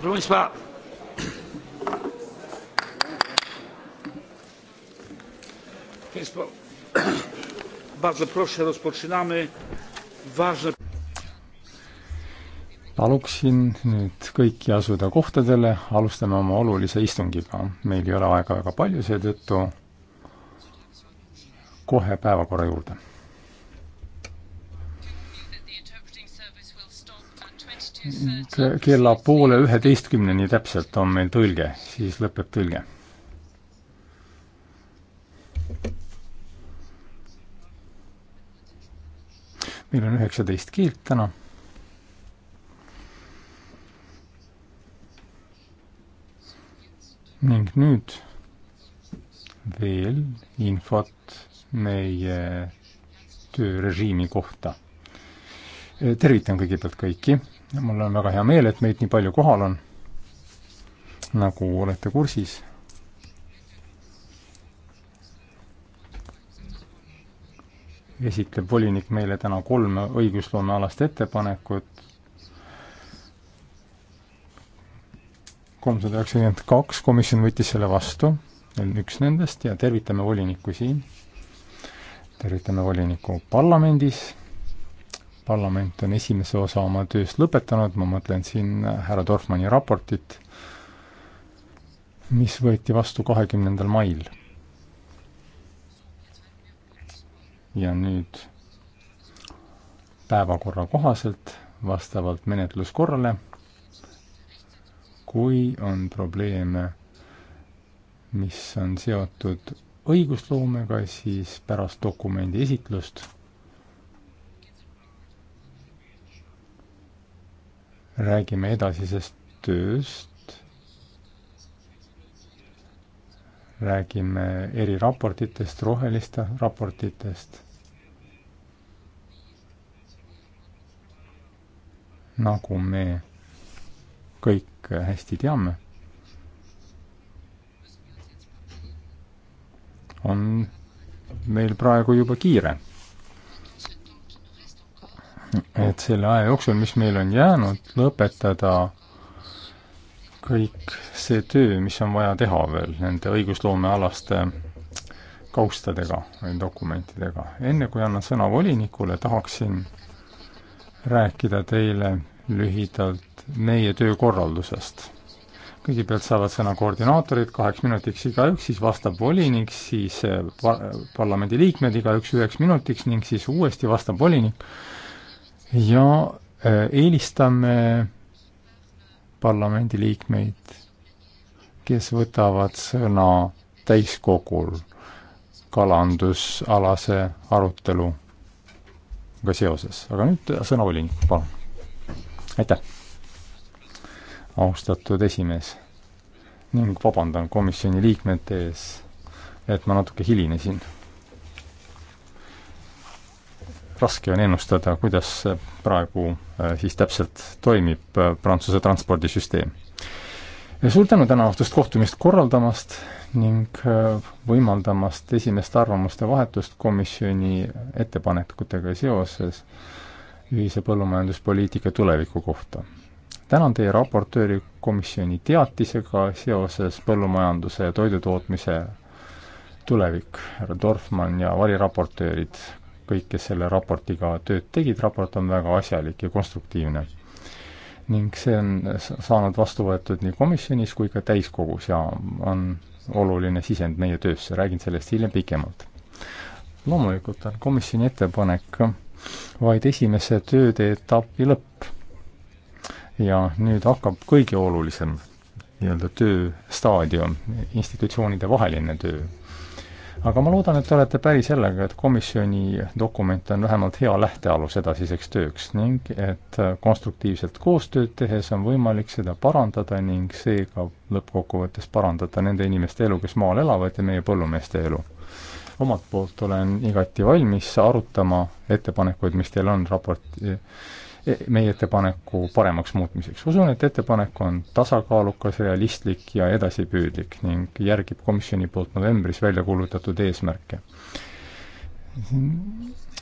proszę państwa bardzo proszę rozpoczynamy ważne paluksin nüüd kõiki asuda kohtadele, alustame oma olulise istungiga. meil ei ole aega väga palju, seetõttu kohe päevakorra juurde kella poole üheteistkümneni täpselt on meil tõlge, siis lõpeb tõlge. meil on üheksateist keelt täna. ning nüüd veel infot meie töörežiimi kohta. tervitan kõigepealt kõiki ja mul on väga hea meel, et meid nii palju kohal on, nagu olete kursis. esitleb volinik meile täna kolme õigusloomealast ettepanekut, kolmsada üheksakümmend kaks komisjon võttis selle vastu, üks nendest, ja tervitame volinikku siin, tervitame volinikku parlamendis parlament on esimese osa oma tööst lõpetanud, ma mõtlen siin härra Dorfmanni raportit, mis võeti vastu kahekümnendal mail. ja nüüd päevakorra kohaselt vastavalt menetluskorrale, kui on probleeme, mis on seotud õigusloomega, siis pärast dokumendi esitlust räägime edasisest tööst, räägime eriraportitest, roheliste raportitest, nagu me kõik hästi teame, on meil praegu juba kiire et selle aja jooksul, mis meil on jäänud, lõpetada kõik see töö, mis on vaja teha veel nende õigusloomealaste kaustadega või dokumentidega. enne kui annan sõna volinikule, tahaksin rääkida teile lühidalt meie töökorraldusest. kõigepealt saavad sõna koordinaatorid kaheks minutiks igaüks, siis vastab volinik, siis eh, parlamendiliikmed igaüks üheks minutiks ning siis uuesti vastab volinik ja eh, eelistame parlamendiliikmeid, kes võtavad sõna täiskogul kalandusalase aruteluga seoses. aga nüüd sõna volinik, palun. aitäh, austatud esimees ning vabandan komisjoni liikmete ees, et ma natuke hilinesin raske on ennustada, kuidas praegu äh, siis täpselt toimib äh, Prantsuse transpordisüsteem. suur tänu tänaõhtust kohtumist korraldamast ning äh, võimaldamast esimest arvamuste vahetust komisjoni ettepanekutega seoses ühise põllumajanduspoliitika tuleviku kohta. tänan teie raportööri komisjoni teatisega seoses põllumajanduse ja toidutootmise tulevik, härra Dorfmann ja variraportöörid kõik, kes selle raportiga tööd tegid, raport on väga asjalik ja konstruktiivne. ning see on saanud vastu võetud nii komisjonis kui ka täiskogus ja on oluline sisend meie töösse, räägin sellest hiljem pikemalt. loomulikult on komisjoni ettepanek vaid esimese tööde etapi lõpp. ja nüüd hakkab kõige olulisem nii-öelda tööstaadium, institutsioonide vaheline töö aga ma loodan, et te olete päri sellega, et komisjoni dokument on vähemalt hea lähtealus edasiseks tööks ning et konstruktiivselt koostööd tehes on võimalik seda parandada ning seega lõppkokkuvõttes parandada nende inimeste elu, kes maal elavad, ja meie põllumeeste elu. omalt poolt olen igati valmis arutama ettepanekuid, mis teil on raporti meie ettepaneku paremaks muutmiseks. usun, et ettepanek on tasakaalukas, realistlik ja edasipüüdlik ning järgib komisjoni poolt novembris välja kuulutatud eesmärke.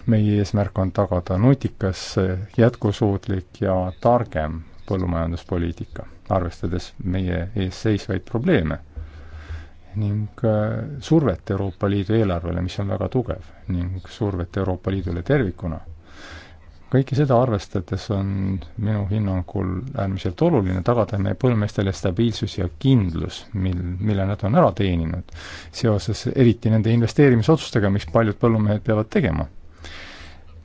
meie eesmärk on tagada nutikas, jätkusuutlik ja targem põllumajanduspoliitika, arvestades meie ees seisvaid probleeme ning äh, survet Euroopa Liidu eelarvele, mis on väga tugev, ning survet Euroopa Liidule tervikuna kõike seda arvestades on minu hinnangul äärmiselt oluline tagada meie põllumeestele stabiilsus ja kindlus, mil, mille nad on ära teeninud, seoses eriti nende investeerimisotsustega, mis paljud põllumehed peavad tegema.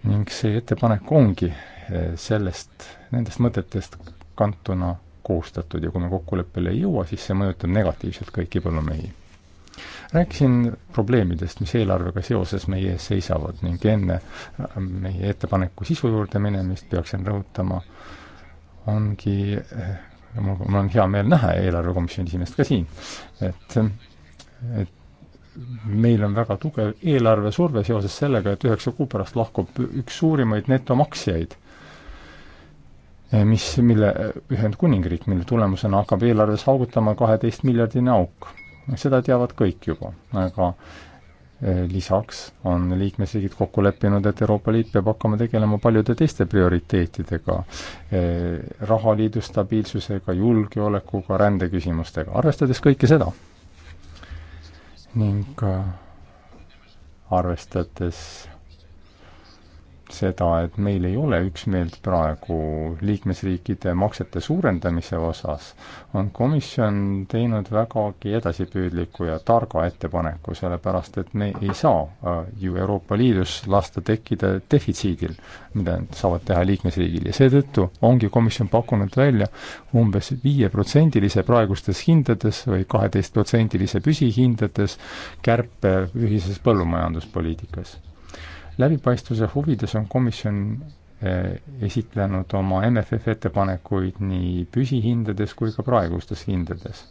ning see ettepanek ongi eh, sellest, nendest mõtetest kantuna koostatud ja kui me kokkuleppele ei jõua, siis see mõjutab negatiivselt kõiki põllumehi rääkisin probleemidest, mis eelarvega seoses meie ees seisavad ning enne äh, meie ettepaneku sisu juurde minemist peaksin rõhutama, ongi, äh, mul on hea meel näha eelarvekomisjoni esimeest ka siin, et, et meil on väga tugev eelarvesurve seoses sellega, et üheksa kuu pärast lahkub üks suurimaid netomaksjaid, äh, mis, mille, Ühendkuningriik, mille tulemusena hakkab eelarves haugutama kaheteist miljardine auk Noh, seda teavad kõik juba, aga eh, lisaks on liikmesriigid kokku leppinud, et Euroopa Liit peab hakkama tegelema paljude teiste prioriteetidega, eh, rahaliidu stabiilsusega, julgeolekuga, rändeküsimustega, arvestades kõike seda. ning eh, arvestades seda, et meil ei ole üksmeelt praegu liikmesriikide maksete suurendamise osas, on komisjon teinud vägagi edasipüüdliku ja targa ettepaneku, sellepärast et me ei saa äh, ju Euroopa Liidus lasta tekkida defitsiidil, mida saavad teha liikmesriigid ja seetõttu ongi komisjon pakkunud välja umbes viieprotsendilise praegustes hindades või kaheteistprotsendilise püsihindades kärpe ühises põllumajanduspoliitikas läbipaistvuse huvides on komisjon eh, esitlenud oma MFF ettepanekuid nii püsihindades kui ka praegustes hindades.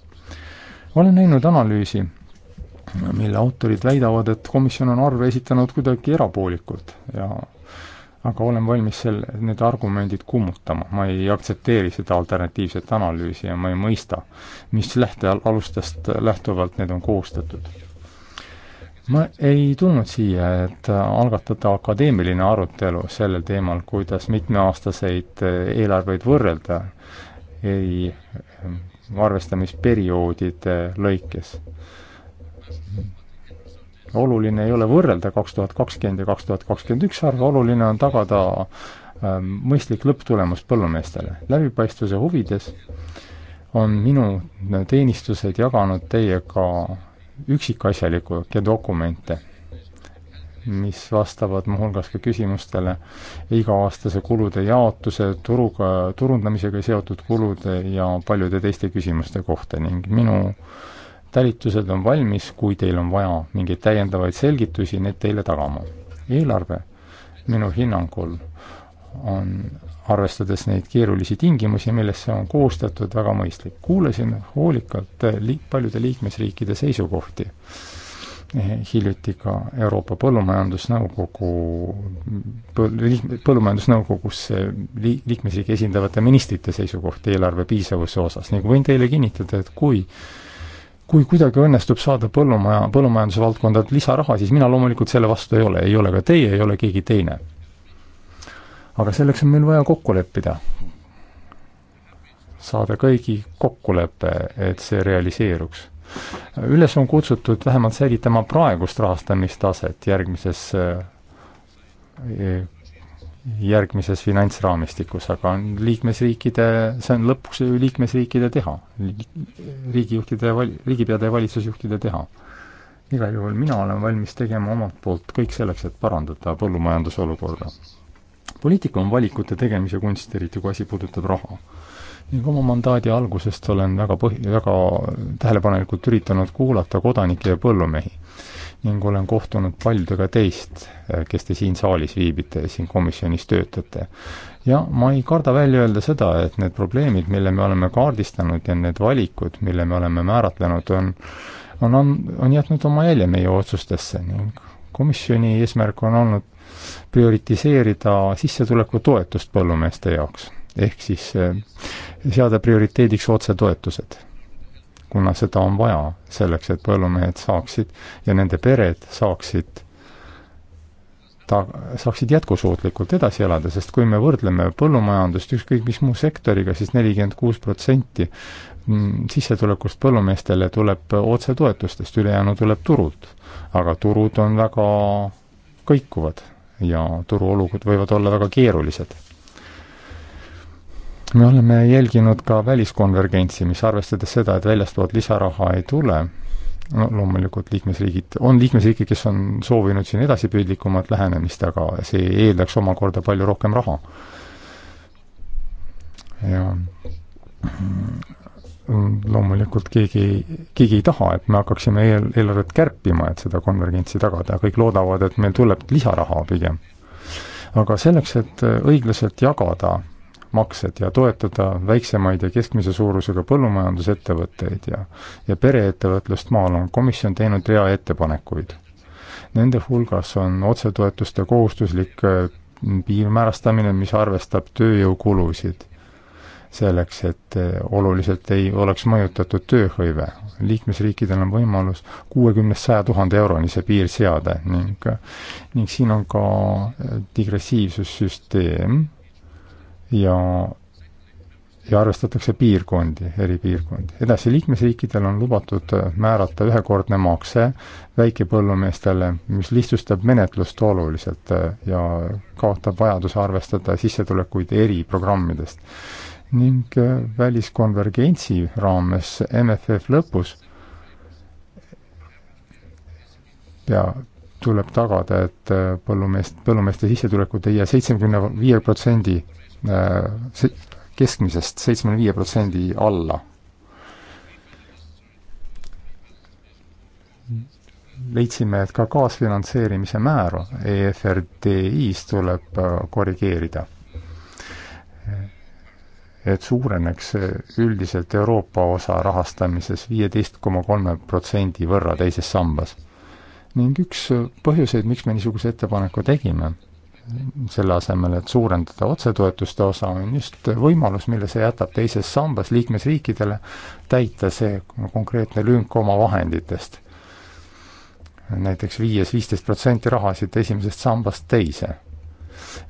olen näinud analüüsi, mille autorid väidavad, et komisjon on arve esitanud kuidagi erapoolikult ja aga olen valmis sel-, need argumendid kummutama, ma ei aktsepteeri seda alternatiivset analüüsi ja ma ei mõista, mis lähtealustest lähtuvalt need on koostatud ma ei tulnud siia, et algatada akadeemiline arutelu sellel teemal, kuidas mitmeaastaseid eh, eelarveid võrrelda eri eh, arvestamisperioodide lõikes. oluline ei ole võrrelda kaks tuhat kakskümmend ja kaks tuhat kakskümmend üks arve, oluline on tagada eh, mõistlik lõpptulemus põllumeestele. läbipaistvuse huvides on minu teenistused jaganud teiega üksikasjalikult ja dokumente, mis vastavad muuhulgas ka küsimustele iga-aastase kulude jaotuse, turuga, turundamisega seotud kulude ja paljude teiste küsimuste kohta ning minu talitused on valmis, kui teil on vaja mingeid täiendavaid selgitusi, need teile tagama. eelarve minu hinnangul on arvestades neid keerulisi tingimusi, milles see on koostatud, väga mõistlik. kuulasin hoolikalt li-, paljude liikmesriikide seisukohti, hiljuti ka Euroopa Põllumajandusnõukogu, Põllumajandusnõukogus liik-, liikmesriigi esindavate ministrite seisukohti eelarve piisavuse osas ning nagu võin teile kinnitada, et kui kui kuidagi õnnestub saada põllumaja, põllumajanduse valdkondadelt lisaraha, siis mina loomulikult selle vastu ei ole, ei ole ka teie, ei ole keegi teine aga selleks on meil vaja kokku leppida. saada kõigi kokkulepe, et see realiseeruks. üles on kutsutud vähemalt säilitama praegust rahastamistaset järgmises e, järgmises finantsraamistikus, aga on liikmesriikide, see on lõpuks ju liikmesriikide teha, riigijuhtide ja val-, riigipeade ja valitsusjuhtide teha. igal juhul mina olen valmis tegema omalt poolt kõik selleks, et parandada põllumajanduse olukorda poliitika on valikute tegemise kunst, eriti kui asi puudutab raha. ning oma mandaadi algusest olen väga põhi, väga tähelepanelikult üritanud kuulata kodanikke ja põllumehi. ning olen kohtunud paljudega teist, eh, kes te siin saalis viibite ja siin komisjonis töötate. ja ma ei karda välja öelda seda, et need probleemid, mille me oleme kaardistanud ja need valikud, mille me oleme määratlenud, on on, on, on jätnud oma jälje meie otsustesse ning komisjoni eesmärk on olnud prioritiseerida sissetulekutoetust põllumeeste jaoks. ehk siis eh, seada prioriteediks otsetoetused, kuna seda on vaja selleks, et põllumehed saaksid ja nende pered saaksid ta-, saaksid jätkusuutlikult edasi elada, sest kui me võrdleme põllumajandust ükskõik mis muu sektoriga siis, siis nelikümmend kuus protsenti mm, sissetulekust põllumeestele tuleb otsetoetustest, ülejäänu tuleb turult. aga turud on väga kõikuvad ja turuolukord võivad olla väga keerulised. me oleme jälginud ka väliskonvergentsi, mis arvestades seda, et väljastpoolt lisaraha ei tule, no loomulikult liikmesriigid, on liikmesriike, kes on soovinud siin edasipüüdlikumat lähenemist, aga see eeldaks omakorda palju rohkem raha. ja loomulikult keegi, keegi ei taha, et me hakkaksime eel, eelarvet kärpima, et seda konvergentsi tagada, kõik loodavad, et meil tuleb lisaraha pigem. aga selleks, et äh, õiglaselt jagada maksed ja toetada väiksemaid ja keskmise suurusega põllumajandusettevõtteid ja ja pereettevõtlust maal, on komisjon teinud rea ettepanekuid. Nende hulgas on otsetoetuste kohustuslik äh, piirmäärastamine, mis arvestab tööjõukulusid selleks, et eh, oluliselt ei oleks mõjutatud tööhõive. liikmesriikidel on võimalus kuuekümnest saja tuhande euroni see piir seada ning, ning siin on ka eh, digressiivsussüsteem ja ja arvestatakse piirkondi, eri piirkondi. edasi, liikmesriikidel on lubatud eh, määrata ühekordne makse väikepõllumeestele, mis lihtsustab menetlust oluliselt ja kaotab vajaduse arvestada sissetulekuid eri programmidest ning äh, väliskonvergentsi raames MFF lõpus pea, tuleb tagada, et äh, põllumeest, põllumeeste sissetulekud ei jää seitsmekümne viie protsendi äh, keskmisest seitsmekümne viie protsendi alla. leidsime, et ka kaasfinantseerimise määra EFRDI-s tuleb korrigeerida et suureneks üldiselt Euroopa osa rahastamises viieteist koma kolme protsendi võrra teises sambas. ning üks põhjuseid, miks me niisuguse ettepaneku tegime, selle asemel, et suurendada otsetoetuste osa, on just võimalus, mille see jätab teises sambas liikmesriikidele, täita see konkreetne lünk oma vahenditest. näiteks viies viisteist protsenti rahasid esimesest sambast teise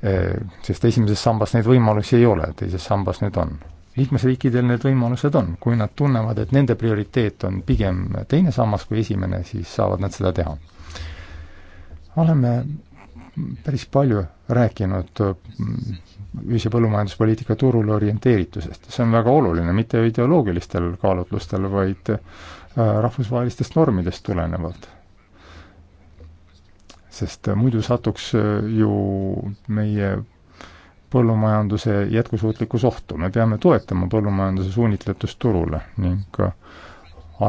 Eh, sest esimeses sambas neid võimalusi ei ole, teises sambas need on. liikmesriikidel need võimalused on, kui nad tunnevad, et nende prioriteet on pigem teine sammas kui esimene, siis saavad nad seda teha. oleme päris palju rääkinud mm, ühise põllumajanduspoliitika turule orienteeritusest. see on väga oluline, mitte ideoloogilistel kaalutlustel, vaid äh, rahvusvahelistest normidest tulenevalt sest äh, muidu satuks äh, ju meie põllumajanduse jätkusuutlikkus ohtu. me peame toetama põllumajanduse suunitletust turule ning äh,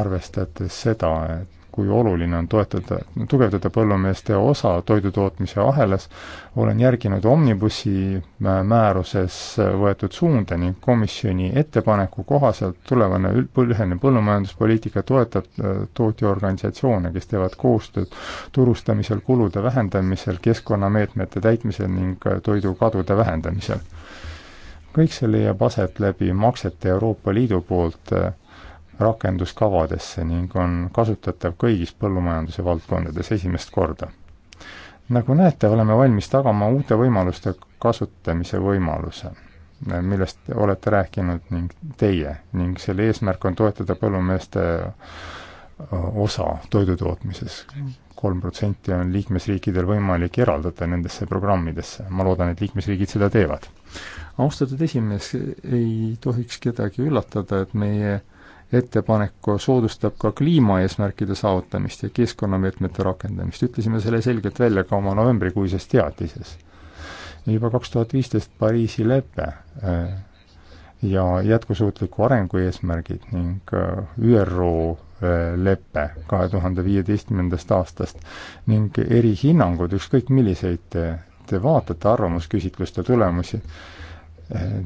arvestades seda, et kui oluline on toetada, tugevdada põllumeeste osa toidutootmise ahelas, olen järginud Omnibussi määruses võetud suunda ning komisjoni ettepaneku kohaselt tulevane üldpõhjaline põllumajanduspoliitika toetab äh, tootjaorganisatsioone, kes teevad koostööd turustamisel, kulude vähendamisel, keskkonnameetmete täitmisel ning äh, toidukadude vähendamisel. kõik see leiab aset läbi maksete Euroopa Liidu poolt äh, rakenduskavadesse ning on kasutatav kõigis põllumajanduse valdkondades esimest korda. nagu näete, oleme valmis tagama uute võimaluste kasutamise võimaluse, millest olete rääkinud ning teie ning selle eesmärk on toetada põllumeeste osa toidutootmises. kolm protsenti on liikmesriikidel võimalik eraldada nendesse programmidesse, ma loodan, et liikmesriigid seda teevad. austatud esimees, ei tohiks kedagi üllatada, et meie ettepanek soodustab ka kliimaeesmärkide saavutamist ja keskkonnameetmete rakendamist, ütlesime selle selgelt välja ka oma novembrikuises teatises. juba kaks tuhat viisteist Pariisi lepe äh, ja jätkusuutliku arengu eesmärgid ning äh, ÜRO äh, lepe kahe tuhande viieteistkümnendast aastast ning erihinnangud, ükskõik milliseid te, te vaatate arvamusküsitluste tulemusi,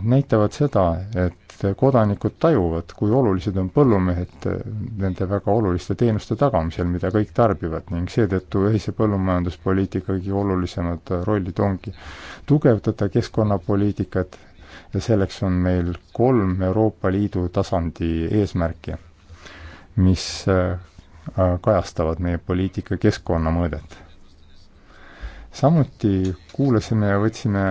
näitavad seda, et et kodanikud tajuvad, kui olulised on põllumehed eh, nende väga oluliste teenuste tagamisel, mida kõik tarbivad ning seetõttu ühise põllumajanduspoliitika kõige olulisemad eh, rollid ongi tugevdada keskkonnapoliitikat ja selleks on meil kolm Euroopa Liidu tasandi eesmärki, mis eh, kajastavad meie poliitika keskkonnamõõdet. samuti kuulasime ja võtsime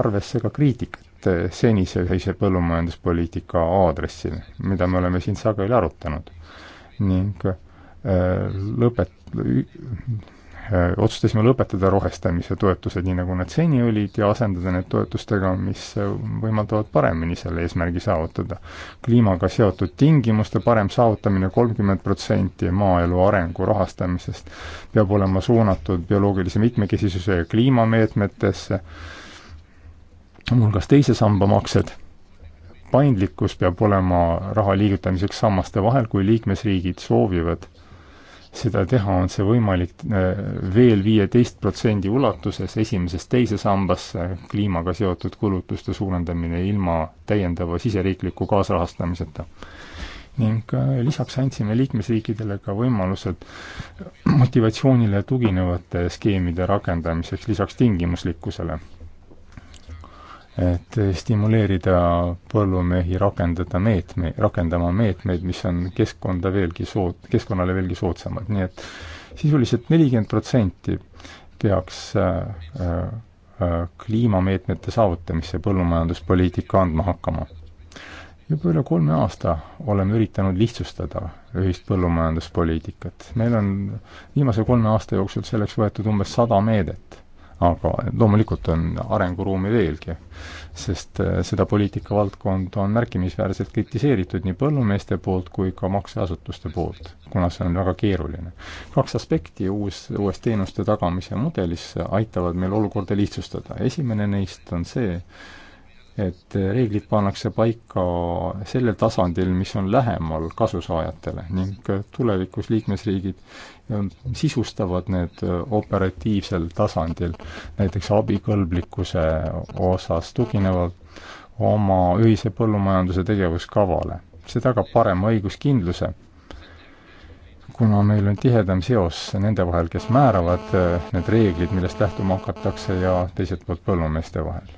arvesse ka kriitikat et eh, senise ühise põllumajanduspoliitika aadressil, mida me oleme siin sageli arutanud. ning eh, lõpet-, eh, otsustasime lõpetada rohestamise toetused, nii nagu nad seni olid, ja asendada need toetustega, mis võimaldavad paremini selle eesmärgi saavutada. kliimaga seotud tingimuste parem saavutamine, kolmkümmend protsenti maaelu arengu rahastamisest, peab olema suunatud bioloogilise mitmekesisuse ja kliimameetmetesse, muuhulgas teise samba maksed. paindlikkus peab olema raha liigutamiseks sammaste vahel, kui liikmesriigid soovivad seda teha, on see võimalik äh, veel viieteist protsendi ulatuses esimesest teise sambasse, kliimaga seotud kulutuste suurendamine ilma täiendava siseriikliku kaasrahastamiseta. ning äh, lisaks andsime liikmesriikidele ka võimalused motivatsioonile tuginevate skeemide rakendamiseks lisaks tingimuslikkusele et stimuleerida põllumehi rakendada meetme, rakendama meetmeid, mis on keskkonda veelgi sood-, keskkonnale veelgi soodsamad, nii et sisuliselt nelikümmend protsenti peaks äh, äh, kliimameetmete saavutamisse põllumajanduspoliitika andma hakkama. juba üle kolme aasta oleme üritanud lihtsustada ühist põllumajanduspoliitikat. meil on viimase kolme aasta jooksul selleks võetud umbes sada meedet aga loomulikult on arenguruumi veelgi, sest äh, seda poliitikavaldkonda on märkimisväärselt kritiseeritud nii põllumeeste poolt kui ka makseasutuste poolt, kuna see on väga keeruline. kaks aspekti uus, uues teenuste tagamise mudelis aitavad meil olukorda lihtsustada. esimene neist on see, et reeglid pannakse paika sellel tasandil, mis on lähemal kasusaajatele ning tulevikus liikmesriigid ähm, sisustavad need äh, operatiivsel tasandil, näiteks abikõlblikkuse osas tuginevalt oma ühise põllumajanduse tegevuskavale. see tagab parema õiguskindluse, kuna meil on tihedam seos nende vahel, kes määravad äh, need reeglid, millest lähtuma hakatakse, ja teiselt poolt põllumeeste vahel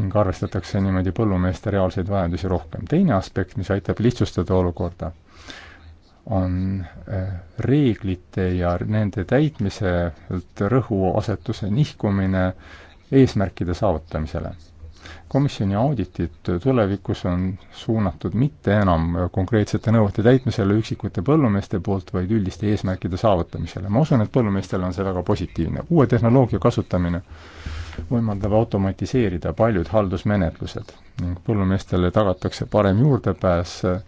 ning arvestatakse niimoodi põllumeeste reaalseid vajadusi rohkem. teine aspekt, mis aitab lihtsustada olukorda, on eh, reeglite ja nende täitmiselt rõhuasetuse nihkumine eesmärkide saavutamisele. komisjoni auditid tulevikus on suunatud mitte enam konkreetsete nõuete täitmisele üksikute põllumeeste poolt, vaid üldiste eesmärkide saavutamisele. ma usun, et põllumeestele on see väga positiivne. uue tehnoloogia kasutamine äh, võimaldab automatiseerida paljud haldusmenetlused ning põllumeestele tagatakse parem juurdepääs äh,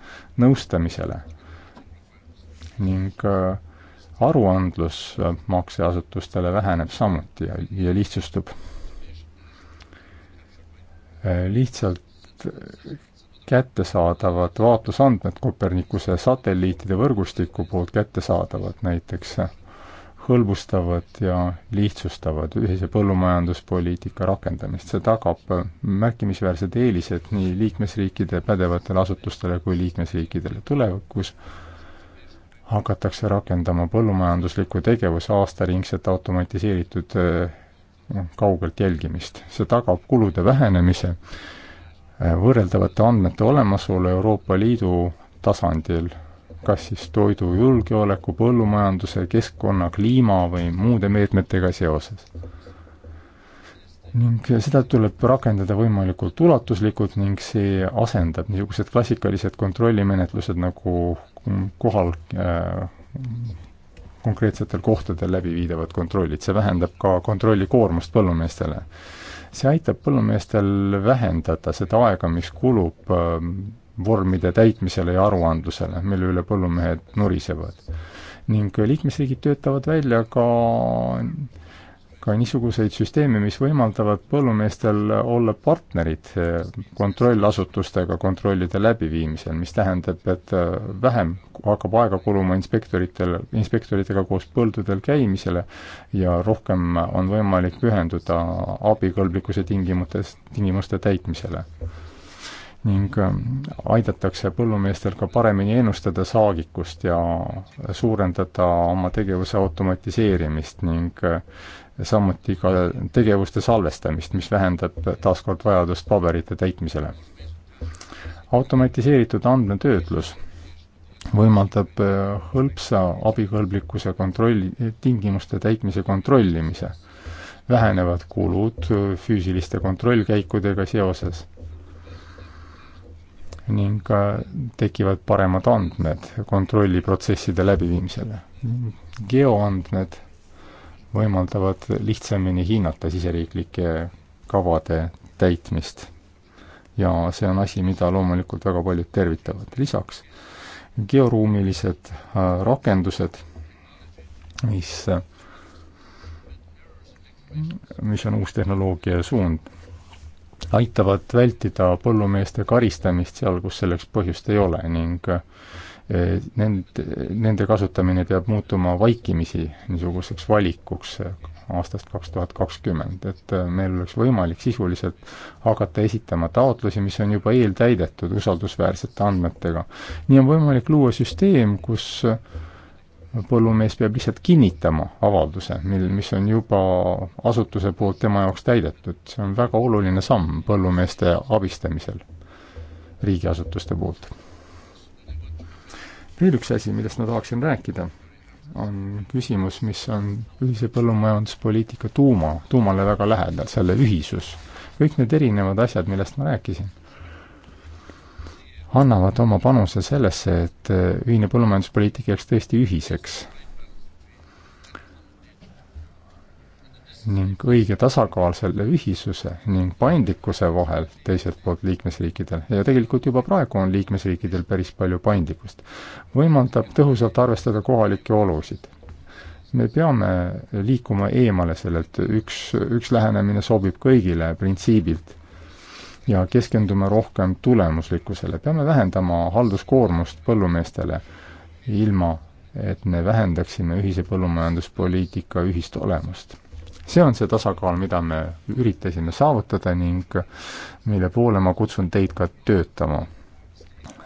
nõustamisele ning äh, aruandlus äh, makseasutustele väheneb samuti ja, ja lihtsustub. lihtsalt kättesaadavad vaatlusandmed Kopernikuse satelliitide võrgustiku poolt kättesaadavad näiteks hõlbustavad ja lihtsustavad ühise põllumajanduspoliitika rakendamist. see tagab märkimisväärsed eelised nii liikmesriikide pädevatele asutustele kui liikmesriikidele. tulevikus hakatakse rakendama põllumajandusliku tegevuse aastaringset automatiseeritud eh, noh, kaugelt jälgimist. see tagab kulude vähenemise, eh, võrreldavate andmete olemasolu Euroopa Liidu tasandil kas siis toidujulgeoleku, põllumajanduse, keskkonna, kliima või muude meetmetega seoses. ning seda tuleb rakendada võimalikult ulatuslikult ning see asendab niisugused klassikalised kontrollimenetlused nagu kohal äh, konkreetsetel kohtadel läbiviidavad kontrollid, see vähendab ka kontrolli koormust põllumeestele. see aitab põllumeestel vähendada seda aega, mis kulub äh, vormide täitmisele ja aruandlusele, mille üle põllumehed nurisevad. ning liikmesriigid töötavad välja ka ka niisuguseid süsteeme, mis võimaldavad põllumeestel olla partnerid kontrollasutustega kontrollide läbiviimisel, mis tähendab, et vähem hakkab aega kuluma inspektoritel, inspektoritega koos põldudel käimisele ja rohkem on võimalik pühenduda abikõlblikkuse tingimustes, tingimuste täitmisele ning ähm, aidatakse põllumeestel ka paremini ennustada saagikust ja suurendada oma tegevuse automatiseerimist ning äh, samuti ka tegevuste salvestamist, mis vähendab taaskord vajadust paberite täitmisele. automatiseeritud andmetöötlus võimaldab äh, hõlpsa abikõlblikkuse kontrolli, tingimuste täitmise kontrollimise. vähenevad kulud äh, füüsiliste kontrollkäikudega seoses ning tekivad paremad andmed kontrolliprotsesside läbiviimisele. geoandmed võimaldavad lihtsamini hinnata siseriiklike kavade täitmist. ja see on asi, mida loomulikult väga paljud tervitavad. lisaks georuumilised äh, rakendused, mis, äh, mis on uus tehnoloogia suund aitavad vältida põllumeeste karistamist seal, kus selleks põhjust ei ole ning eh, nend-, nende kasutamine peab muutuma vaikimisi niisuguseks valikuks aastast kaks tuhat kakskümmend, et eh, meil oleks võimalik sisuliselt hakata esitama taotlusi, mis on juba eeltäidetud usaldusväärsete andmetega. nii on võimalik luua süsteem, kus põllumees peab lihtsalt kinnitama avalduse, mil, mis on juba asutuse poolt tema jaoks täidetud. see on väga oluline samm põllumeeste abistamisel riigiasutuste poolt. veel üks asi, millest ma tahaksin rääkida, on küsimus, mis on ühise põllumajanduspoliitika tuuma, tuumale väga lähedal, selle ühisus. kõik need erinevad asjad, millest ma rääkisin annavad oma panuse sellesse, et äh, ühine põllumajanduspoliitika jääks tõesti ühiseks. ning õige tasakaal selle ühisuse ning paindlikkuse vahel teiselt poolt liikmesriikidel ja tegelikult juba praegu on liikmesriikidel päris palju paindlikkust, võimaldab tõhusalt arvestada kohalikke olusid. me peame liikuma eemale sellelt üks, üks lähenemine sobib kõigile printsiibilt ja keskenduma rohkem tulemuslikkusele. peame vähendama halduskoormust põllumeestele, ilma et me vähendaksime ühise põllumajanduspoliitika ühist olemust. see on see tasakaal, mida me üritasime saavutada ning mille poole ma kutsun teid ka töötama.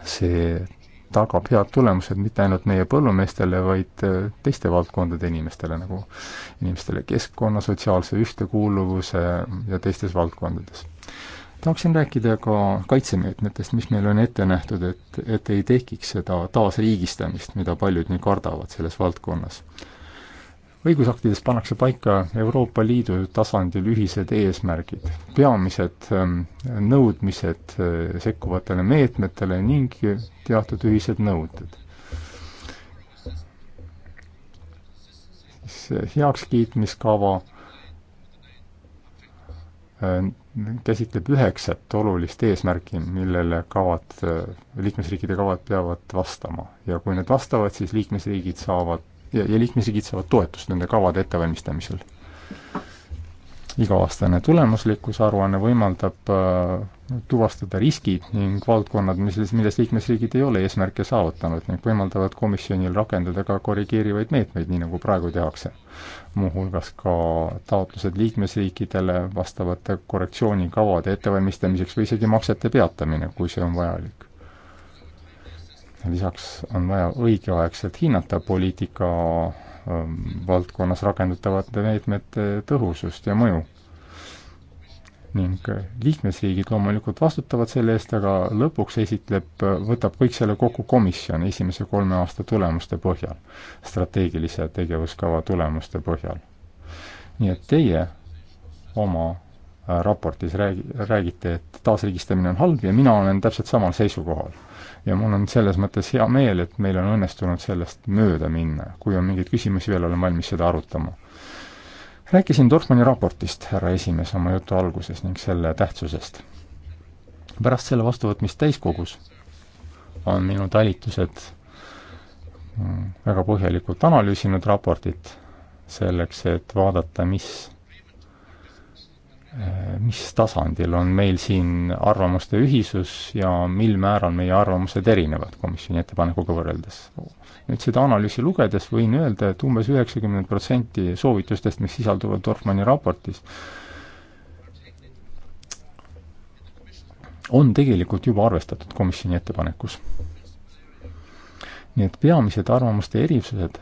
see tagab head tulemused mitte ainult meie põllumeestele, vaid teiste valdkondade inimestele, nagu inimestele keskkonna, sotsiaalse ühtekuuluvuse ja teistes valdkondades tahaksin rääkida ka kaitsemeetmetest, mis meil on ette nähtud, et, et ei tekiks seda taasriigistamist, mida paljud nii kardavad selles valdkonnas. õigusaktides pannakse paika Euroopa Liidu tasandil ühised eesmärgid, peamised ähm, nõudmised äh, sekkuvatele meetmetele ning teatud ühised nõuded heakskiitmiskava Äh, käsitleb üheksat olulist eesmärki, millele kavad, äh, liikmesriikide kavad peavad vastama. ja kui need vastavad, siis liikmesriigid saavad ja, ja liikmesriigid saavad toetust nende kavade ettevalmistamisel iga-aastane tulemuslikkusaruanne võimaldab äh, tuvastada riskid ning valdkonnad, mis, milles liikmesriigid ei ole eesmärke saavutanud ning võimaldavad komisjonil rakendada ka korrigeerivaid meetmeid, nii nagu praegu tehakse. muuhulgas ka taotlused liikmesriikidele vastavate korrektsioonikavade ettevalmistamiseks või isegi maksete peatamine, kui see on vajalik. lisaks on vaja õigeaegselt hinnata poliitika Ähm, valdkonnas rakendatavate meetmete tõhusust ja mõju. ning äh, liikmesriigid loomulikult vastutavad selle eest, aga lõpuks esitleb, äh, võtab kõik selle kokku komisjon esimese kolme aasta tulemuste põhjal, strateegilise tegevuskava tulemuste põhjal. nii et teie oma äh, raportis räägi, räägite, et taasriigistamine on halb ja mina olen täpselt samal seisukohal ja mul on selles mõttes hea meel, et meil on õnnestunud sellest mööda minna. kui on mingeid küsimusi veel, olen valmis seda arutama. rääkisin Dorfmanni raportist, härra esimees, oma jutu alguses ning selle tähtsusest. pärast selle vastuvõtmist täiskogus on minu talitused mm, väga põhjalikult analüüsinud raportit selleks, et vaadata, mis Äh, mis tasandil on meil siin arvamuste ühisus ja mil määral meie arvamused erinevad komisjoni ettepanekuga võrreldes. nüüd seda analüüsi lugedes võin öelda, et umbes üheksakümmend protsenti soovitustest, mis sisalduvad Dorfmanni raportis, on tegelikult juba arvestatud komisjoni ettepanekus. nii et peamised arvamuste erisused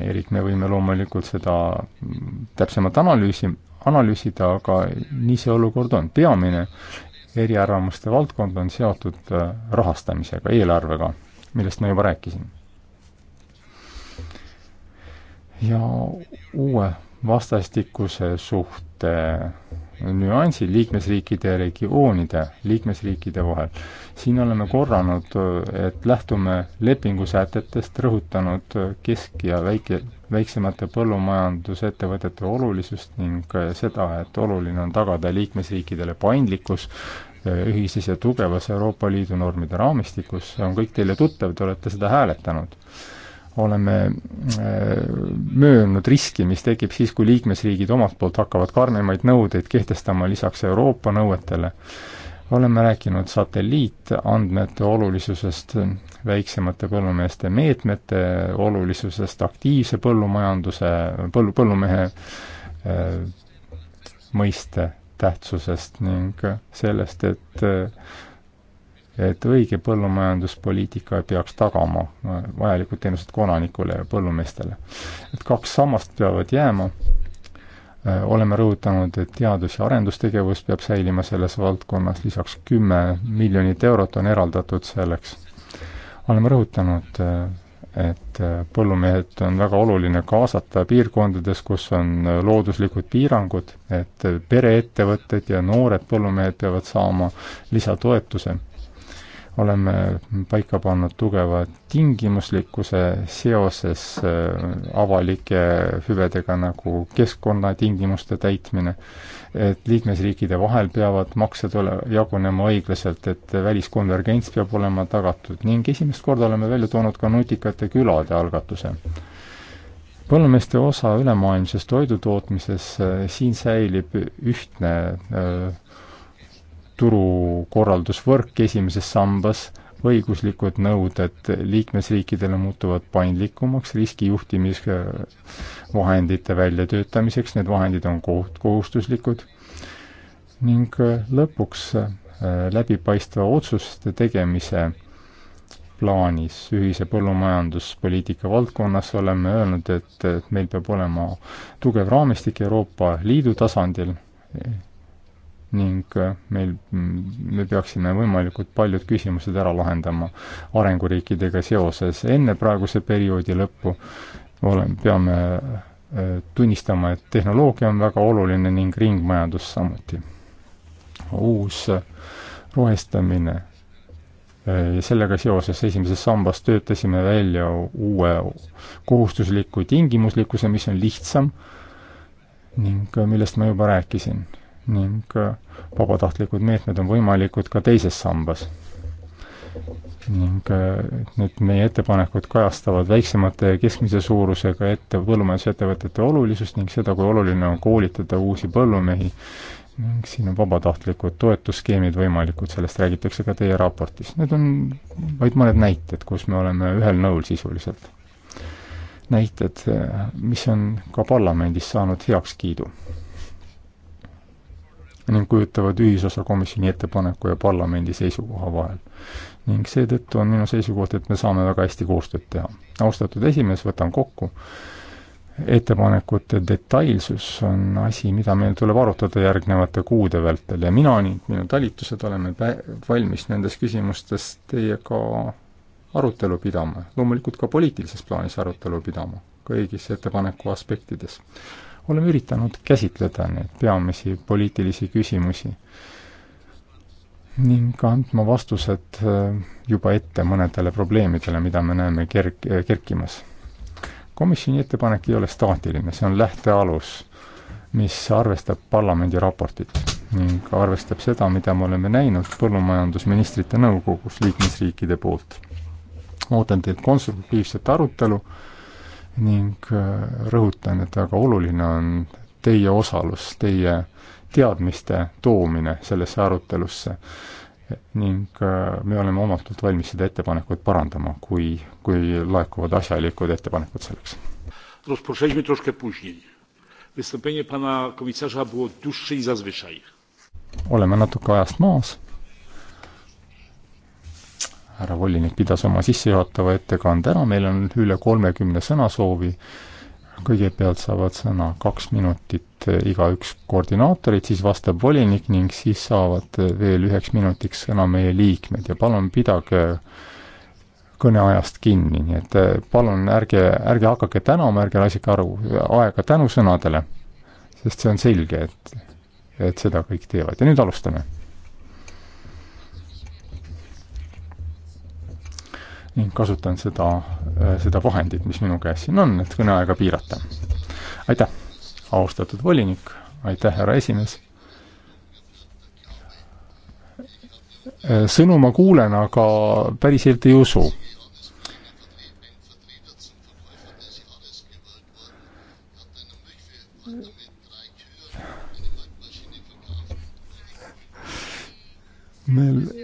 Erik, me võime loomulikult seda täpsemalt analüüsi, analüüsida, aga nii see olukord on. peamine eriarvamuste valdkond on seotud äh, rahastamisega, eelarvega, millest ma juba rääkisin. ja uue vastastikuse suhte nüansid liikmesriikide ja regioonide, liikmesriikide vahel. siin oleme korranud, et lähtume lepingusätetest, rõhutanud kesk- ja väike, väiksemate põllumajandusettevõtete olulisust ning seda, et oluline on tagada liikmesriikidele paindlikkus ühises ja tugevas Euroopa Liidu normide raamistikus, see on kõik teile tuttav, te olete seda hääletanud oleme äh, möönnud riski, mis tekib siis, kui liikmesriigid omalt poolt hakkavad karmimaid nõudeid kehtestama lisaks Euroopa nõuetele. oleme rääkinud satelliitandmete olulisusest, väiksemate põllumeeste meetmete olulisusest, aktiivse põllumajanduse, põllu, põllumehe äh, mõiste tähtsusest ning sellest, et äh, et õige põllumajanduspoliitika peaks tagama vajalikud teenused kodanikule ja põllumeestele. et kaks sammast peavad jääma, äh, oleme rõhutanud, et teadus- ja arendustegevus peab säilima selles valdkonnas, lisaks kümme miljonit eurot on eraldatud selleks. oleme rõhutanud, äh, et äh, põllumehed on väga oluline kaasata piirkondades, kus on looduslikud piirangud, et pereettevõtted ja noored põllumehed peavad saama lisatoetuse oleme paika pannud tugeva tingimuslikkuse seoses äh, avalike hüvedega, nagu keskkonnatingimuste täitmine, et liikmesriikide vahel peavad maksed ole, jagunema õiglaselt, et väliskonvergents peab olema tagatud ning esimest korda oleme välja toonud ka nutikate külade algatuse põllumeeste osa ülemaailmses toidutootmises, äh, siin säilib ühtne äh, turukorraldusvõrk esimeses sambas, õiguslikud nõuded liikmesriikidele muutuvad paindlikumaks riskijuhtimise vahendite väljatöötamiseks, need vahendid on koht-, kohustuslikud, ning äh, lõpuks äh, läbipaistva otsuste tegemise plaanis ühise põllumajanduspoliitika valdkonnas oleme öelnud, et, et meil peab olema tugev raamistik Euroopa Liidu tasandil ning äh, meil, mm, me peaksime võimalikult paljud küsimused ära lahendama arenguriikidega seoses enne praeguse perioodi lõppu. olen, peame äh, tunnistama, et tehnoloogia on väga oluline ning ringmajandus samuti. uus äh, rohestamine ja sellega seoses esimeses sambas töötasime välja uue kohustusliku tingimuslikkuse, mis on lihtsam ning millest ma juba rääkisin ning vabatahtlikud meetmed on võimalikud ka teises sambas. ning äh, need meie ettepanekud kajastavad väiksemate ja keskmise suurusega ette põllumajandusettevõtete olulisust ning seda, kui oluline on koolitada uusi põllumehi ning siin on vabatahtlikud toetusskeemid võimalikud, sellest räägitakse ka teie raportis. Need on vaid mõned näited, kus me oleme ühel nõul sisuliselt. näited, äh, mis on ka parlamendis saanud heakskiidu ning kujutavad ühisosa komisjoni ettepaneku ja parlamendi seisukoha vahel. ning seetõttu on minu seisukoht, et me saame väga hästi koostööd teha. austatud esimees, võtan kokku, ettepanekute detailsus on asi, mida meil tuleb arutada järgnevate kuude vältel ja mina ning minu talitused oleme valmis nendes küsimustes teiega arutelu pidama, loomulikult ka poliitilises plaanis arutelu pidama, kõigis ettepaneku aspektides oleme üritanud käsitleda neid peamisi poliitilisi küsimusi ning andma vastused äh, juba ette mõnedele probleemidele, mida me näeme kerk-, äh, kerkimas. komisjoni ettepanek ei ole staatiline, see on lähtealus, mis arvestab parlamendi raportit ning arvestab seda, mida me oleme näinud põllumajandusministrite nõukogus liikmesriikide poolt. ootan teilt konstruktiivset arutelu ning äh, rõhutan, et väga oluline on teie osalus, teie teadmiste toomine sellesse arutelusse ning äh, me oleme omalt poolt valmis seda ettepanekut parandama, kui, kui laekuvad asjalikud ettepanekud selleks. Rozpoczęliśmy troszkę później. Wystąpienie pana komisarza było dłuższe niż zazwyczaj. oleme natuke ajast maas härra volinik pidas oma sissejuhatava ettekande ära, meil on üle kolmekümne sõnasoovi, kõigepealt saavad sõna kaks minutit eh, igaüks koordinaatorid, siis vastab volinik ning siis saavad eh, veel üheks minutiks sõna meie liikmed ja palun pidage kõneajast kinni, nii et eh, palun ärge, ärge hakake tänama, ärge lasige aru aega tänusõnadele, sest see on selge, et, et seda kõik teevad ja nüüd alustame ning kasutan seda, äh, seda vahendit, mis minu käes siin on, et kõneaega piirata. aitäh, austatud volinik, aitäh, härra esimees. Äh, sõnu ma kuulen, aga päriselt ei usu. meil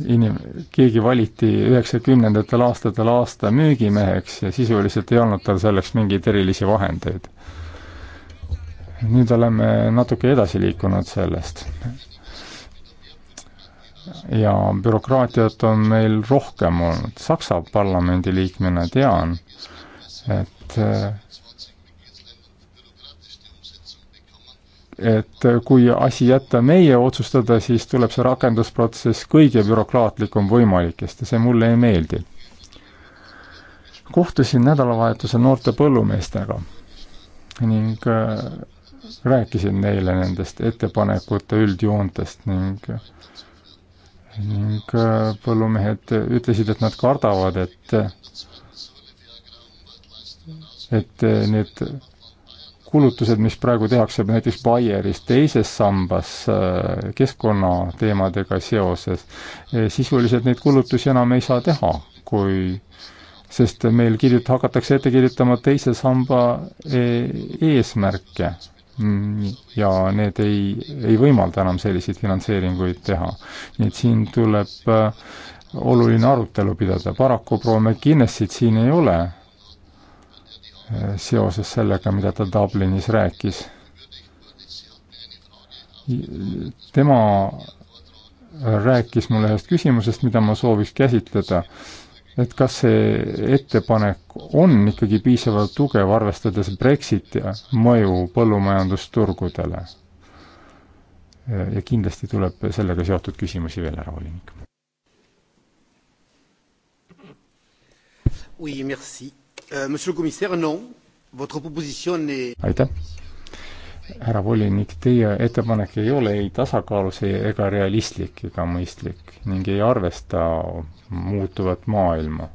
inim-, keegi valiti üheksakümnendatel aastatel aasta müügimeheks ja sisuliselt ei olnud tal selleks mingeid erilisi vahendeid. nüüd oleme natuke edasi liikunud sellest. ja bürokraatiat on meil rohkem olnud. Saksa parlamendi liikmena tean, et et kui asi jätta meie otsustada, siis tuleb see rakendusprotsess kõige bürokraatlikum võimalikest ja see mulle ei meeldi. kohtusin nädalavahetusel noorte põllumeestega ning äh, rääkisin neile nendest ettepanekute üldjoontest ning ning äh, põllumehed ütlesid, et nad kardavad, et et need kulutused, mis praegu tehakse näiteks Baieris teises sambas äh, keskkonnateemadega seoses, äh, sisuliselt neid kulutusi enam ei saa teha, kui sest meil kirjut-, hakatakse ette kirjutama teise samba äh, eesmärke mm, ja need ei, ei võimalda enam selliseid finantseeringuid teha. nii et siin tuleb oluline arutelu pidada, paraku proua McInnesit siin ei ole seoses sellega, mida ta Dublinis rääkis. tema rääkis mulle ühest küsimusest, mida ma sooviks käsitleda. et kas see ettepanek on ikkagi piisavalt tugev, arvestades Brexiti mõju põllumajandusturgudele? ja kindlasti tuleb sellega seotud küsimusi veel ära, volinik. Oui, merci Euh, aitäh. härra volinik, teie ettepanek ei ole ei tasakaalus ega realistlik ega mõistlik ning ei arvesta muutuvat maailma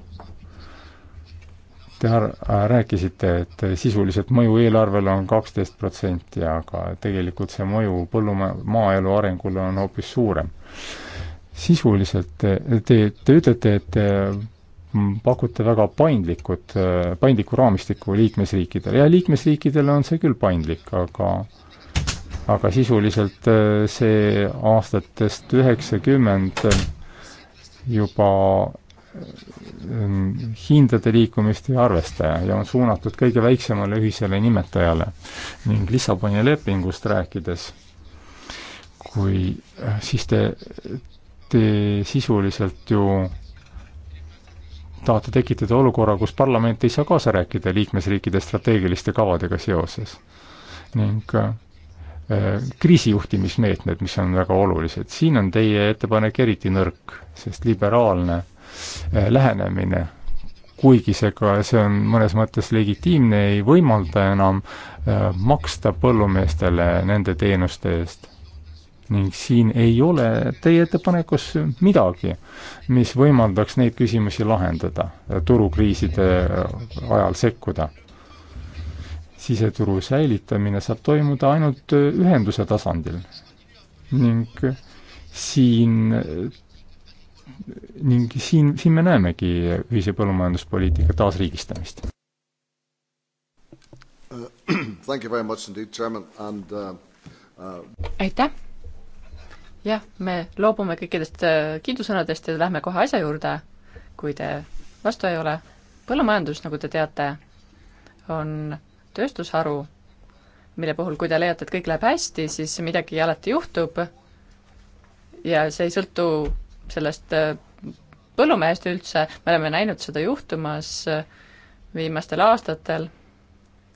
Te äh, rääkisite, et sisuliselt mõju eelarvele on kaksteist protsenti, aga tegelikult see mõju põllumaa, maaelu arengule on hoopis suurem. sisuliselt te, te ütlete, et pakute väga paindlikud, paindliku raamistiku liikmesriikidele ja liikmesriikidele on see küll paindlik, aga aga sisuliselt eh, see aastatest üheksakümmend juba eh, hindade liikumist ei arvesta ja on suunatud kõige väiksemale ühisele nimetajale. ning Lissaboni lepingust rääkides, kui eh, siis te, te sisuliselt ju tahate tekitada olukorra, kus parlament ei saa kaasa rääkida liikmesriikide strateegiliste kavadega seoses. ning äh, kriisijuhtimismeetmed, mis on väga olulised, siin on teie ettepanek eriti nõrk, sest liberaalne äh, lähenemine, kuigi see ka, see on mõnes mõttes legitiimne, ei võimalda enam äh, maksta põllumeestele nende teenuste eest ning siin ei ole teie ettepanekus midagi, mis võimaldaks neid küsimusi lahendada, turukriiside ajal sekkuda. siseturu säilitamine saab toimuda ainult ühenduse tasandil ning siin ning siin, siin me näemegi ühise põllumajanduspoliitika taasriigistamist. Thank you very much indeed, chairman and uh, uh... aitäh jah, me loobume kõikidest äh, kiidusõnadest ja lähme kohe asja juurde, kui te vastu ei ole. põllumajandus, nagu te teate, on tööstusharu, mille puhul, kui te leiate, et kõik läheb hästi, siis midagi alati juhtub ja see ei sõltu sellest äh, põllumehest üldse, me oleme näinud seda juhtumas äh, viimastel aastatel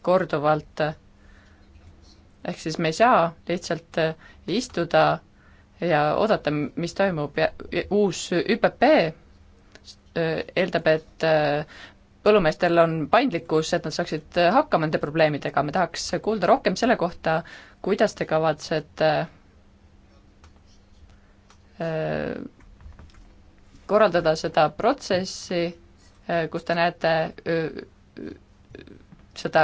korduvalt, ehk siis me ei saa lihtsalt istuda ja oodata, mis toimub ja uus ÜPP äh, eeldab, et äh, põllumeestel on paindlikkus, et nad saaksid äh, hakkama nende probleemidega, me tahaks kuulda rohkem selle kohta, kuidas te kavatsete korraldada seda protsessi, kus te näete seda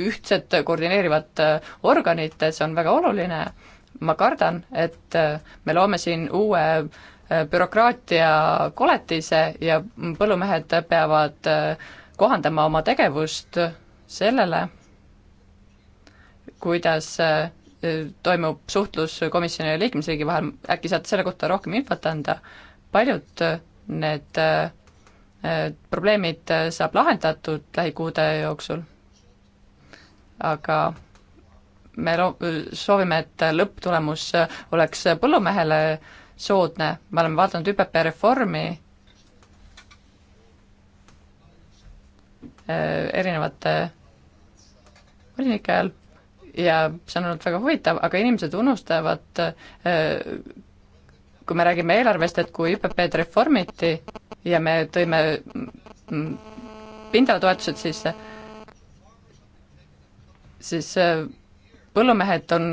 ühtset koordineerivat organit, see on väga oluline ma kardan, et äh, me loome siin uue äh, bürokraatia koletise ja põllumehed peavad äh, kohandama oma tegevust sellele, kuidas toimub suhtlus komisjoni ja liikmesriigi vahel, äkki saate selle kohta rohkem infot anda, paljud need probleemid saab lahendatud lähikuude jooksul, aga me lo-, soovime, et lõpptulemus oleks põllumehele soodne, me oleme vaadanud ÜPP reformi äh, erinevate volinike ajal ja see on olnud väga huvitav, aga inimesed unustavad, äh, kui me räägime eelarvest, et kui ÜPP-d reformiti ja me tõime pindalatoetused sisse, siis, siis äh, põllumehed on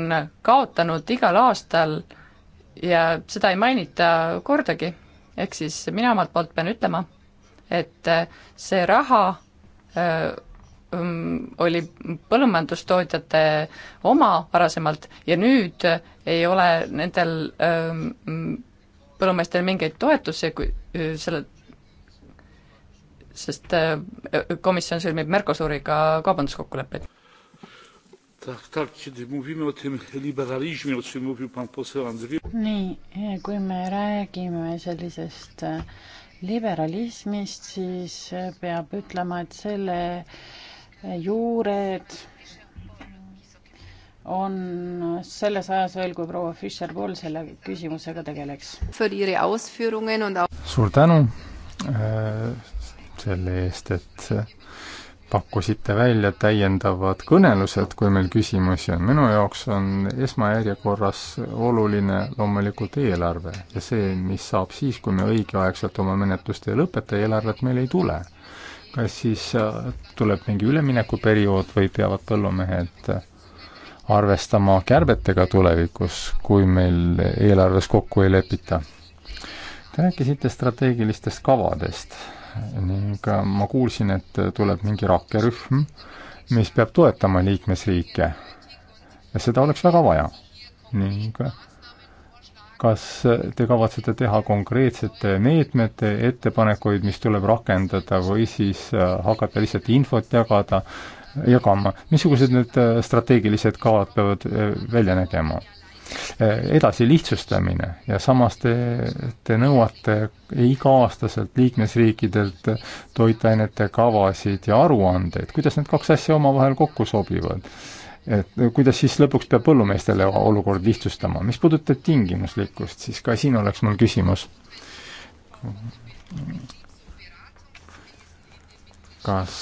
kaotanud igal aastal ja seda ei mainita kordagi. ehk siis mina omalt poolt pean ütlema, et äh, see raha öö, äh, mm, oli põllumajandustootjate oma varasemalt ja nüüd ei ole nendel öö, ähm, põllumeestel mingeid toetusi, kui äh, selle, sest komisjon sõlmib Mercosuriga kaubanduskokkuleppeid w tak, kiedy mówimy o tym liberalizmie, o czym mówił pan poseł Andrzej. nii, kui me räägime sellisest e, liberalismist, siis e, peab ütlema, et selle e, juured on selles ajas veel, kui proua Fischer-Pool selle küsimusega tegeleks. suur tänu selle eest, et pakkusite välja täiendavad kõnelused, kui meil küsimusi on. minu jaoks on esmajärjekorras oluline loomulikult eelarve ja see, mis saab siis, kui me õigeaegselt oma menetlust ei lõpeta, eelarvet meil ei tule. kas siis äh, tuleb mingi üleminekuperiood või peavad põllumehed äh, arvestama kärbetega tulevikus, kui meil eelarves kokku ei lepita? Te rääkisite strateegilistest kavadest ning ma kuulsin, et tuleb mingi rakkerühm, mis peab toetama liikmesriike. ja seda oleks väga vaja. ning kas te kavatsete teha konkreetsete meetmete ettepanekuid, mis tuleb rakendada või siis äh, hakata lihtsalt infot jagada, jagama, missugused need äh, strateegilised kavad peavad äh, välja nägema? Eh, edasi lihtsustamine ja samas te, te nõuate iga-aastaselt liikmesriikidelt toitainete kavasid ja aruandeid, kuidas need kaks asja omavahel kokku sobivad? et kuidas siis lõpuks peab põllumeestele olukord lihtsustama, mis puudutab tingimuslikkust, siis ka siin oleks mul küsimus kas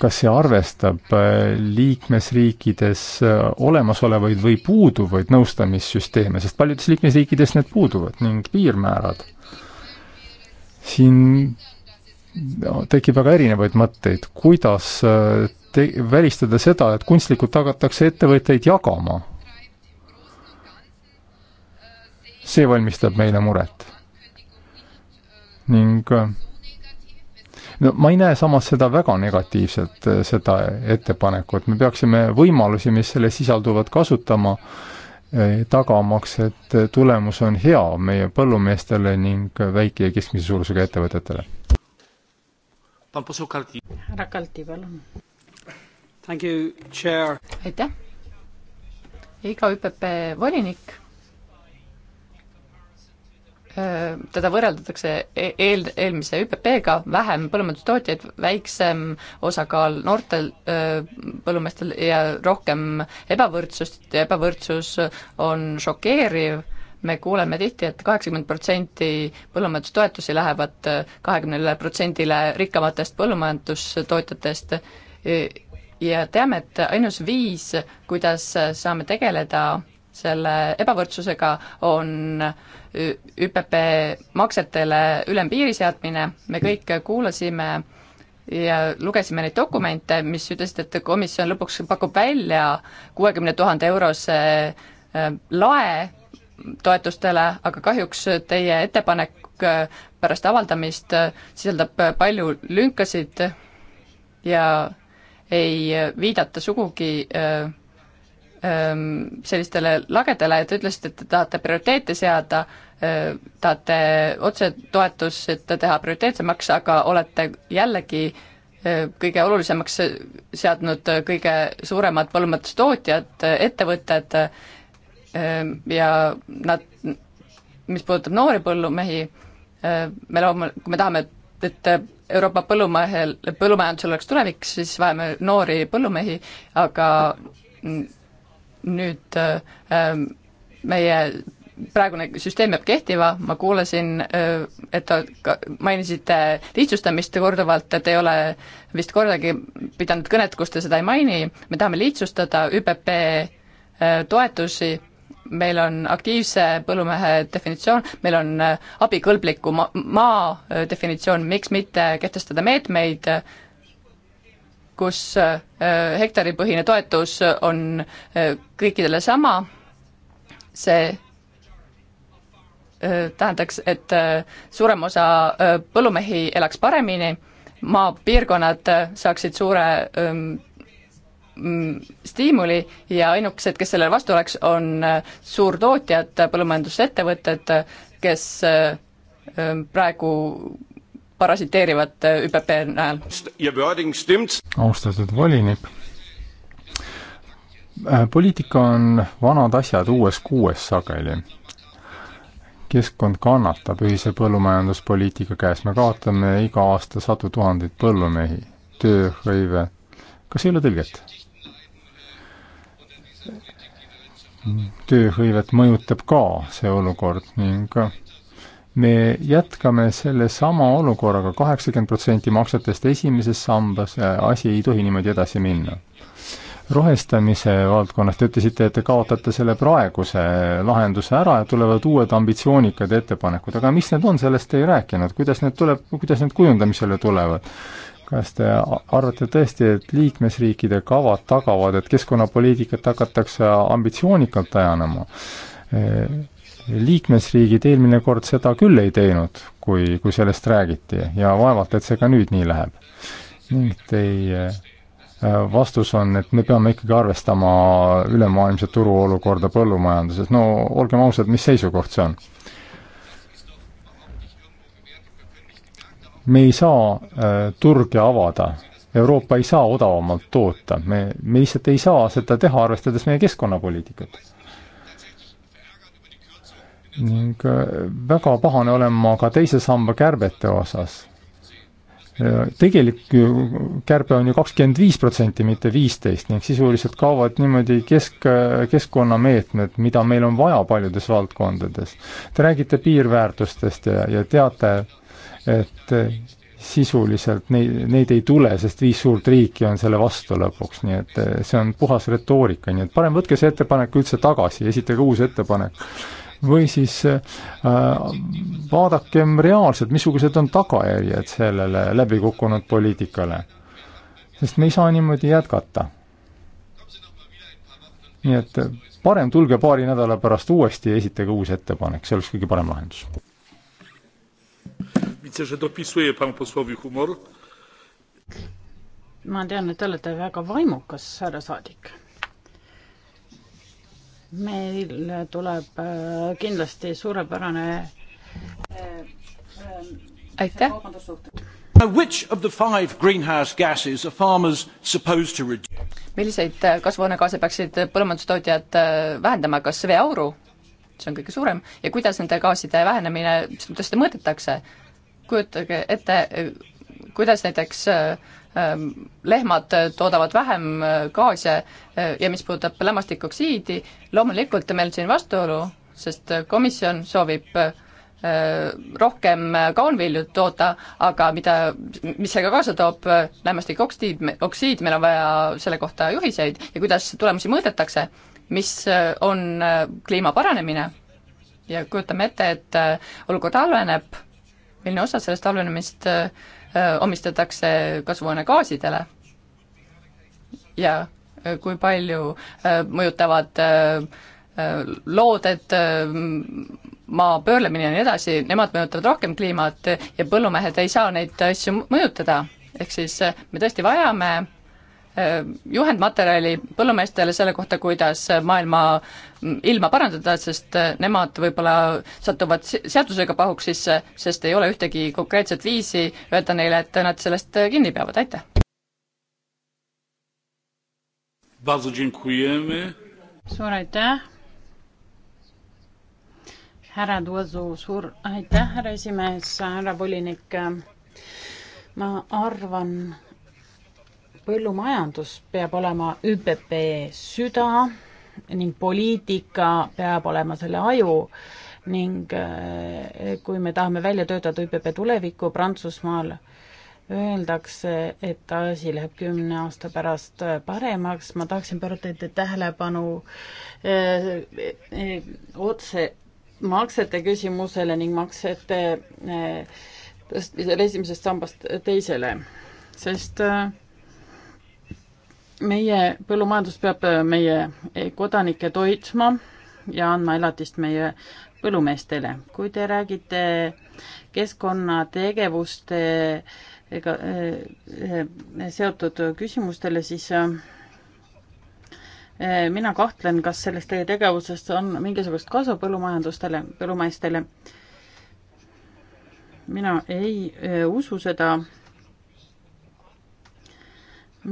kas see arvestab äh, liikmesriikides äh, olemasolevaid või puuduvaid nõustamissüsteeme, sest paljudes liikmesriikides need puuduvad ning piirmäärad siin no, tekib väga erinevaid mõtteid, kuidas äh, te-, välistada seda, et kunstlikult hakatakse ettevõtteid jagama. see valmistab meile muret. ning no ma ei näe samas seda väga negatiivselt, äh, seda ettepanekut, me peaksime võimalusi, mis selles sisalduvad, kasutama, äh, tagamaks, et äh, tulemus on hea meie põllumeestele ning väike- ja keskmise suurusega ettevõtetele. härra Kalti, palun. aitäh. iga ÜPP volinik teda võrreldatakse e-, eel, eelmise ÜPP-ga, vähem põllumajandustootjaid, väiksem osakaal noortel põllumeestel ja rohkem ebavõrdsust, ebavõrdsus on šokeeriv, me kuuleme tihti et, et kaheksakümmend protsenti põllumajandustoetusi lähevad kahekümnele protsendile rikkamatest põllumajandustootjatest ja teame, et ainus viis, kuidas saame tegeleda selle ebavõrdsusega on ÜPP maksetele ülempiiri seadmine, me kõik kuulasime ja lugesime neid dokumente, mis ütlesid, et komisjon lõpuks pakub välja kuuekümne tuhande eurose äh, lae toetustele, aga kahjuks teie ettepanek äh, pärast avaldamist äh, sisaldab palju lünkasid ja ei viidata sugugi Ähm, sellistele lagedele, et ütlesite, et te tahate prioriteete seada, äh, tahate otsetoetust teha prioriteetsemaks, aga olete jällegi äh, kõige olulisemaks seadnud äh, kõige suuremad põllumajandustootjad, ettevõtted ja nad, mis puudutab noori põllumehi, me looma-, kui me tahame, et Euroopa põllumehel, põllumajandusel oleks tulevik, siis vajame noori põllumehi, aga nüüd äh, ähm, meie praegune süsteem jääb kehtiva, ma kuulasin, äh, et ta, mainisite lihtsustamist korduvalt, et ei ole vist kordagi pidanud kõnet, kus te seda ei maini, me tahame lihtsustada ÜPP äh, toetusi, meil on aktiivse põllumehe definitsioon, meil on abikõlbliku ma-, maa definitsioon, miks mitte kehtestada meetmeid, kus äh, hektaripõhine toetus on äh, kõikidele sama, see äh, tähendaks, et suurem osa põllumehi elaks paremini, maapiirkonnad saaksid suure ähm, mm, stiimuli ja ainukesed, kes sellele vastu oleks, on suurtootjad, põllumajandusettevõtted, kes praegu parasiteerivad äh, ÜPP najal. austatud volinik, äh, poliitika on vanad asjad uues kuues sageli. keskkond kannatab ühise põllumajanduspoliitika käes, me kaotame iga aasta sadu tuhandeid põllumehi, tööhõive, kas ei ole tõlget? tööhõivet mõjutab ka see olukord ning me jätkame sellesama olukorraga, kaheksakümmend protsenti maksetest esimeses sambas, äh, asi ei tohi niimoodi edasi minna. rohestamise valdkonnas te ütlesite, et te kaotate selle praeguse äh, lahenduse ära ja tulevad uued ambitsioonikad ettepanekud, aga mis need on, sellest ei rääkinud, kuidas need tuleb, kuidas need kujundamisele tulevad? kas te arvate tõesti, et liikmesriikide kavad tagavad, et keskkonnapoliitikat hakatakse ambitsioonikalt ajanema? Äh, liikmesriigid eelmine kord seda küll ei teinud, kui, kui sellest räägiti ja vaevalt, et see ka nüüd nii läheb. ning teie äh, vastus on, et me peame ikkagi arvestama ülemaailmse turu olukorda põllumajanduses, no olgem ausad, mis seisukoht see on? me ei saa äh, turge avada, Euroopa ei saa odavamalt toota, me, me lihtsalt ei saa seda teha, arvestades meie keskkonnapoliitikat ning äh, väga pahane olen ma ka teise samba kärbete osas. Äh, tegelik kärbe on ju kakskümmend viis protsenti, mitte viisteist, ning sisuliselt kaovad niimoodi kesk, keskkonnameetmed, mida meil on vaja paljudes valdkondades. Te räägite piirväärtustest ja, ja teate, et äh, sisuliselt neid, neid ei tule, sest viis suurt riiki on selle vastu lõpuks, nii et see on puhas retoorika, nii et parem võtke see ettepanek üldse tagasi, esitage uus ettepanek või siis äh, vaadakem reaalselt, missugused on tagajärjed sellele läbikukkunud poliitikale. sest me ei saa niimoodi jätkata. nii et parem tulge paari nädala pärast uuesti ja esitage uus ettepanek, see oleks kõige parem lahendus. ma tean, et te olete väga vaimukas härra saadik meil tuleb äh, kindlasti suurepärane äh, äh, aitäh. milliseid kasvuhoonegaase peaksid põllumajandustootjad vähendama, kas veeauru, see on kõige suurem, ja kuidas nende gaaside vähenemine, mis mõttes seda mõõdetakse? kujutage ette, kuidas näiteks äh, Ähm, lehmad äh, toodavad vähem äh, gaase äh, ja mis puudutab lämmastikoksiidi, loomulikult meil siin vastuolu, sest komisjon soovib rohkem kaunvilju toota, aga mida, mis see ka kaasa toob, lämmastikoksiid, oksiid, meil on vaja selle kohta juhiseid ja kuidas tulemusi mõõdetakse, mis on kliima paranemine ja kujutame ette, et olukord halveneb, milline osa sellest halvenemist äh, omistatakse kasvuhoonegaasidele ja kui palju mõjutavad looded, maa pöörlemine ja nii edasi, nemad mõjutavad rohkem kliimat ja põllumehed ei saa neid asju mõjutada, ehk siis me tõesti vajame Äh, juhendmaterjali põllumeestele selle kohta, kuidas maailma ilma parandada, sest äh, nemad võib-olla satuvad seadusega pahuks sisse, sest ei ole ühtegi konkreetset viisi öelda neile, et nad sellest äh, kinni peavad, aitäh! suur aitäh! härra Tuosu, suur aitäh, härra esimees, härra volinik, ma arvan, põllumajandus peab olema ÜPP süda ning poliitika peab olema selle aju ning äh, kui me tahame välja töötada ÜPP tulevikku Prantsusmaal, öeldakse, et asi läheb kümne aasta pärast äh, paremaks, ma tahaksin pöörata teie tähelepanu äh, otse maksete küsimusele ning maksete tõstmisele esimesest sambast teisele, sest öö, meie põllumajandus peab äh, meie kodanikke toitma ja andma elatist meie põllumeestele. kui te räägite keskkonnategevuste äh, ega äh, seotud küsimustele, siis mina kahtlen, kas sellest teie tegevusest on mingisugust kasu põllumajandustele, põllumeestele. mina ei usu seda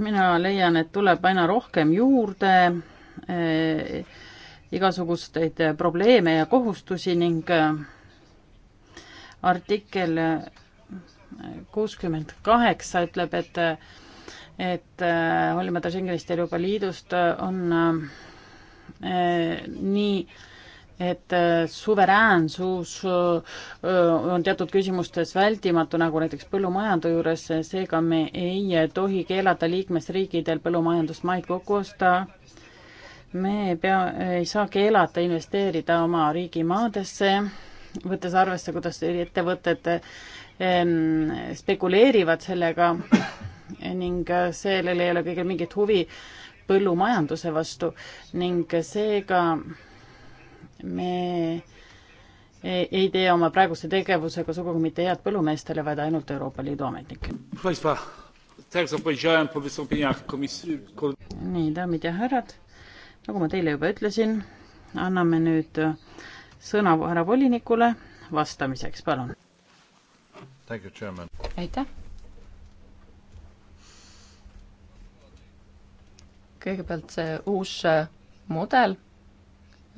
mina leian, et tuleb aina rohkem juurde äh, igasuguseid probleeme ja kohustusi ning äh, artikkel kuuskümmend kaheksa ütleb, et et eh, hoolimata Schengenist ja Euroopa Liidust on äh, nii äh, et äh, suveräänsus äh, on teatud küsimustes vältimatu, nagu näiteks põllumajanduse juures, seega me ei tohi keelata liikmesriikidel põllumajandusmaid kokku osta. me pea, ei saa keelata investeerida oma riigimaadesse, võttes arvesse, kuidas ettevõtted ähm, spekuleerivad sellega ning äh, sellel ei ole kõigil mingit huvi põllumajanduse vastu ning seega me ei tee oma praeguse tegevusega sugugi mitte head põllumeestele, vaid ainult Euroopa Liidu ametnikele. nii, daamid ja härrad, nagu ma teile juba ütlesin, anname nüüd sõna härra volinikule vastamiseks, palun. aitäh. kõigepealt see uus äh, mudel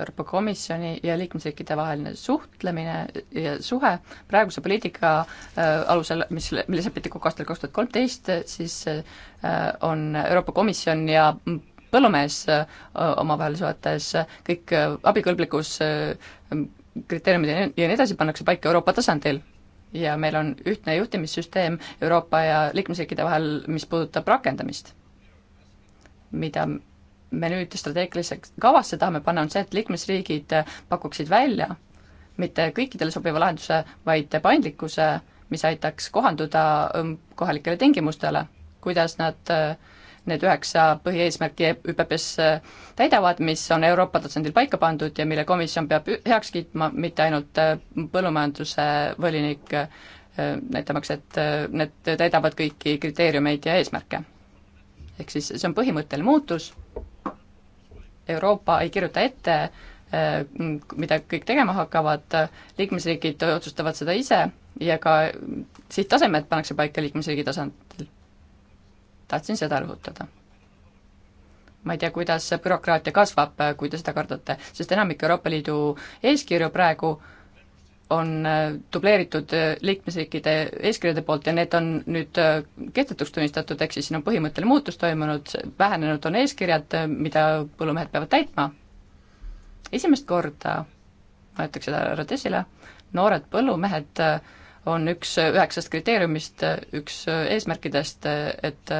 Euroopa Komisjoni ja liikmesriikide vaheline suhtlemine ja suhe, praeguse poliitika äh, alusel, mis, mille lepiti kokku aastal kaks tuhat kolmteist, siis äh, on Euroopa Komisjon ja põllumees äh, omavahel suhetes, kõik abikõlblikkus kriteeriumid ja nii edasi pannakse paika Euroopa tasandil ja meil on ühtne juhtimissüsteem Euroopa ja liikmesriikide vahel, mis puudutab rakendamist, mida me nüüd strateegilisse kavasse tahame panna, on see, et liikmesriigid äh, pakuksid välja mitte kõikidele sobiva lahenduse, vaid paindlikkuse, mis aitaks kohanduda ähm, kohalikele tingimustele, kuidas nad äh, need üheksa põhieesmärki ÜPP-s äh, täidavad, mis on Euroopa tasandil paika pandud ja mille komisjon peab heaks kiitma, mitte ainult põllumajanduse volinik, näitamaks, et need täidavad kõiki kriteeriumeid ja eesmärke. ehk siis see on põhimõtteline muutus Euroopa ei kirjuta ette, äh, mida kõik tegema hakkavad, liikmesriigid otsustavad seda ise ja ka sihttasemed pannakse paika liikmesriigi tasandil. tahtsin seda rõhutada. ma ei tea, kuidas bürokraatia kasvab, kui te seda kardate, sest enamik Euroopa Liidu eeskirju praegu äh, on äh, dubleeritud äh, liikmesriikide eeskirjade poolt ja need on nüüd äh, kehtetuks tunnistatud, ehk siis siin on põhimõtteline muutus toimunud, vähenenud on eeskirjad, mida põllumehed peavad täitma. esimest korda, ma ütleks seda härra Tessile, noored põllumehed on üks üheksast kriteeriumist, üks eesmärkidest, et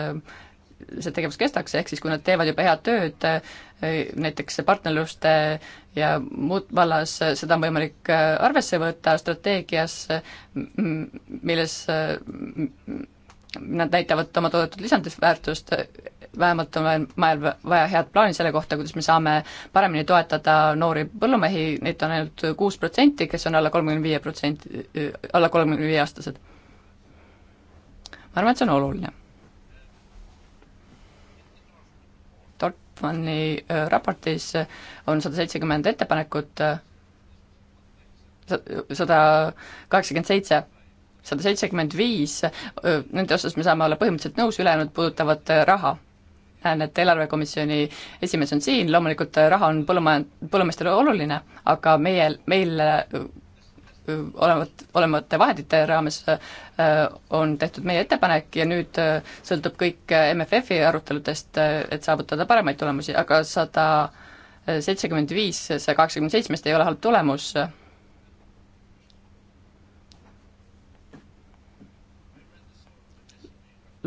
see tegevus kestaks, ehk siis kui nad teevad juba head tööd, äh, näiteks partnerluste ja muud vallas, äh, seda on võimalik äh, arvesse võtta strateegias, milles nad näitavad oma toodetud lisandusväärtust, vähemalt on meil vaja head plaani selle kohta, kuidas me saame paremini toetada noori põllumehi, neid on ainult kuus protsenti, kes on alla kolmekümne viie protsenti, alla kolmekümne viie aastased. ma arvan, et see on oluline Dorfmanni äh, raportis äh, on sada seitsekümmend ettepanekut, äh, sada kaheksakümmend seitse, sada seitsekümmend viis, nende osas me saame olla põhimõtteliselt nõus, ülejäänud puudutavad raha näen, et eelarvekomisjoni esimees on siin, loomulikult raha on põllumajand-, põllumeestele oluline, aga meie, meil Äh, olevat, olevate vahendite raames äh, on tehtud meie ettepanek ja nüüd äh, sõltub kõik MFF-i aruteludest, et saavutada paremaid tulemusi, aga sada seitsekümmend viis saja kaheksakümne seitsmest ei ole halb tulemus.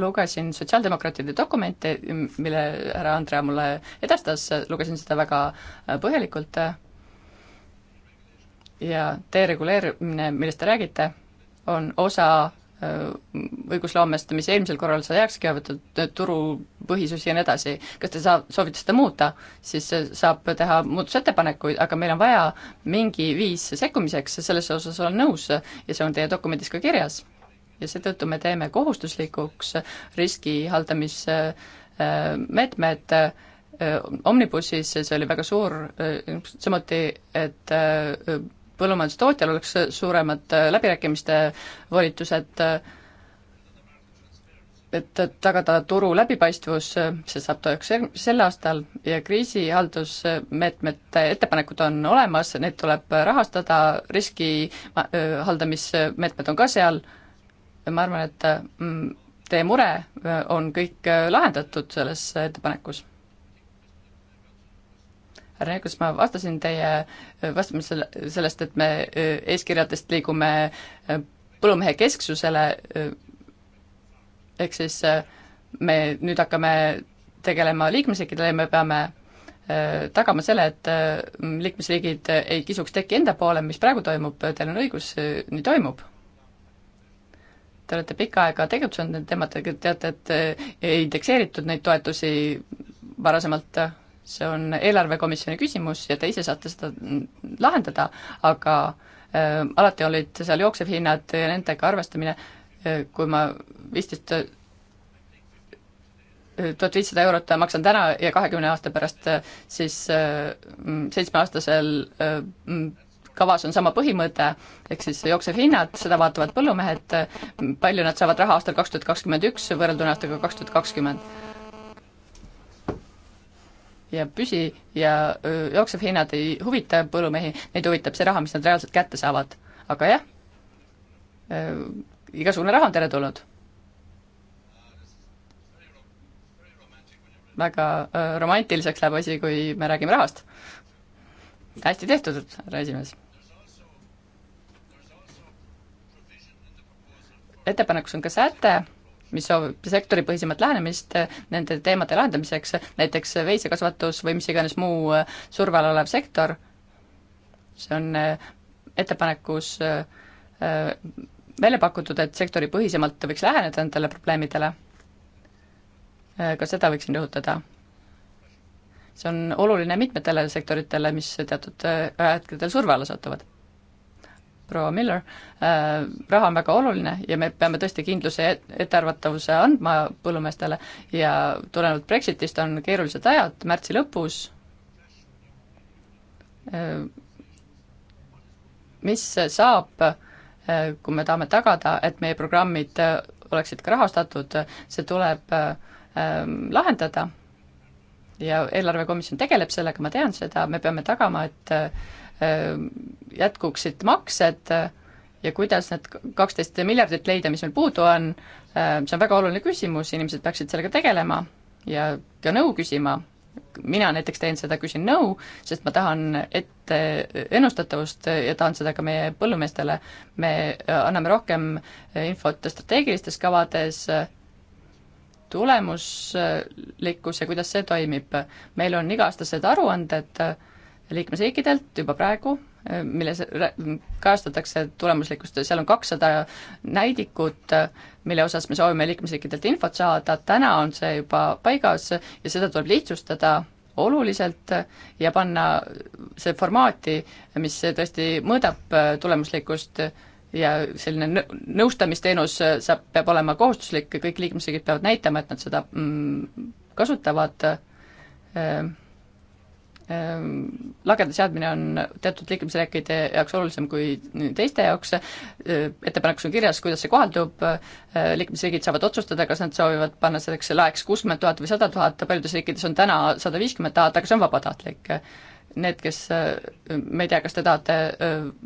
lugesin sotsiaaldemokraatide dokumente, mille härra Andrea mulle edastas, lugesin seda väga põhjalikult ja dereguleerimine, millest te räägite, on osa õigusloomest, mis eelmisel korral sai heaks kiidetud, turupõhisusi ja nii edasi, kas te saa-, soovite seda muuta, siis äh, saab teha muudatusettepanekuid, aga meil on vaja mingi viis sekkumiseks ja selles osas olen nõus ja see on teie dokumendis ka kirjas. ja seetõttu me teeme kohustuslikuks riski haldamismeetmed äh, äh Omnibussis, see oli väga suur äh,, samuti et äh, põllumajandustootjal oleks suuremad äh, läbirääkimiste volitused, äh, et tagada turu läbipaistvus, äh, see saab toimuks sel aastal ja kriisihaldusmeetmete ettepanekud on olemas, neid tuleb rahastada, riski haldamismeetmed on ka seal, ma arvan, et mm, teie mure on kõik lahendatud selles ettepanekus härra Jaagus, ma vastasin teie äh, vastamisele sellest, et me äh, eeskirjadest liigume äh, põllumehe kesksusele, ehk siis me nüüd hakkame tegelema liikmesriikidele ja me peame tagama selle, et liikmesriigid ei kisuks teki enda poole, mis praegu toimub, teil on õigus, nii toimub. Te olete pikka aega tegutsenud nende teemadega, teate, et ei indekseeritud neid toetusi varasemalt see on eelarvekomisjoni küsimus ja te ise saate seda lahendada, aga äh, alati olid seal jooksevhinnad ja nendega arvestamine äh,, kui ma viisteist äh, tuhat viissada eurot maksan täna ja kahekümne aasta pärast äh, siis äh, mm, seitsmeaastasel äh, mm, kavas on sama põhimõte, ehk siis jooksevhinnad, seda vaatavad põllumehed, äh, palju nad saavad raha aastal kaks tuhat kakskümmend üks võrrelduna aastaga kaks tuhat kakskümmend ja püsi- ja jooksevhinnad ei huvita põllumehi, neid huvitab see raha, mis nad reaalselt kätte saavad. aga jah, igasugune raha on teretulnud. väga romantiliseks läheb asi, kui me räägime rahast. hästi tehtud, härra esimees. ettepanekus on ka säte, mis soovib sektoripõhisemat lähenemist eh, nende teemade lahendamiseks, näiteks veisekasvatus või mis iganes muu eh, surve all olev sektor, see on eh, ettepanekus välja pakutud, et sektoripõhisemalt võiks läheneda nendele probleemidele. ka seda võiksin rõhutada. see on oluline mitmetele sektoritele, mis teatud hetkedel surve alla satuvad proua Miller äh,, raha on väga oluline ja me peame tõesti kindluse et, ettearvatavuse andma põllumeestele ja tulenevalt Brexitist on keerulised ajad, märtsi lõpus äh,, mis saab äh,, kui me tahame tagada, et meie programmid äh, oleksid ka rahastatud, see tuleb äh, äh, lahendada ja eelarvekomisjon tegeleb sellega, ma tean seda, me peame tagama, et jätkuksid maksed äh, ja kuidas need kaksteist miljardit leida, mis meil puudu on, äh, see on väga oluline küsimus, inimesed peaksid sellega tegelema ja ka nõu küsima, mina näiteks teen seda, küsin nõu, sest ma tahan ette äh, ennustatavust ja tahan seda ka meie põllumeestele. me anname rohkem infot strateegilistes kavades, tulemuslikkus ja kuidas see toimib. meil on iga-aastased aruanded liikmesriikidelt juba praegu milles kajastatakse tulemuslikkust, seal on kakssada näidikut, mille osas me soovime liikmesriikidelt infot saada, täna on see juba paigas ja seda tuleb lihtsustada oluliselt ja panna see formaati, mis tõesti mõõdab tulemuslikkust ja selline nõustamisteenus saab, peab olema kohustuslik, kõik liikmesriigid peavad näitama, et nad seda mm, kasutavad äh, Ehm, lagede seadmine on teatud liikmesriikide jaoks olulisem kui teiste jaoks, ehm, ettepanekus on kirjas, kuidas see kohaldub, ehm, liikmesriigid saavad otsustada, kas nad soovivad panna selleks laeks kuuskümmend tuhat või sada tuhat, paljudes riikides on täna sada viiskümmend tuhat, aga see on vabatahtlik. Need, kes, ma ei tea, kas te tahate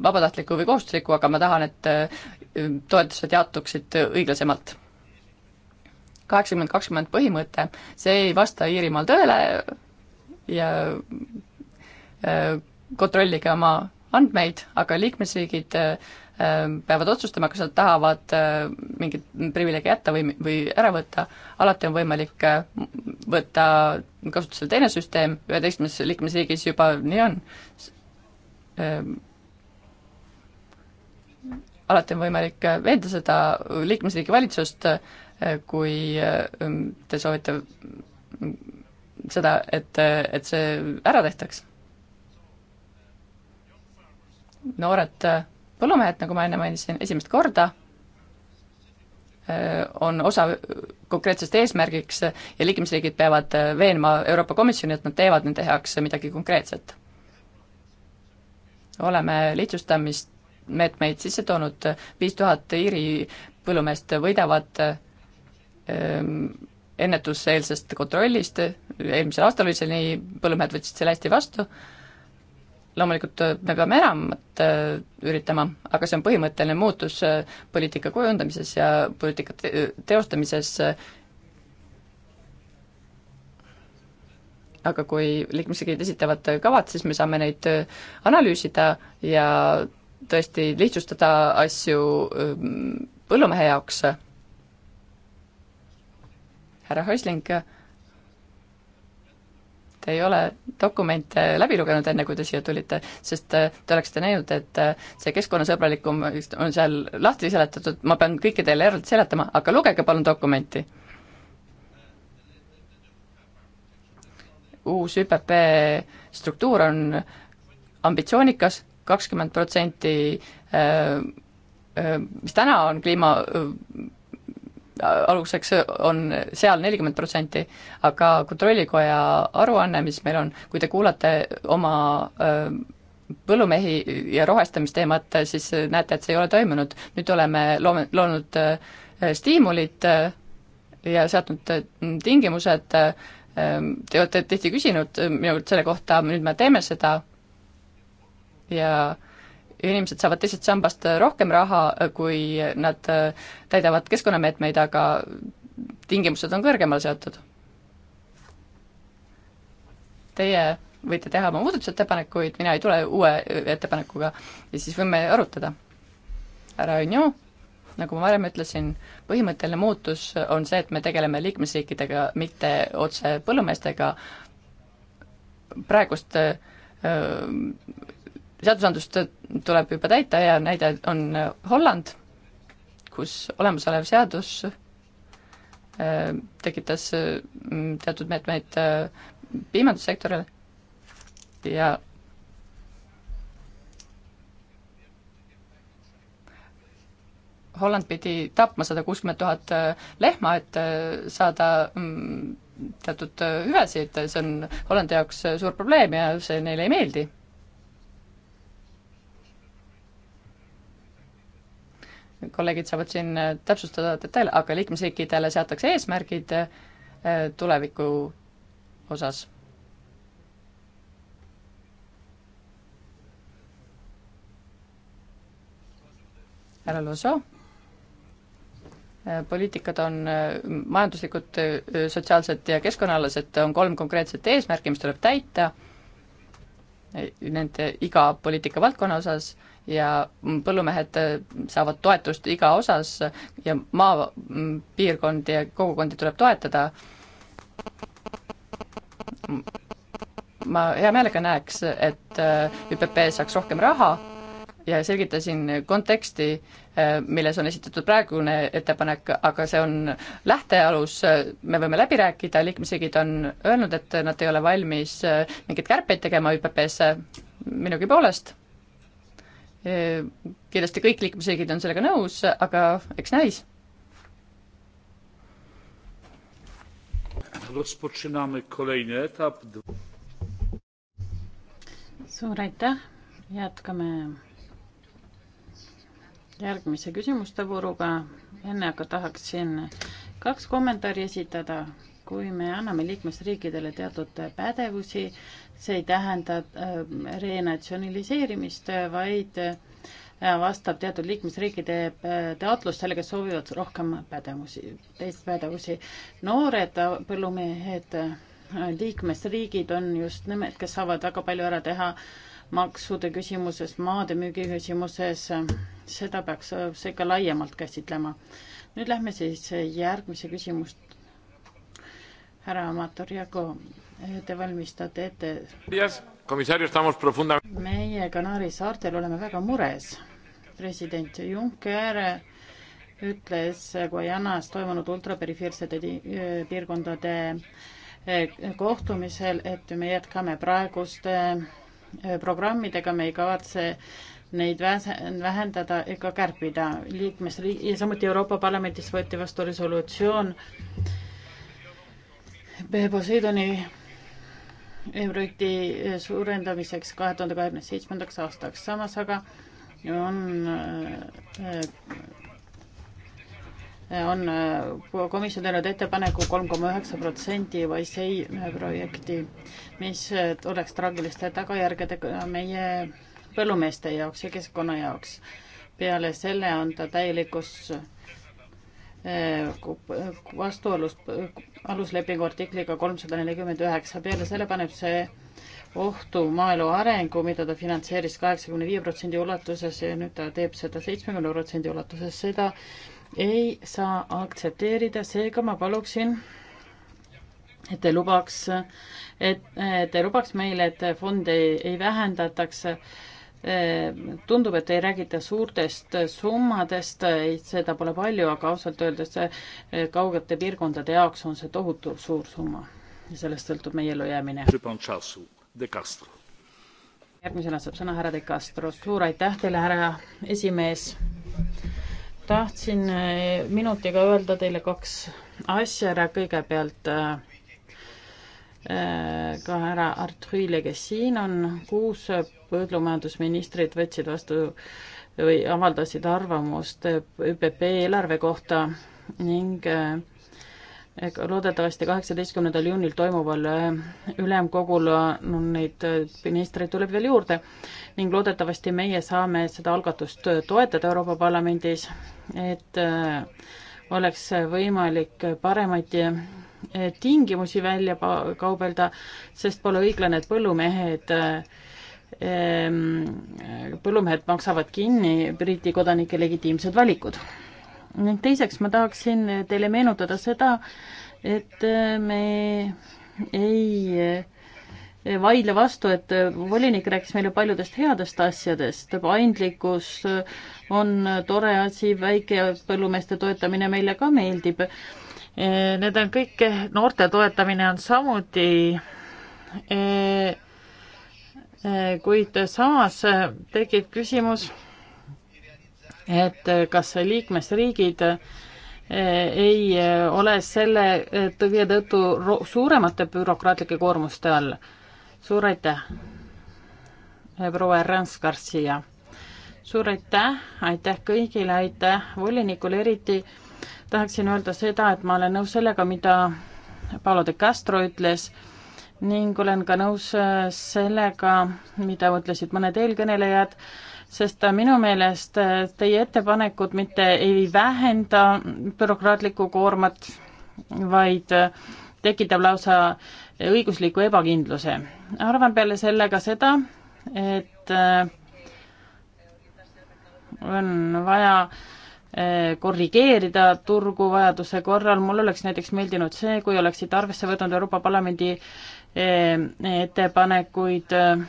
vabatahtlikku või kohustuslikku, aga ma tahan, et toetused jaotuksid õiglasemalt kaheksakümmend kakskümmend põhimõte, see ei vasta Iirimaal tõele, ja äh, kontrollige oma andmeid, aga liikmesriigid äh, peavad otsustama, kas nad tahavad äh, mingeid privileege jätta või, või ära võtta, alati on võimalik võtta kasutusele teine süsteem, üheteistkümnes liikmesriigis juba nii on, alati on võimalik veenda seda liikmesriigi valitsust, kui te soovite seda, et, et see ära tehtaks. noored põllumehed, nagu ma enne mainisin, esimest korda äh, on osa konkreetsest eesmärgiks ja liikmesriigid peavad veenma Euroopa Komisjoni, et nad teevad nende heaks midagi konkreetset. oleme lihtsustamismeetmeid sisse toonud, viis tuhat Iiri põllumeest võidavad ähm, ennetuseelsest kontrollist eelmisel aastal oli see nii, põllumehed võtsid selle hästi vastu, loomulikult äh, me peame enamat äh, üritama, aga see on põhimõtteline muutus äh, poliitika kujundamises ja poliitika te teostamises, aga kui liikmesriigid esitavad kavad, siis me saame neid analüüsida ja tõesti lihtsustada asju põllumehe jaoks. härra Häusling te ei ole dokumente läbi lugenud, enne kui te siia tulite, sest äh, te oleksite näinud, et äh, see keskkonnasõbralikum on seal lahti seletatud, ma pean kõike teile eraldi seletama, aga lugege palun dokumenti. uus ÜPP struktuur on ambitsioonikas, kakskümmend protsenti äh, mis täna on kliima aluseks on seal nelikümmend protsenti, aga Kontrollikoja aruanne, mis meil on, kui te kuulate oma põllumehi ja rohestamisteemat, siis näete, et see ei ole toimunud. nüüd oleme loome, loonud stiimulid ja seadnud tingimused, te olete tihti küsinud äh, minult selle kohta, nüüd me teeme seda ja inimesed saavad teisest sambast rohkem raha, kui nad äh, täidavad keskkonnameetmeid, aga tingimused on kõrgemale seatud. Teie võite teha oma muudatusettepanekuid, mina ei tule uue äh, ettepanekuga ja siis võime arutada. härra Onju, nagu ma varem ütlesin, põhimõtteline muutus on see, et me tegeleme liikmesriikidega, mitte otse põllumeestega, praegust öö, äh, seadusandlust tuleb juba täita ja näide on äh, Holland, kus olemasolev seadus äh, tekitas äh, teatud meetmeid piimandussektorile ja Holland pidi tapma sada kuuskümmend tuhat lehma, et saada teatud hüvesid, see on Hollandi jaoks suur probleem ja see neile ei meeldi. kolleegid saavad siin äh, täpsustada detaile, aga liikmesriikidele seatakse eesmärgid äh, tuleviku osas härra Loiseau. Äh, poliitikad on majanduslikud, sotsiaalsed ja keskkonnaalased, on kolm konkreetset eesmärki, mis tuleb täita nende iga poliitika valdkonna osas ja põllumehed äh, saavad toetust iga osas ja maapiirkondi mm, ja kogukondi tuleb toetada. ma hea meelega näeks, et äh, ÜPP saaks rohkem raha ja selgitasin konteksti, äh, milles on esitatud praegune ettepanek, aga see on lähtealus, me võime läbi rääkida, liikmesriigid on öelnud, et nad ei ole valmis mingeid kärpeid tegema ÜPP-sse, minugi poolest kindlasti kõik liikmesriigid on sellega nõus, aga eks näis. suur aitäh, jätkame järgmise küsimuste vooruga. enne aga tahaksin kaks kommentaari esitada. kui me anname liikmesriikidele teatud pädevusi, see ei tähenda äh, renatsionaliseerimist, vaid äh, vastab teatud liikmesriikide äh, taotlustele, kes soovivad rohkem pädevusi, teist pädevusi. noored põllumehed, liikmesriigid on just nimelt, kes saavad väga palju ära teha maksude küsimuses, maade müügi küsimuses, seda peaks seega laiemalt käsitlema. nüüd lähme siis järgmise küsimust. härra Amator Jago Te valmistate ette. meie Kanaari saartel oleme väga mures. president Juncker ütles Guajanas toimunud ultraperifeersete piirkondade eh, kohtumisel, et me jätkame praeguste eh, programmidega, me ei kavatse neid vähendada ega kärpida. liikmesriigi ja samuti Euroopa Parlamendis võeti vastu resolutsioon Poseidoni projekti eh, suurendamiseks kahe tuhande kahekümne seitsmendaks aastaks. samas aga on, eh, on eh, komisjon teinud ettepaneku kolm koma üheksa protsenti Wise'i projekti, mis oleks traagiliste tagajärgedega meie põllumeeste jaoks ja keskkonna jaoks. peale selle on ta täielikus vastuolus aluslepingu artikliga kolmsada nelikümmend üheksa. peale selle paneb see ohtu maaelu arengu, mida ta finantseeris kaheksakümne viie protsendi ulatuses ja nüüd ta teeb seda seitsmekümne protsendi ulatuses. seda ei saa aktsepteerida, seega ma paluksin, et te lubaks, et te lubaks meile, et fonde ei, ei vähendataks Ehm, tundub, et ei räägita suurtest summadest, seda pole palju, aga ausalt öeldes eh, kaugete piirkondade jaoks on see tohutu suur summa ja sellest sõltub meie ellujäämine. järgmisena saab sõna härra De Castro, suur aitäh teile, härra esimees. tahtsin eh, minutiga öelda teile kaks asja ära, kõigepealt eh, ka härra Artuile, kes siin on, kuus põllumajandusministrid võtsid vastu või avaldasid arvamust ÜPP eelarve kohta ning eh, loodetavasti kaheksateistkümnendal juunil toimuval eh, ülemkogul on neid eh, ministreid tuleb veel juurde ning loodetavasti meie saame seda algatust toetada Euroopa Parlamendis, et oleks võimalik paremaid tingimusi välja kaubelda, sest pole õiglane, et põllumehed Ehm, põllumehed maksavad kinni Briti kodanike legitiimsed valikud. ning teiseks ma tahaksin teile meenutada seda, et äh, me ei äh, vaidle vastu, et volinik rääkis meile paljudest headest asjadest, paindlikkus äh, on tore asi, väikepõllumeeste toetamine meile ka meeldib. Need on kõik, noorte toetamine on samuti kuid samas äh, tekib küsimus, et äh, kas liikmesriigid äh, ei ole selle tõvje tõttu suuremate bürokraatlike koormuste all. suur aitäh, proua Ernst Garcia. suur aitäh, aitäh kõigile, aitäh volinikule eriti. tahaksin öelda seda, et ma olen nõus sellega, mida Paolo de Castro ütles ning olen ka nõus äh, sellega, mida mõtlesid mõned eelkõnelejad, sest äh, minu meelest äh, teie ettepanekud mitte ei vähenda bürokraatlikku koormat, vaid tekitab lausa õigusliku ebakindluse. arvan peale selle ka seda, et on vaja korrigeerida turgu vajaduse korral, mul oleks näiteks meeldinud see, kui oleksid arvesse võtnud Euroopa Parlamendi ettepanekuid eh,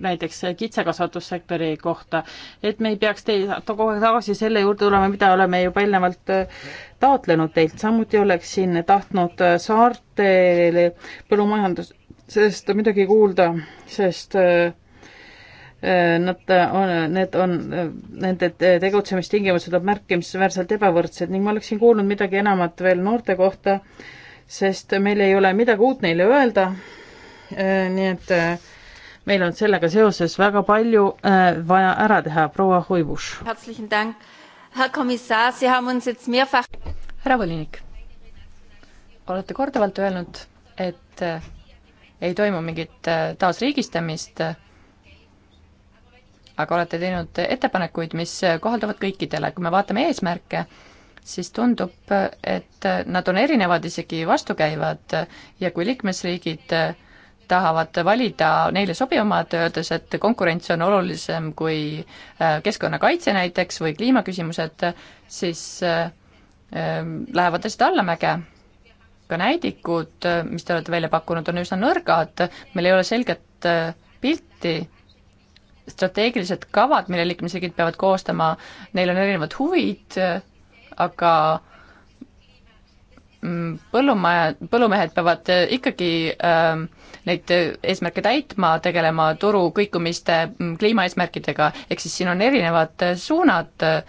näiteks kitsekasvatussektori kohta, et me ei peaks teid kogu aeg tagasi selle juurde tulema, mida oleme juba eelnevalt eh, taotlenud teilt, samuti oleksin tahtnud eh, saartele põllumajandusest midagi kuulda, sest Nad on, need on, nende tegutsemistingimused on märkimisväärselt ebavõrdsed ning ma oleksin kuulnud midagi enamat veel noorte kohta äh,, sest meil ei ole midagi uut neile öelda. Äh, nii et äh, meil on sellega seoses väga palju äh, vaja ära teha, proua Hoibuš. härra volinik, olete korduvalt öelnud, et ei toimu mingit taasriigistamist, aga olete teinud ettepanekuid, mis kohalduvad kõikidele, kui me vaatame eesmärke, siis tundub, et nad on erinevad, isegi vastukäivad ja kui liikmesriigid tahavad valida neile sobivamad, öeldes, et konkurents on olulisem kui äh, keskkonnakaitse näiteks või kliimaküsimused, siis äh, lähevad asjad allamäge. ka näidikud, äh, mis te olete välja pakkunud, on üsna nõrgad, meil ei ole selget pilti, strateegilised kavad, mille liikmesriigid peavad koostama, neil on erinevad huvid, aga mm, põllumaja, põllumehed peavad äh, ikkagi äh, neid eesmärke täitma, tegelema turu kõikumiste mm, kliimaeesmärkidega, ehk siis siin on erinevad äh, suunad äh,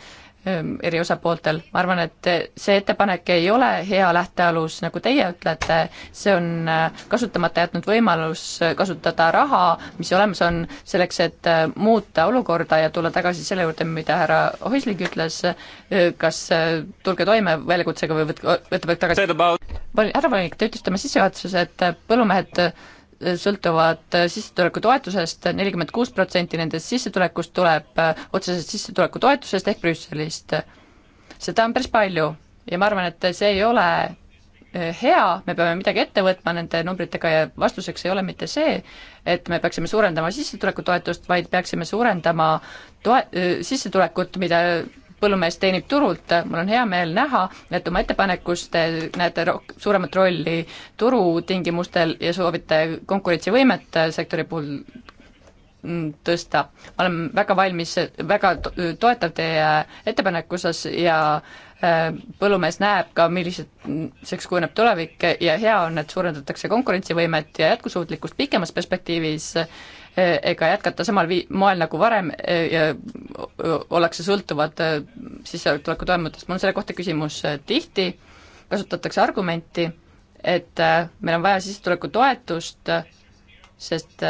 Ähm, eri osapooltel, ma arvan, et äh, see ettepanek ei ole hea lähtealus, nagu teie ütlete, see on äh, kasutamata jätnud võimalus äh, kasutada raha, mis olemas on, selleks, et muuta olukorda ja tulla tagasi selle juurde, mida härra Hoisling ütles, kas tulge toime väljakutsega või võtke, võtke tagasi. härra Volinik, te ütlesite oma sissejuhatuses, et põllumehed sõltuvad äh, sissetulekutoetusest, nelikümmend kuus protsenti nendest sissetulekust tuleb äh, otsesest sissetulekutoetusest ehk Brüsselist. seda on päris palju ja ma arvan, et see ei ole äh, hea, me peame midagi ette võtma nende numbritega ja vastuseks ei ole mitte see, et me peaksime suurendama sissetulekutoetust, vaid peaksime suurendama toe-, sissetulekut, mida põllumees teenib turult, mul on hea meel näha, et oma ettepanekus te näete rohk-, suuremat rolli turutingimustel ja soovite konkurentsivõimet sektori puhul tõsta. ma olen väga valmis, väga toetav teie ettepaneku osas ja äh, põllumees näeb ka, milliseks kujuneb tulevik ja hea on, et suurendatakse konkurentsivõimet ja jätkusuutlikkust pikemas perspektiivis Eh, ega jätkata samal vii-, moel nagu varem eh, ja ollakse sõltuvad eh, sissetuleku toimutust, mul on selle kohta küsimus, tihti kasutatakse argumenti, et meil on vaja sissetulekutoetust, sest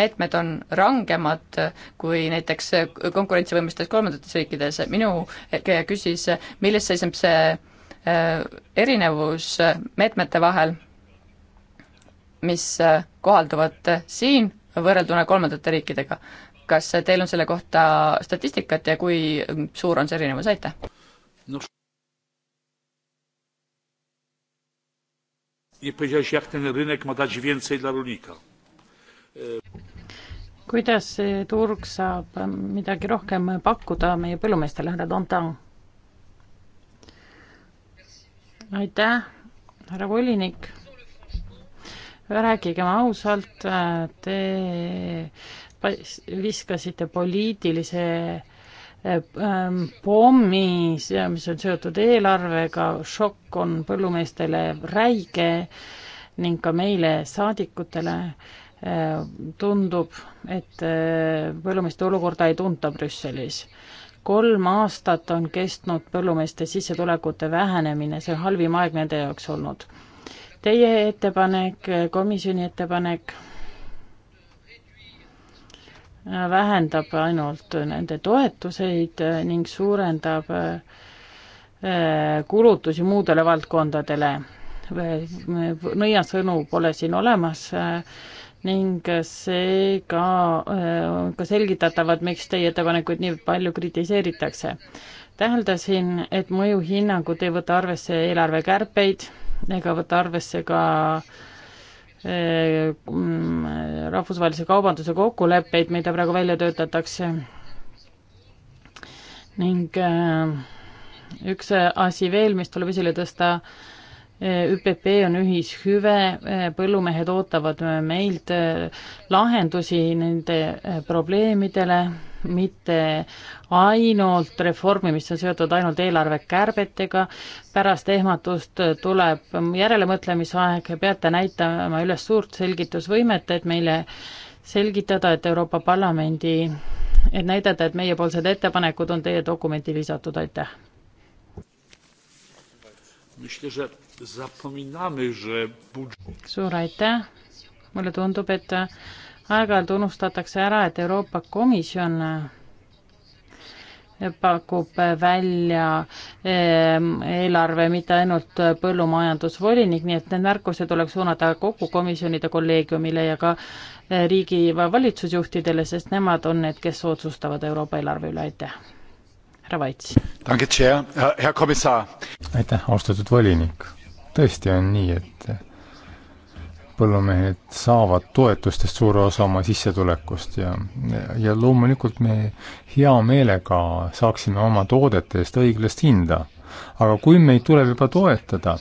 meetmed on rangemad kui näiteks konkurentsivõimelistes kolmandates riikides, minu küsis, milles seisneb see erinevus meetmete vahel, mis kohalduvad siin võrrelduna kolmandate riikidega. kas teil on selle kohta statistikat ja kui suur on see erinevus, aitäh no.! nie powiedziałeś jak ten rynek ma dać więcej dla rolnika. E- kuidas see turg saab midagi rohkem pakkuda meie põllumeestele, härra Dontan? aitäh, härra volinik rääkigem ausalt, te viskasite poliitilise eh, ähm, pommi, mis on seotud eelarvega, šokk on põllumeestele räige ning ka meile, saadikutele, eh, tundub, et eh, põllumeeste olukorda ei tunta Brüsselis. kolm aastat on kestnud põllumeeste sissetulekute vähenemine, see on halvim aeg nende jaoks olnud Teie ettepanek, komisjoni ettepanek vähendab ainult nende toetuseid ning suurendab eh, kulutusi muudele valdkondadele. nõiasõnu pole siin olemas eh, ning seega on eh, ka selgitatavad, miks teie ettepanekuid nii palju kritiseeritakse. täheldasin, et mõjuhinnangud ei võta arvesse eelarvekärpeid ega võta arvesse ka eh, mm, rahvusvahelise kaubanduse kokkuleppeid, mida praegu välja töötatakse. ning eh, üks asi veel, mis tuleb esile tõsta, eh, ÜPP on ühishüve, põllumehed ootavad meilt lahendusi nende probleemidele mitte ainult reformi, mis on seotud ainult eelarvekärbetega, pärast ehmatust tuleb järelemõtlemisaeg ja peate näitama üles suurt selgitusvõimet, et meile selgitada, et Euroopa Parlamendi, et näidata, et meiepoolsed ettepanekud on teie dokumenti lisatud, aitäh. suur aitäh, mulle tundub, et aeg-ajalt unustatakse ära, et Euroopa Komisjon eh, pakub välja eh, eelarve mitte ainult põllumajandusvolinik, nii et need märkused tuleks suunata kogu komisjonide kolleegiumile ja ka eh, riigi valitsusjuhtidele, sest nemad on need, kes otsustavad Euroopa eelarve üle, aitäh. härra Vaits. Äh, aitäh, austatud volinik. tõesti on nii, et põllumehed saavad toetustest suure osa oma sissetulekust ja, ja loomulikult me hea meelega saaksime oma toodete eest õiglast hinda. aga kui meid tuleb juba toetada,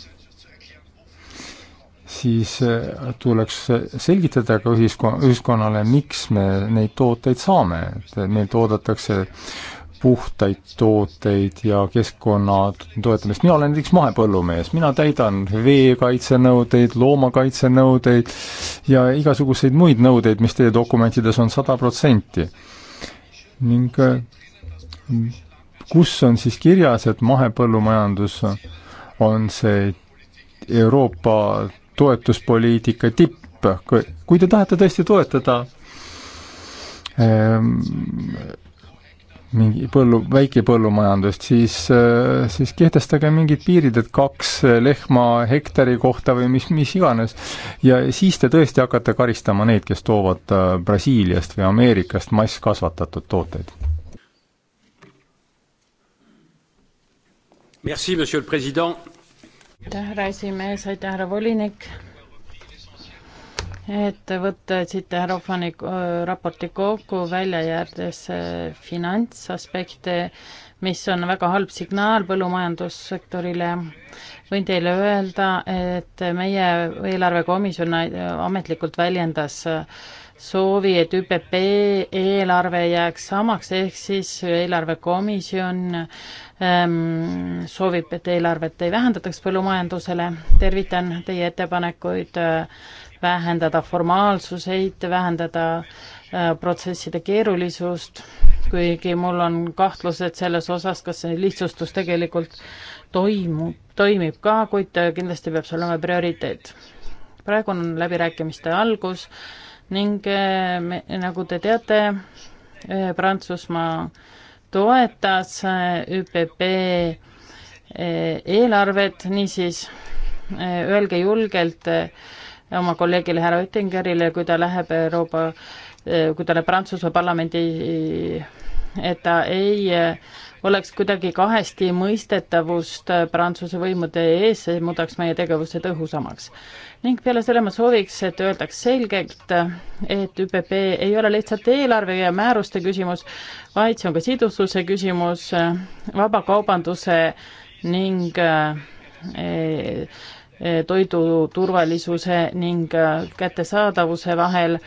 siis äh, tuleks selgitada ka ühiskon-, ühiskonnale, miks me neid tooteid saame, et meilt oodatakse puhtaid tooteid ja keskkonna toetamist, mina olen näiteks mahepõllumees, mina täidan veekaitsenõudeid, loomakaitsenõudeid ja igasuguseid muid nõudeid, mis teie dokumentides on sada protsenti. ning äh, kus on siis kirjas, et mahepõllumajandus on see Euroopa toetuspoliitika tipp, kui te tahate tõesti toetada ähm, mingi põllu, väikepõllumajandust, siis, äh, siis kehtestage mingid piirid, et kaks äh, lehma hektari kohta või mis, mis iganes. ja siis te tõesti hakkate karistama neid, kes toovad äh, Brasiiliast või Ameerikast masskasvatatud tooteid. aitäh, härra esimees, aitäh, härra volinik ettevõtted härra Ofani äh, raporti kokku välja jättes äh, finantsaspekte, mis on väga halb signaal põllumajandussektorile. võin teile öelda, et meie eelarvekomisjon äh, ametlikult väljendas soovi, et ÜPP eelarve jääks samaks, ehk siis eelarvekomisjon ähm, soovib, et eelarvet ei vähendataks põllumajandusele. tervitan teie ettepanekuid äh, vähendada formaalsuseid, vähendada äh, protsesside keerulisust, kuigi mul on kahtlused selles osas, kas see lihtsustus tegelikult toimub, toimib ka, kuid äh, kindlasti peab see olema prioriteet. praegu on läbirääkimiste algus ning äh, me, nagu te teate, Prantsusmaa toetas ÜPP eelarvet, niisiis öelge julgelt äh, oma kolleegile härra Oettingerile, kui ta läheb Euroopa, kui ta läheb Prantsuse parlamendi, et ta ei oleks kuidagi kahesti mõistetavust Prantsuse võimude ees, see muudaks meie tegevuse tõhusamaks. ning peale selle ma sooviks, et öeldaks selgelt, et ÜPP ei ole lihtsalt eelarve ja määruste küsimus, vaid see on ka sidususe küsimus, vabakaubanduse ning eh, Eh, toidu turvalisuse ning eh, kättesaadavuse vahel.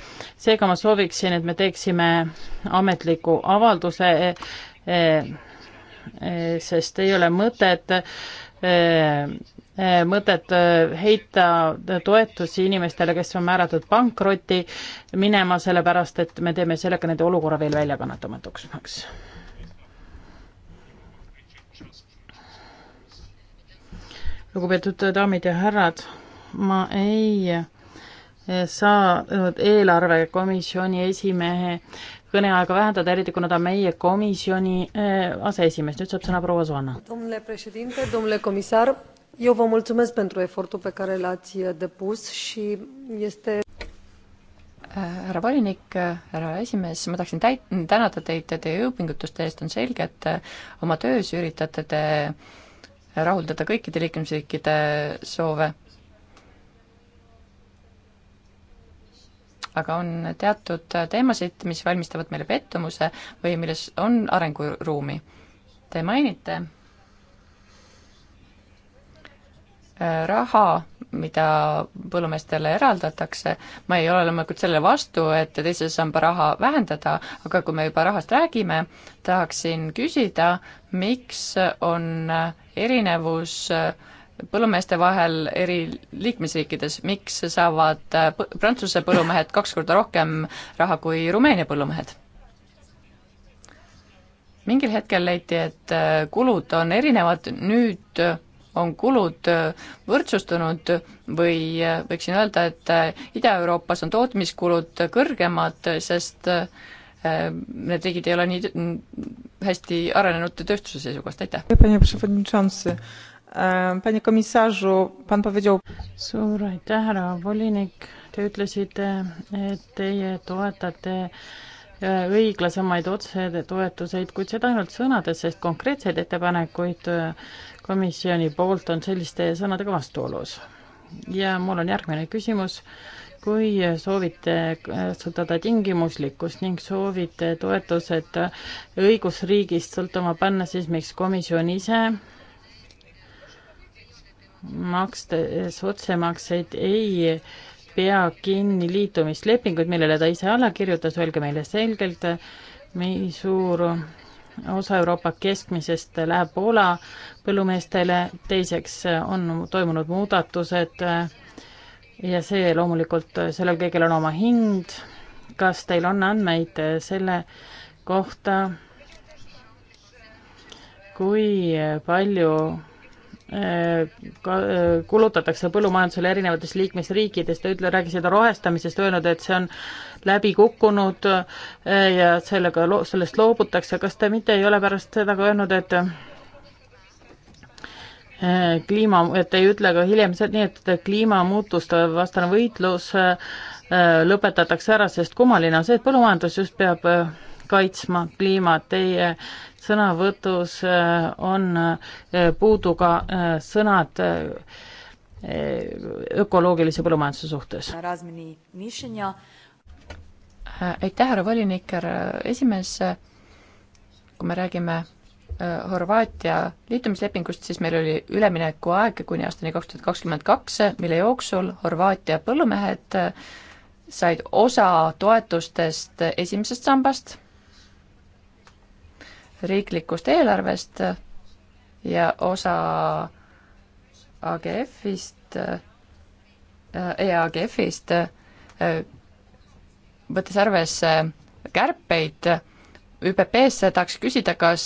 seega ma sooviksin, et me teeksime ametliku avalduse, eh, sest ei ole mõtet mõtet heita toetusi inimestele, kes on määratud pankrotti minema, sellepärast et me teeme sellega nende olukorra veel väljakannatamatumaks. lugupeetud daamid ja härrad, ma ei saa eelarvekomisjoni esimehe kõneaega vähendada, eriti kuna ta on meie komisjoni eh, aseesimees. nüüd saab sõna proua Soana. domnule președinte, domnule comisar, eu vă mulțumesc pentru efortul pe care l-ați eh, depus și este eh, härra volinik, härra esimees, ma tahaksin täit-, tänada teid teie jõupingutuste eest, on selge, et oma töös üritate te rahuldada kõikide liikmesriikide soove. aga on teatud teemasid, mis valmistavad meile pettumuse või milles on arenguruumi. Te mainite äh, raha, mida põllumeestele eraldatakse, ma ei ole loomulikult selle vastu, et teise samba raha vähendada, aga kui me juba rahast räägime, tahaksin küsida, miks on erinevus põllumeeste vahel eri liikmesriikides, miks saavad Prantsuse põllumehed kaks korda rohkem raha kui Rumeenia põllumehed? mingil hetkel leiti, et äh, kulud on erinevad, nüüd on kulud äh, võrdsustunud või äh, võiksin öelda, et Ida-Euroopas on tootmiskulud kõrgemad, sest need riigid ei ole nii hästi arenenud tööstuse seisukohast, aitäh! E, suur aitäh, härra volinik, te ütlesite, et teie toetate e, õiglasemaid otsetoetuseid, kuid seda ainult sõnades, sest konkreetseid ettepanekuid e, komisjoni poolt on selliste sõnadega vastuolus. ja mul on järgmine küsimus kui soovite kasutada äh, tingimuslikkust ning soovite toetused õigusriigist sõltuma panna, siis miks komisjon ise makstes otsemakseid ei pea kinni liitumislepinguid, millele ta ise alla kirjutas, öelge meile selgelt, nii suur osa Euroopa keskmisest läheb Poola põllumeestele, teiseks on toimunud muudatused äh, ja see loomulikult, sellel kõigil on oma hind. kas teil on andmeid selle kohta, kui palju eh, eh, kulutatakse põllumajandusele erinevates liikmesriikides, te ütle, rääkisite rohestamisest, öelnud, et see on läbi kukkunud eh, ja sellega, sellest loobutakse, kas te mitte ei ole pärast seda ka öelnud, et Eh, kliima, et ei ütle ka hiljem nii, et kliimamuutuste vastane võitlus eh, lõpetatakse ära, sest kummaline on see, et põllumajandus just peab eh, kaitsma kliimat, teie sõnavõtus on puudu ka sõnad ökoloogilise põllumajanduse suhtes. aitäh, härra volinik, härra esimees, kui me räägime Äh, Horvaatia liitumislepingust, siis meil oli üleminekuaeg kuni aastani kaks tuhat kakskümmend kaks, mille jooksul Horvaatia põllumehed äh, said osa toetustest esimesest sambast, riiklikust eelarvest äh, ja osa AGF-ist, EAGF-ist, võttes arvesse kärpeid ÜPP-sse, tahaks küsida, kas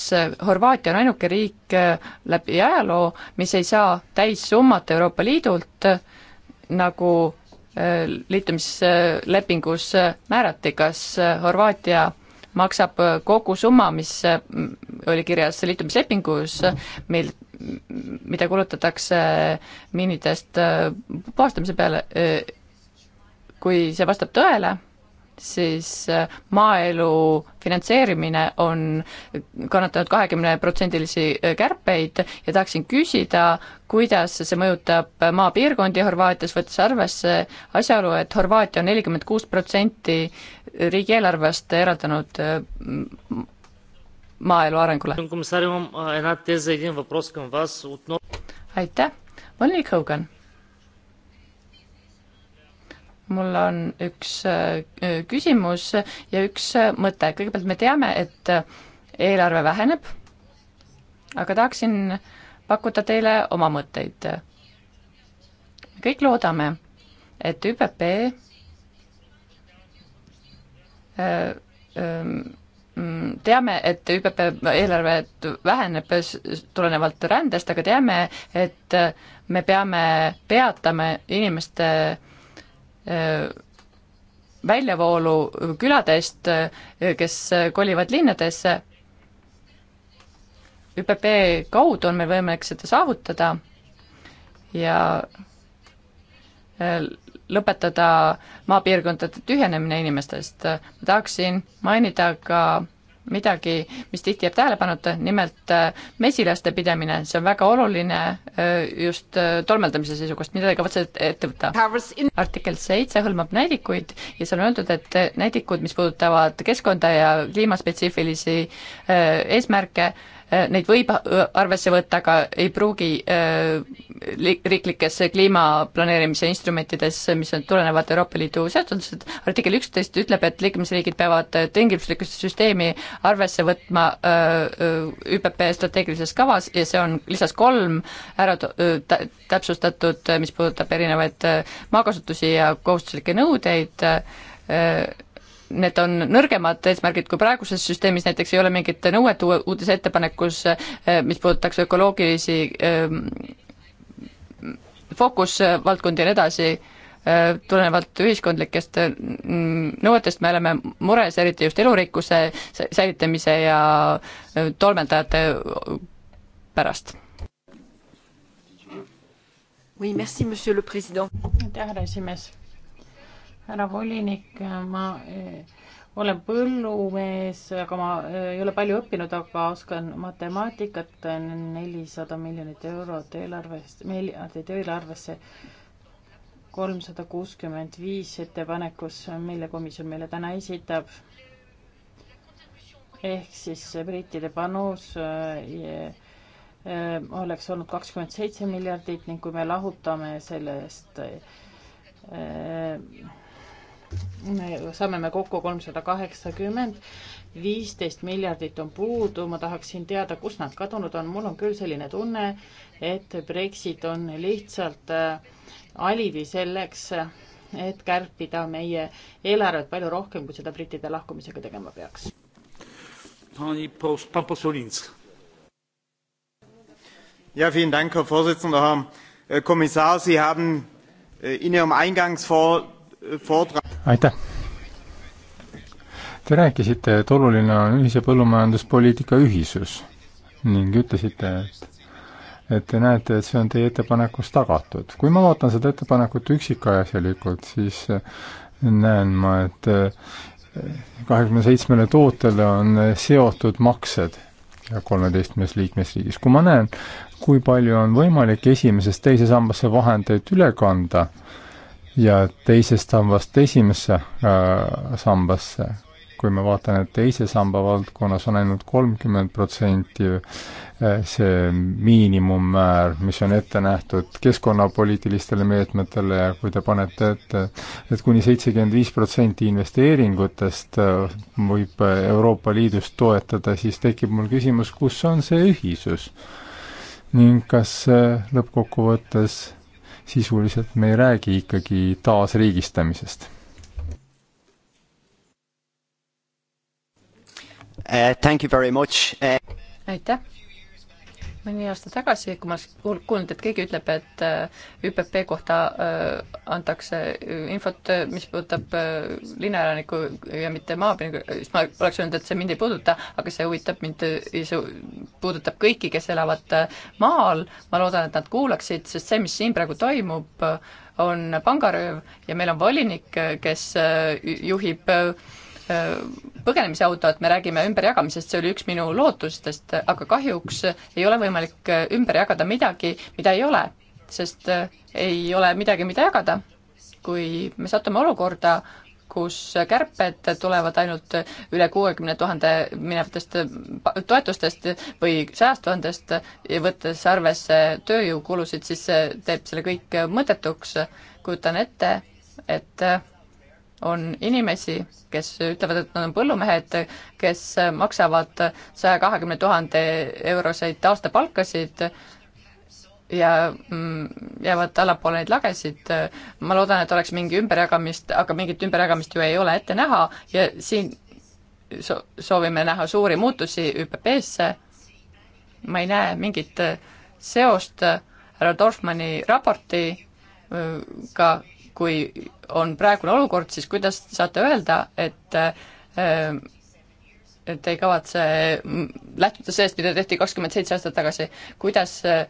Horvaatia on ainuke riik äh, läbi ajaloo, mis ei saa täissummat Euroopa Liidult, nagu äh, liitumislepingus äh, määrati, kas Horvaatia maksab kogu summa, mis oli kirjas liitumislepingus, mil, mida kulutatakse miinidest puhastamise peale, kui see vastab tõele siis äh, maaelu finantseerimine on kannatanud kahekümneprotsendilisi äh, kärpeid ja tahaksin küsida, kuidas see mõjutab äh, maapiirkondi Horvaatias, võttes arvesse asjaolu, et Horvaatia on nelikümmend kuus protsenti riigieelarvest eraldanud maaelu arengule. aitäh, Monika Hõugan mul on üks äh, küsimus ja üks äh, mõte. kõigepealt me teame, et äh, eelarve väheneb, aga tahaksin pakkuda teile oma mõtteid. kõik loodame, et ÜPP ähm, teame, et ÜPP eelarve väheneb tulenevalt rändest, aga teame, et me peame peatama inimeste väljavoolu küladest, kes kolivad linnadesse. ÜPP kaudu on meil võimalik seda saavutada ja äh, lõpetada maapiirkondade tühjenemine inimestest. ma tahaksin mainida ka midagi, mis tihti jääb tähelepanuta, nimelt äh, mesilaste pidamine, see on väga oluline äh, just äh, tolmeldamise seisukohast, mida te kavatsete ette võtta? artikkel seitse hõlmab näidikuid ja seal on öeldud, et näidikud, mis puudutavad keskkonda ja kliimaspetsiifilisi eesmärke, Äh, neid võib arvesse võtta, aga ei pruugi äh, riiklikes kliimaplaneerimise instrumentides, mis on, tulenevad Euroopa Liidu seadustest, artikkel üksteist ütleb, et liikmesriigid peavad äh, tingimuslikkuse süsteemi arvesse võtma ÜPP strateegilises kavas ja see on lisas kolm ära täpsustatud, mis puudutab erinevaid maakasutusi ja kohustuslikke nõudeid, need on nõrgemad eesmärgid kui praeguses süsteemis, näiteks ei ole mingit nõuet uutes ettepanekus, äh, mis puudutaks ökoloogilisi ähm, fookusvaldkondi ja nii edasi, äh, tulenevalt ühiskondlikest äh, nõuetest me oleme mures, eriti just elurikkuse säilitamise ja tolmeldajate pärast Oui, merci, monsieur le président. aitäh, härra esimees härra volinik, ma eh, olen põllumees, aga ma eh, ei ole palju õppinud, aga oskan matemaatikat, nelisada miljonit eurot eelarvest, miljardit eelarvesse, kolmsada kuuskümmend viis ettepanekus, mille komisjon meile täna esitab. ehk siis brittide panus eh, oleks olnud kakskümmend seitse miljardit ning kui me lahutame sellest äh, me saame me kokku kolmsada kaheksakümmend, viisteist miljardit on puudu, ma tahaksin teada, kus nad kadunud on, mul on küll selline tunne, et Brexit on lihtsalt äh, alibi selleks, et kärpida meie eelarvet palju rohkem, kui seda brittide lahkumisega tegema peaks. Ja, vielen Dank, Herr Vorsitzender. Herr Kommissar, Sie haben äh, in Ihrem Eingangsvor aitäh! Te rääkisite, et oluline on ühise põllumajanduspoliitika ühisus ning ütlesite, et et te näete, et see on teie ettepanekus tagatud. kui ma vaatan seda ettepanekut üksikasjalikult, siis näen ma, et eh, kahekümne seitsmele tootele on seotud maksed kolmeteistkümnes liikmesriigis. kui ma näen, kui palju on võimalik esimesest teise sambasse vahendeid üle kanda, ja teisest sambast esimesse äh, sambasse, kui ma vaatan, et teise samba valdkonnas on ainult kolmkümmend protsenti äh, see miinimummäär, mis on ette nähtud keskkonnapoliitilistele meetmetele ja kui te panete ette, et kuni seitsekümmend viis protsenti investeeringutest äh, võib äh, Euroopa Liidust toetada, siis tekib mul küsimus, kus on see ühisus? ning kas lõppkokkuvõttes sisuliselt me ei räägi ikkagi taasriigistamisest uh,. Thank you very much uh.... aitäh mõni aasta tagasi, kui ma kuulnud, et keegi ütleb, et äh, ÜPP kohta äh, antakse äh, infot, mis puudutab linnaelaniku ja mitte maapiirkonna, siis ma oleks öelnud, et see mind ei puuduta, aga see huvitab mind, see puudutab kõiki, kes elavad maal, ma loodan, et nad kuulaksid, sest see, mis siin praegu toimub, on pangarööv ja meil on volinik, kes juhib Äh, põgenemise autot, me räägime ümberjagamisest, see oli üks minu lootustest, aga kahjuks ei ole võimalik äh, ümber jagada midagi, mida ei ole, sest äh, ei ole midagi, mida jagada. kui me satume olukorda, kus kärped tulevad ainult üle kuuekümne tuhande minevatest toetustest või sajast tuhandest, võttes arvesse tööjõukulusid, siis see teeb selle kõik mõttetuks. kujutan ette, et on inimesi, kes ütlevad, et nad on põllumehed, kes maksavad saja kahekümne tuhande euroseid aastapalkasid ja mm, jäävad allapoole neid lagesid. ma loodan, et oleks mingi ümberjagamist, aga mingit ümberjagamist ju ei ole ette näha ja siin so-, soovime näha suuri muutusi ÜPP-sse, ma ei näe mingit seost härra Dorfmanni raportiga, kui on praegune olukord, siis kuidas saate öelda, et äh, et ei kavatse lähtuda sellest, mida tehti kakskümmend seitse aastat tagasi, kuidas äh,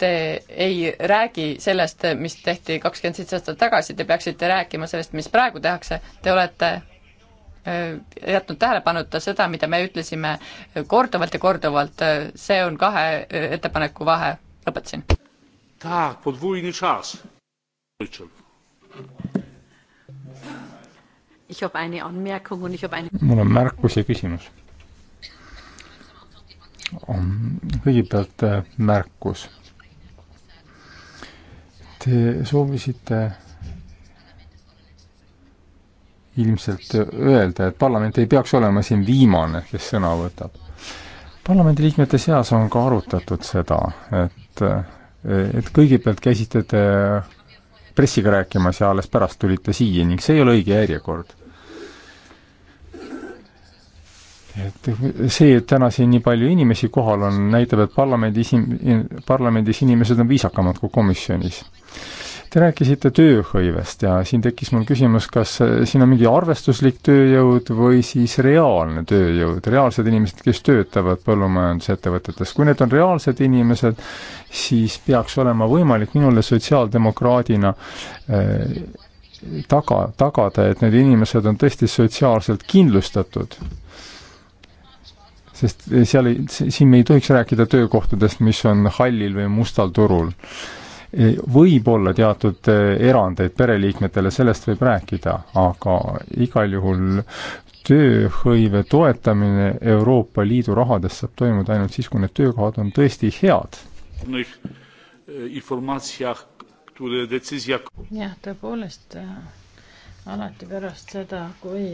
te ei räägi sellest, mis tehti kakskümmend seitse aastat tagasi, te peaksite rääkima sellest, mis praegu tehakse, te olete äh, jätnud tähelepanuta seda, mida me ütlesime korduvalt ja korduvalt, see on kahe ettepaneku vahe, lõpetasin mul on märkus ja küsimus. Um, kõigepealt äh, märkus. Te soovisite ilmselt öelda, et parlament ei peaks olema siin viimane, kes sõna võtab. parlamendiliikmete seas on ka arutatud seda, et, äh, et kõigepealt käisite te pressiga rääkimas ja alles pärast tulite siia ning see ei ole õige järjekord. et see, et täna siin nii palju inimesi kohal on, näitab, et parlamendi isim-, parlamendis inimesed on viisakamad kui komisjonis. Te rääkisite tööhõivest ja siin tekkis mul küsimus, kas äh, siin on mingi arvestuslik tööjõud või siis reaalne tööjõud, reaalsed inimesed, kes töötavad põllumajandusettevõtetes. kui need on reaalsed inimesed, siis peaks olema võimalik minule sotsiaaldemokraadina äh, taga, tagada, et need inimesed on tõesti sotsiaalselt kindlustatud sest e, seal ei, siin me ei tohiks rääkida töökohtadest, mis on hallil või mustal turul. E, võib olla teatud e, erandeid pereliikmetele, sellest võib rääkida, aga igal juhul tööhõive toetamine Euroopa Liidu rahadest saab toimuda ainult siis, kui need töökohad on tõesti head. jah, tõepoolest alati pärast seda, kui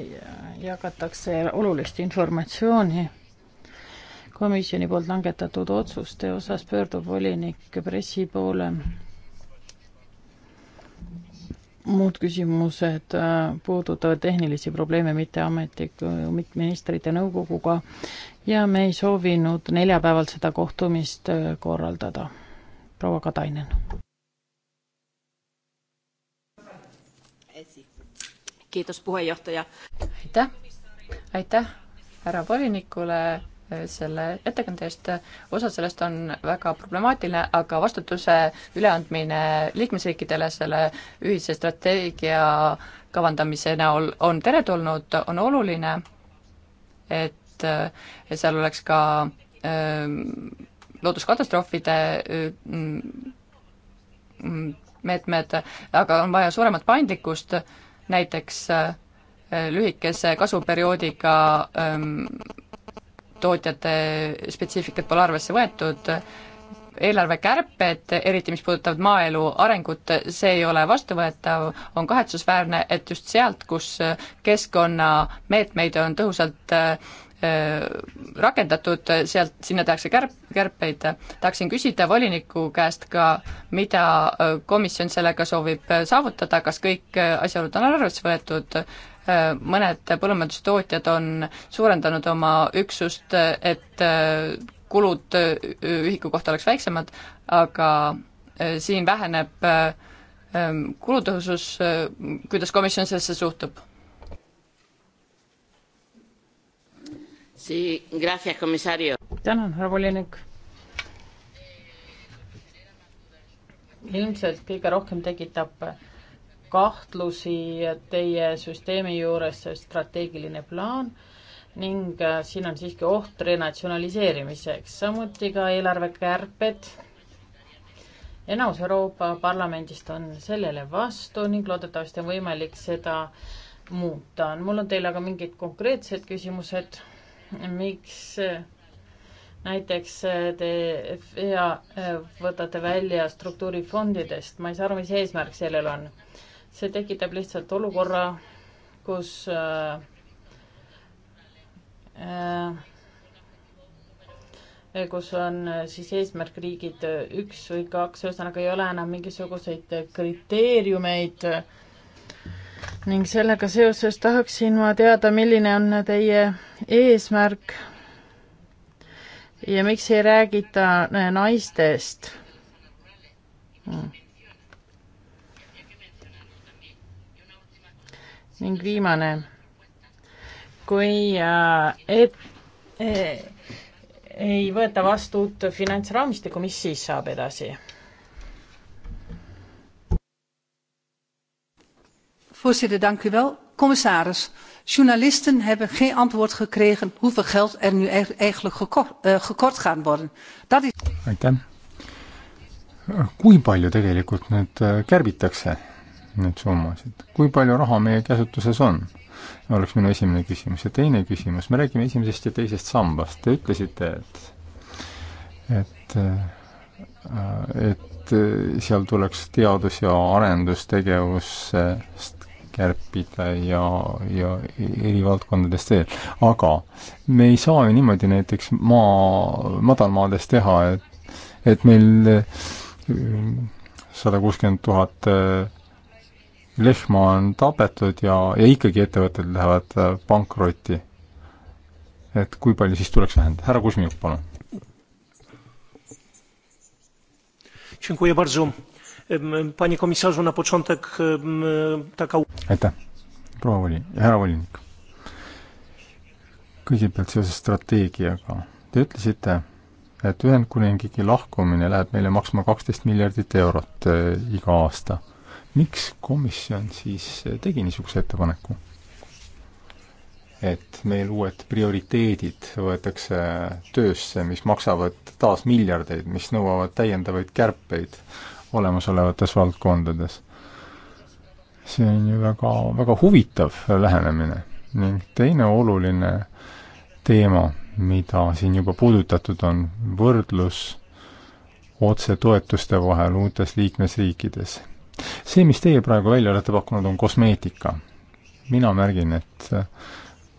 jagatakse olulist informatsiooni, komisjoni poolt langetatud otsuste osas pöördub volinik pressi poole. muud küsimused äh, puudutavad tehnilisi probleeme, mitte ametiga, mitte ministrite nõukoguga ja me ei soovinud neljapäeval seda kohtumist äh, korraldada. proua Katainen. aitäh, aitäh härra volinikule selle ettekande eest. osa sellest on väga problemaatiline, aga vastutuse üleandmine liikmesriikidele selle ühise strateegia kavandamise näol on teretulnud, on oluline, et seal oleks ka ähm, looduskatastroofide ähm, meetmed, aga on vaja suuremat paindlikkust, näiteks äh, lühikese kasuperioodiga ähm, tootjate spetsiifikat pole arvesse võetud, eelarvekärped, eriti mis puudutavad maaelu arengut, see ei ole vastuvõetav, on kahetsusväärne, et just sealt, kus keskkonnameetmeid on tõhusalt äh, rakendatud, sealt, sinna tehakse kärp, kärpeid. tahaksin küsida voliniku käest ka, mida äh, komisjon sellega soovib äh, saavutada, kas kõik asjaolud on arvesse võetud, Äh, mõned põllumajandustootjad on suurendanud oma üksust, et äh, kulud äh, ühiku kohta oleks väiksemad, aga siin väheneb ähm, kulutõhusus, kuidas komisjon sellesse suhtub? tänan, härra volinik. ilmselt kõige rohkem tekitab kahtlusi teie süsteemi juures, see strateegiline plaan ning äh, siin on siiski oht renatsionaliseerimiseks, samuti ka eelarvekärped. enamus Euroopa Parlamendist on sellele vastu ning loodetavasti on võimalik seda muuta. mul on teile aga mingid konkreetsed küsimused, miks äh, näiteks äh, te FEA võtate välja struktuurifondidest, ma ei saa aru, mis eesmärk sellel on see tekitab lihtsalt olukorra, kus äh, äh, kus on siis eesmärk riigid üks või kaks, ühesõnaga ei ole enam mingisuguseid kriteeriumeid. ning sellega seoses tahaksin ma teada, milline on teie eesmärk ja miks ei räägita naistest? Hmm. ning viimane, kui äh, et, et, äh, ei võeta vastu uut finantsraamistikku, mis siis saab edasi? Voorzitter, dank u wel. Commissaris, journalisten hebben geen antwoord gekregen hoeveel geld er nu eigenlijk gekort, uh, gekort gaat worden. Dat is... Aitäh. Kui palju tegelikult nüüd eh, kärbitakse? neid summasid. kui palju raha meie käsutuses on? oleks minu esimene küsimus. ja teine küsimus, me räägime esimesest ja teisest sambast. Te ütlesite, et et äh, et seal tuleks teadus- ja arendustegevust kärpida ja, ja eri valdkondadest veel. aga me ei saa ju niimoodi näiteks maa, madalmaades teha, et et meil äh, sada kuuskümmend tuhat äh, lehma on tapetud ja, ja ikkagi ettevõtted lähevad äh, pankrotti. et kui palju siis tuleks vähendada? härra Kuzmjuk, palun. aitäh, proua voli-, härra volinik. kõigepealt seoses strateegiaga. Te ütlesite, et Ühendkuningriigi lahkumine läheb meile maksma kaksteist miljardit eurot äh, iga aasta miks komisjon siis eh, tegi niisuguse ettepaneku? et meil uued prioriteedid võetakse töösse, mis maksavad taas miljardeid, mis nõuavad täiendavaid kärpeid olemasolevates valdkondades. see on ju väga, väga huvitav lähenemine ning teine oluline teema, mida siin juba puudutatud on, võrdlus otsetoetuste vahel uutes liikmesriikides see, mis teie praegu välja olete pakkunud, on kosmeetika. mina märgin, et äh, äh,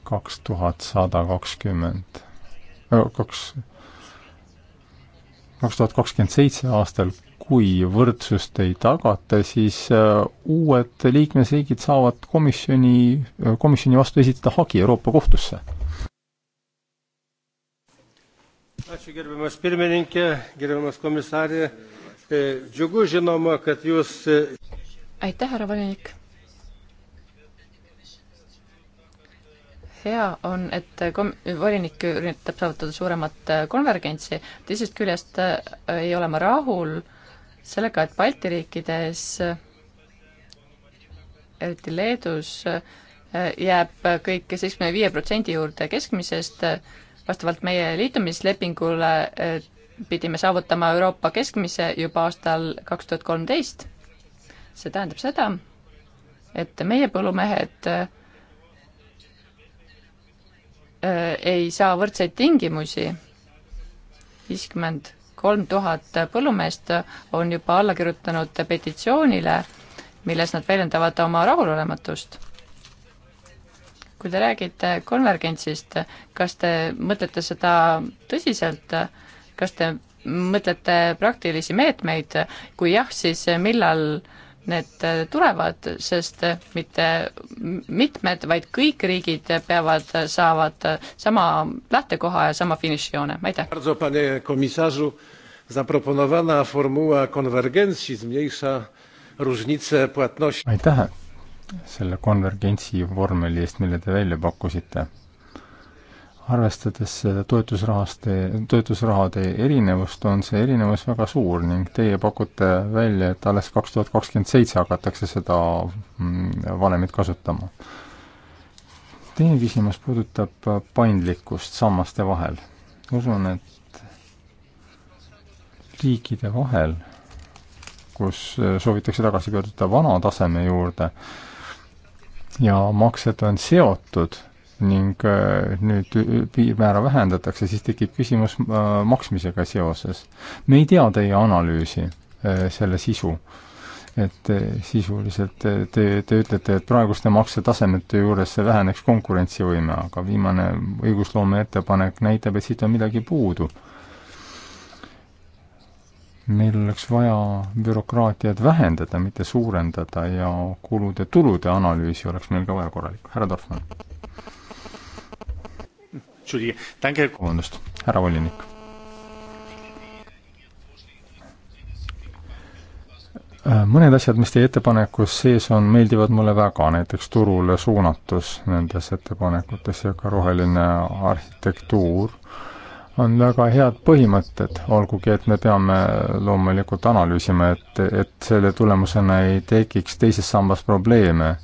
kaks tuhat sada kakskümmend, kaks, kaks tuhat kakskümmend seitse aastal, kui võrdsust ei tagata, siis äh, uued liikmesriigid saavad komisjoni, komisjoni vastu esitada hagi Euroopa Kohtusse. ačiū, gerbiamas pirmininkė, gerbiamas komisarė Džiugu žinoma, kad jūs. E, aitäh, härra volinik. hea on, et kom-, volinik üritab saavutada suuremat e, konvergentsi, teisest küljest e, ei ole ma rahul sellega, et Balti riikides, eriti Leedus, jääb kõik seitsmekümne viie protsendi juurde keskmisest, vastavalt meie liitumislepingule pidime saavutama Euroopa keskmise juba aastal kaks tuhat kolmteist. see tähendab seda, et meie põllumehed äh, ei saa võrdseid tingimusi, viiskümmend kolm tuhat põllumeest on juba alla kirjutanud petitsioonile, milles nad väljendavad oma rahulolematust. kui te räägite konvergentsist, kas te mõtlete seda tõsiselt äh, kas te mõtlete praktilisi meetmeid, kui jah, siis millal need tulevad, sest mitte mitmed, vaid kõik riigid peavad, saavad sama lähtekoha ja sama finišijoone, aitäh. Zaproponowana formuła konwergencji zmniejsza różnice płatności. aitäh selle konvergentsi vormeli eest, mille te välja pakkusite arvestades toetusrahaste, toetusrahade erinevust, on see erinevus väga suur ning teie pakute välja, et alles kaks tuhat kakskümmend seitse hakatakse seda mm, valemit kasutama. teine küsimus puudutab äh, paindlikkust sammaste vahel. usun, et riikide vahel, kus äh, soovitakse tagasi pöörduda vana taseme juurde ja maksed on seotud ning äh, nüüd piirmäära vähendatakse, siis tekib küsimus äh, maksmisega seoses. me ei tea teie analüüsi, äh, selle sisu. et sisuliselt te, te ütlete, et praeguste maksetasemete juures see väheneks konkurentsivõime, aga viimane õigusloome ettepanek näitab, et siit on midagi puudu meil oleks vaja bürokraatiat vähendada, mitte suurendada ja kulude-tulude analüüsi oleks meil ka vaja korralik. härra Dorfmann vabandust, härra volinik. Äh, mõned asjad, mis teie ettepanekus sees on, meeldivad mulle väga, näiteks turule suunatus nendes ettepanekutes ja ka roheline arhitektuur on väga head põhimõtted, olgugi et me peame loomulikult analüüsima, et, et selle tulemusena ei tekiks teises sambas probleeme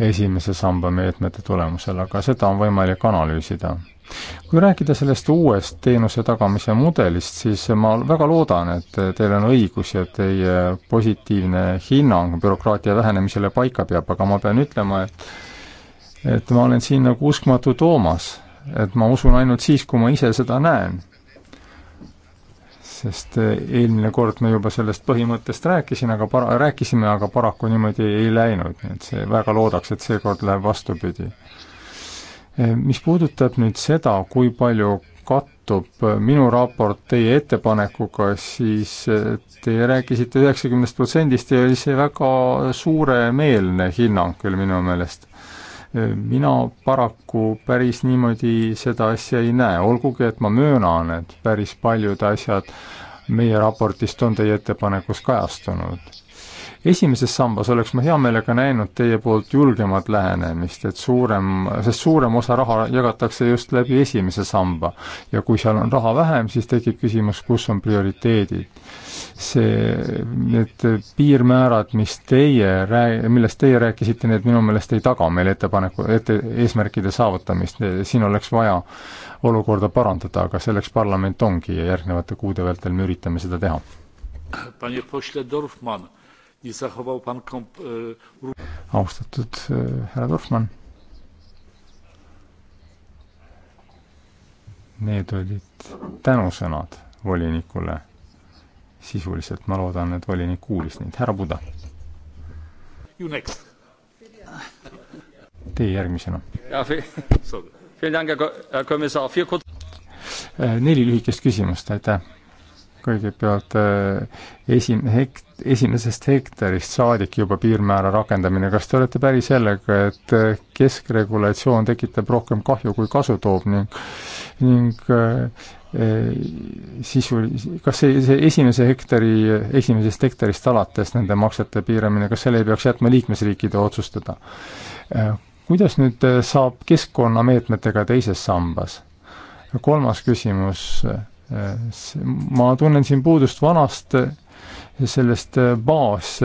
esimese samba meetmete tulemusel, aga seda on võimalik analüüsida. kui rääkida sellest uuest teenuse tagamise mudelist, siis ma väga loodan, et teil on õigus ja teie positiivne hinnang bürokraatia vähenemisele paika peab, aga ma pean ütlema, et et ma olen siin nagu uskmatu Toomas, et ma usun ainult siis, kui ma ise seda näen sest eh, eelmine kord me juba sellest põhimõttest rääkisin, aga para-, rääkisime, aga paraku niimoodi ei läinud, nii et see, väga loodaks, et seekord läheb vastupidi. Eh, mis puudutab nüüd seda, kui palju kattub eh, minu raport teie ettepanekuga, siis teie rääkisite üheksakümnest protsendist ja oli see väga suuremeelne hinnang küll minu meelest mina paraku päris niimoodi seda asja ei näe, olgugi et ma möönan, et päris paljud asjad meie raportist on teie ettepanekus kajastunud esimeses sambas oleks ma hea meelega näinud teie poolt julgemat lähenemist, et suurem, sest suurem osa raha jagatakse just läbi esimese samba. ja kui seal on raha vähem, siis tekib küsimus, kus on prioriteedid. see, need piirmäärad, mis teie rää-, millest teie rääkisite, need minu meelest ei taga meil ettepaneku, ette, eesmärkide saavutamist, siin oleks vaja olukorda parandada, aga selleks parlament ongi ja järgnevate kuude vältel me üritame seda teha. Panie pośle Dorfmann, E, austatud e, härra Dorfmann. Need olid tänusõnad volinikule. sisuliselt ma loodan, et volinik kuulis neid. härra Buda. You next. Teie järgmisena. E, neli lühikest küsimust, aitäh kõigepealt eh, esim-, hek-, esimesest hektarist saadik juba piirmäära rakendamine, kas te olete päri sellega, et eh, keskregulatsioon tekitab rohkem kahju, kui kasu toob ning ning eh, sisul-, kas see, see esimese hektari, esimesest hektarist alates nende maksete piiramine, kas selle ei peaks jätma liikmesriikide otsustada? kuidas nüüd saab keskkonnameetmetega teises sambas? kolmas küsimus Äh, ma tunnen siin puudust vanast äh, sellest äh, baas,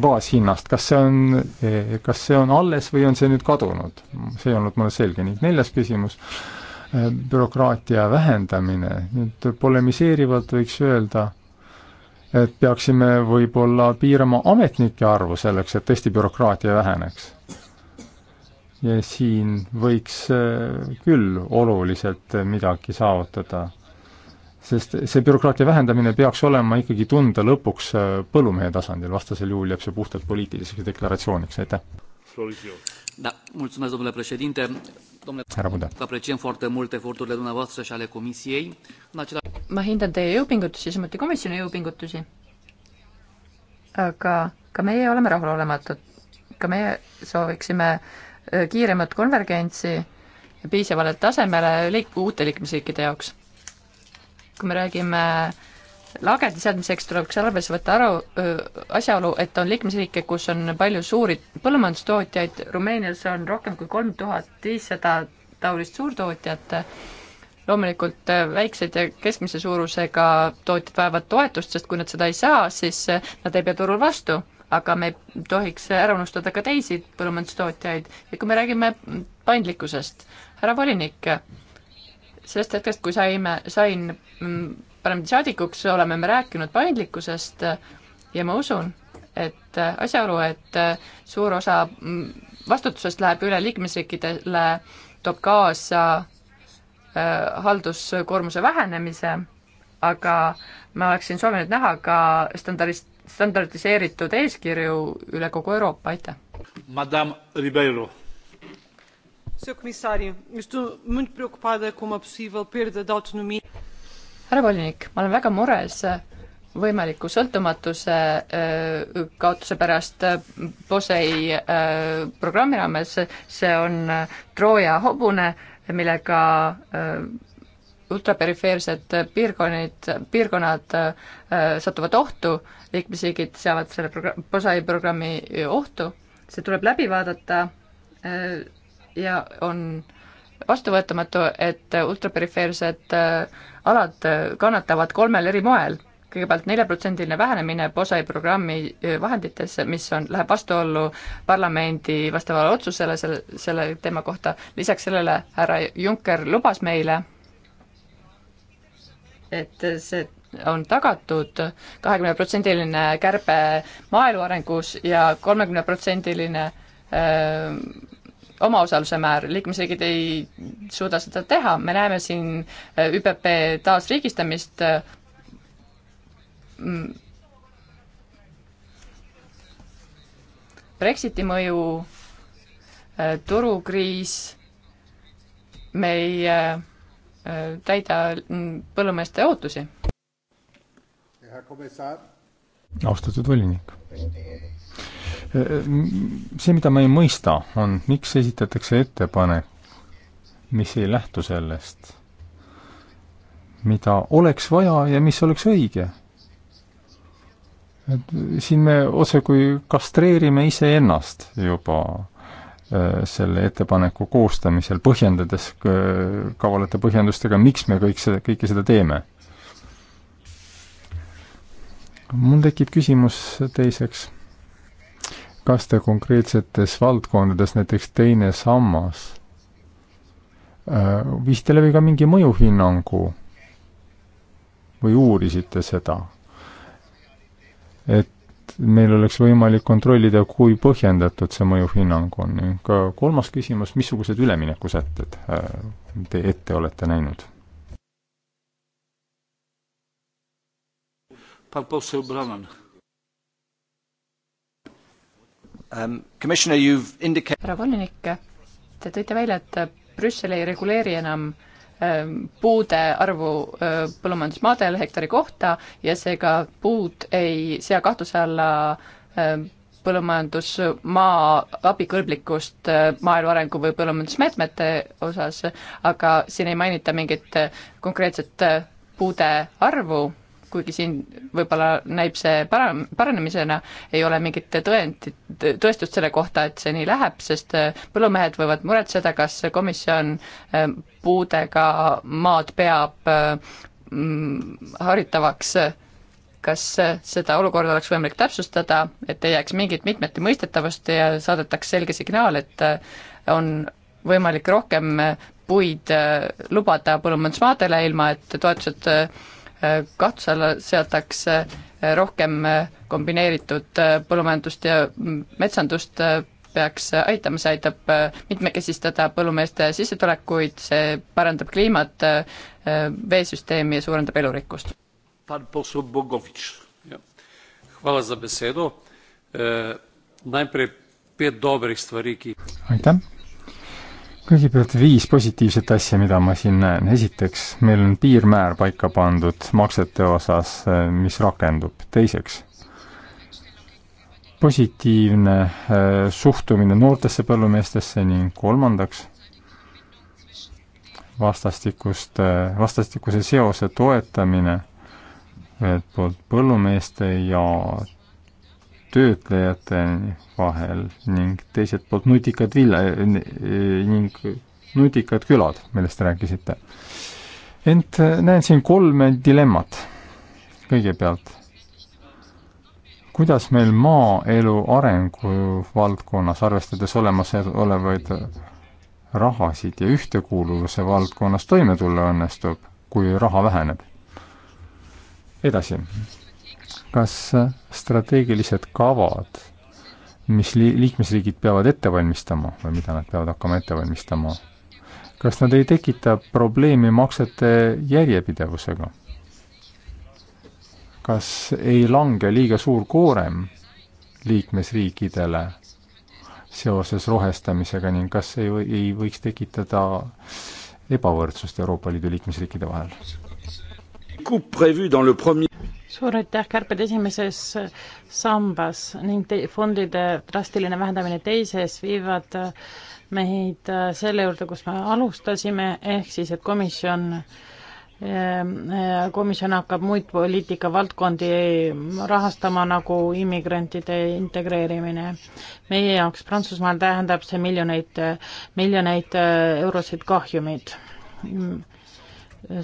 baashinnast, kas see on, kas see on alles või on see nüüd kadunud? see ei olnud mulle selge ning neljas küsimus, bürokraatia vähendamine, nüüd polemiseerivalt võiks öelda, et peaksime võib-olla piirama ametnike arvu selleks, et tõesti bürokraatia väheneks ja siin võiks äh, küll oluliselt äh, midagi saavutada. sest see bürokraatia vähendamine peaks olema ikkagi tunda lõpuks äh, põllumehe tasandil, vastasel juhul jääb see puhtalt poliitiliseks deklaratsiooniks, aitäh. härra Puda. ma hindan teie jõupingutusi, samuti komisjoni jõupingutusi, aga ka meie oleme rahulolematud, ka meie sooviksime äh, Äh, kiiremat konvergentsi piisavale tasemele liik-, uute liikmesriikide jaoks. kui me räägime lagedi seadmiseks, tuleks arvesse võtta aru, asjaolu, et on liikmesriike, kus on palju suuri põllumajandustootjaid, Rumeenias on rohkem kui kolm tuhat viissada taolist suurtootjat, loomulikult väikseid ja keskmise suurusega tootjad vajavad toetust, sest kui nad seda ei saa, siis nad ei pea turul vastu aga me ei tohiks ära unustada ka teisi põllumajandustootjaid ja kui me räägime paindlikkusest, härra volinik, sellest hetkest, kui saime, sain mm, parlamendisaadikuks, oleme me rääkinud paindlikkusest ja ma usun, et asjaolu, et suur osa mm, vastutusest läheb üle liikmesriikidele, toob kaasa äh, halduskoormuse vähenemise, aga ma oleksin soovinud näha ka standardist, standardiseeritud eeskirju üle kogu Euroopa, aitäh! Madame Ribeiro. Senhor Comissário, estou muito preocupada com uma possível perda de autonomia. härra volinik, ma olen väga mures võimaliku sõltumatuse äh, kaotuse pärast POSEI äh, äh, programmi raames, see on Trooja hobune, millega ultraperifeersed piirkonnid, piirkonnad äh, satuvad ohtu, liikmesriigid seavad selle progr-, POSAI programmi ohtu, see tuleb läbi vaadata äh, ja on vastuvõetamatu, et ultraperifeersed äh, alad äh, kannatavad kolmel eri moel. kõigepealt neljaprotsendiline vähenemine POSAI programmi äh, vahendites, mis on, läheb vastuollu parlamendi vastavale otsusele selle, selle teema kohta, lisaks sellele härra Juncker lubas meile, et see on tagatud kahekümneprotsendiline kärbe maaelu arengus ja kolmekümneprotsendiline omaosaluse määr, liikmesriigid ei suuda seda teha, me näeme siin ÜPP taasriigistamist, Brexiti mõju, turukriis, me ei täida mm, põllumeeste ootusi. austatud volinik. see, mida ma ei mõista, on, miks esitatakse ettepanek, mis ei lähtu sellest, mida oleks vaja ja mis oleks õige. et siin me otsekui kastreerime iseennast juba Äh, selle ettepaneku koostamisel, põhjendades kavalate põhjendustega, miks me kõik seda, kõike seda teeme. mul tekib küsimus teiseks. kas te konkreetsetes valdkondades, näiteks teine sammas, äh, viisite läbi ka mingi mõjuhinnangu või uurisite seda? et meil oleks võimalik kontrollida, kui põhjendatud see mõjuhinnang on. ka kolmas küsimus, missugused üleminekusätted äh, te ette olete näinud? Um, härra volinik, te tõite välja, et Brüssel ei reguleeri enam äh, Ähm, puude arvu äh, põllumajandusmaadel hektari kohta ja seega puud ei sea kahtluse alla ähm, põllumajandusmaa abikõlblikkust äh, maaelu arengu või põllumajandusmeetmete osas, aga siin ei mainita mingit äh, konkreetset puude arvu kuigi siin võib-olla näib see para-, paranemisena, ei ole mingit tõendit, tõestust selle kohta, et see nii läheb, sest äh, põllumehed võivad muretseda, kas komisjon äh, puudega maad peab äh, mm, haritavaks, kas seda olukorda oleks võimalik täpsustada, et ei jääks mingit mitmeti mõistetavust ja saadetaks selge signaal, et on võimalik rohkem puid lubada põllumajandusmaadele, ilma et toetused katluse alla seatakse eh, rohkem eh, kombineeritud eh, põllumajandust ja mm, metsandust, peaks aitama, see aitab mitmekesistada põllumeeste sissetulekuid, see parandab kliimat, veesüsteemi ja suurendab elurikkust. E, aitäh kõigepealt viis positiivset asja, mida ma siin näen. esiteks, meil on piirmäär paika pandud maksete osas, mis rakendub. teiseks, positiivne äh, suhtumine noortesse põllumeestesse ning kolmandaks, vastastikust, äh, vastastikuse seose toetamine ühelt poolt põllumeeste ja töötlejate vahel ning teiselt poolt nutikad villa- ning nutikad külad, millest rääkisite. ent näen siin kolme dilemmat. kõigepealt, kuidas meil maaelu arengu valdkonnas, arvestades olemasolevaid rahasid ja ühtekuuluvuse valdkonnas toime tulla õnnestub, kui raha väheneb? edasi kas äh, strateegilised kavad, mis li-, liikmesriigid peavad ette valmistama või mida nad peavad hakkama ette valmistama, kas nad ei tekita probleemi maksete järjepidevusega? kas ei lange liiga suur koorem liikmesriikidele seoses rohestamisega ning kas ei, ei võiks tekitada ebavõrdsust Euroopa Liidu liikmesriikide vahel? suur aitäh, kärped esimeses sambas ning te fondide drastiline vähendamine teises viivad meid äh, selle juurde, kus me alustasime, ehk siis, et komisjon ähm, äh, komisjon hakkab muid poliitikavaldkondi rahastama, nagu immigrantide integreerimine. meie jaoks Prantsusmaal tähendab see miljoneid, miljoneid äh, eurosid kahjumeid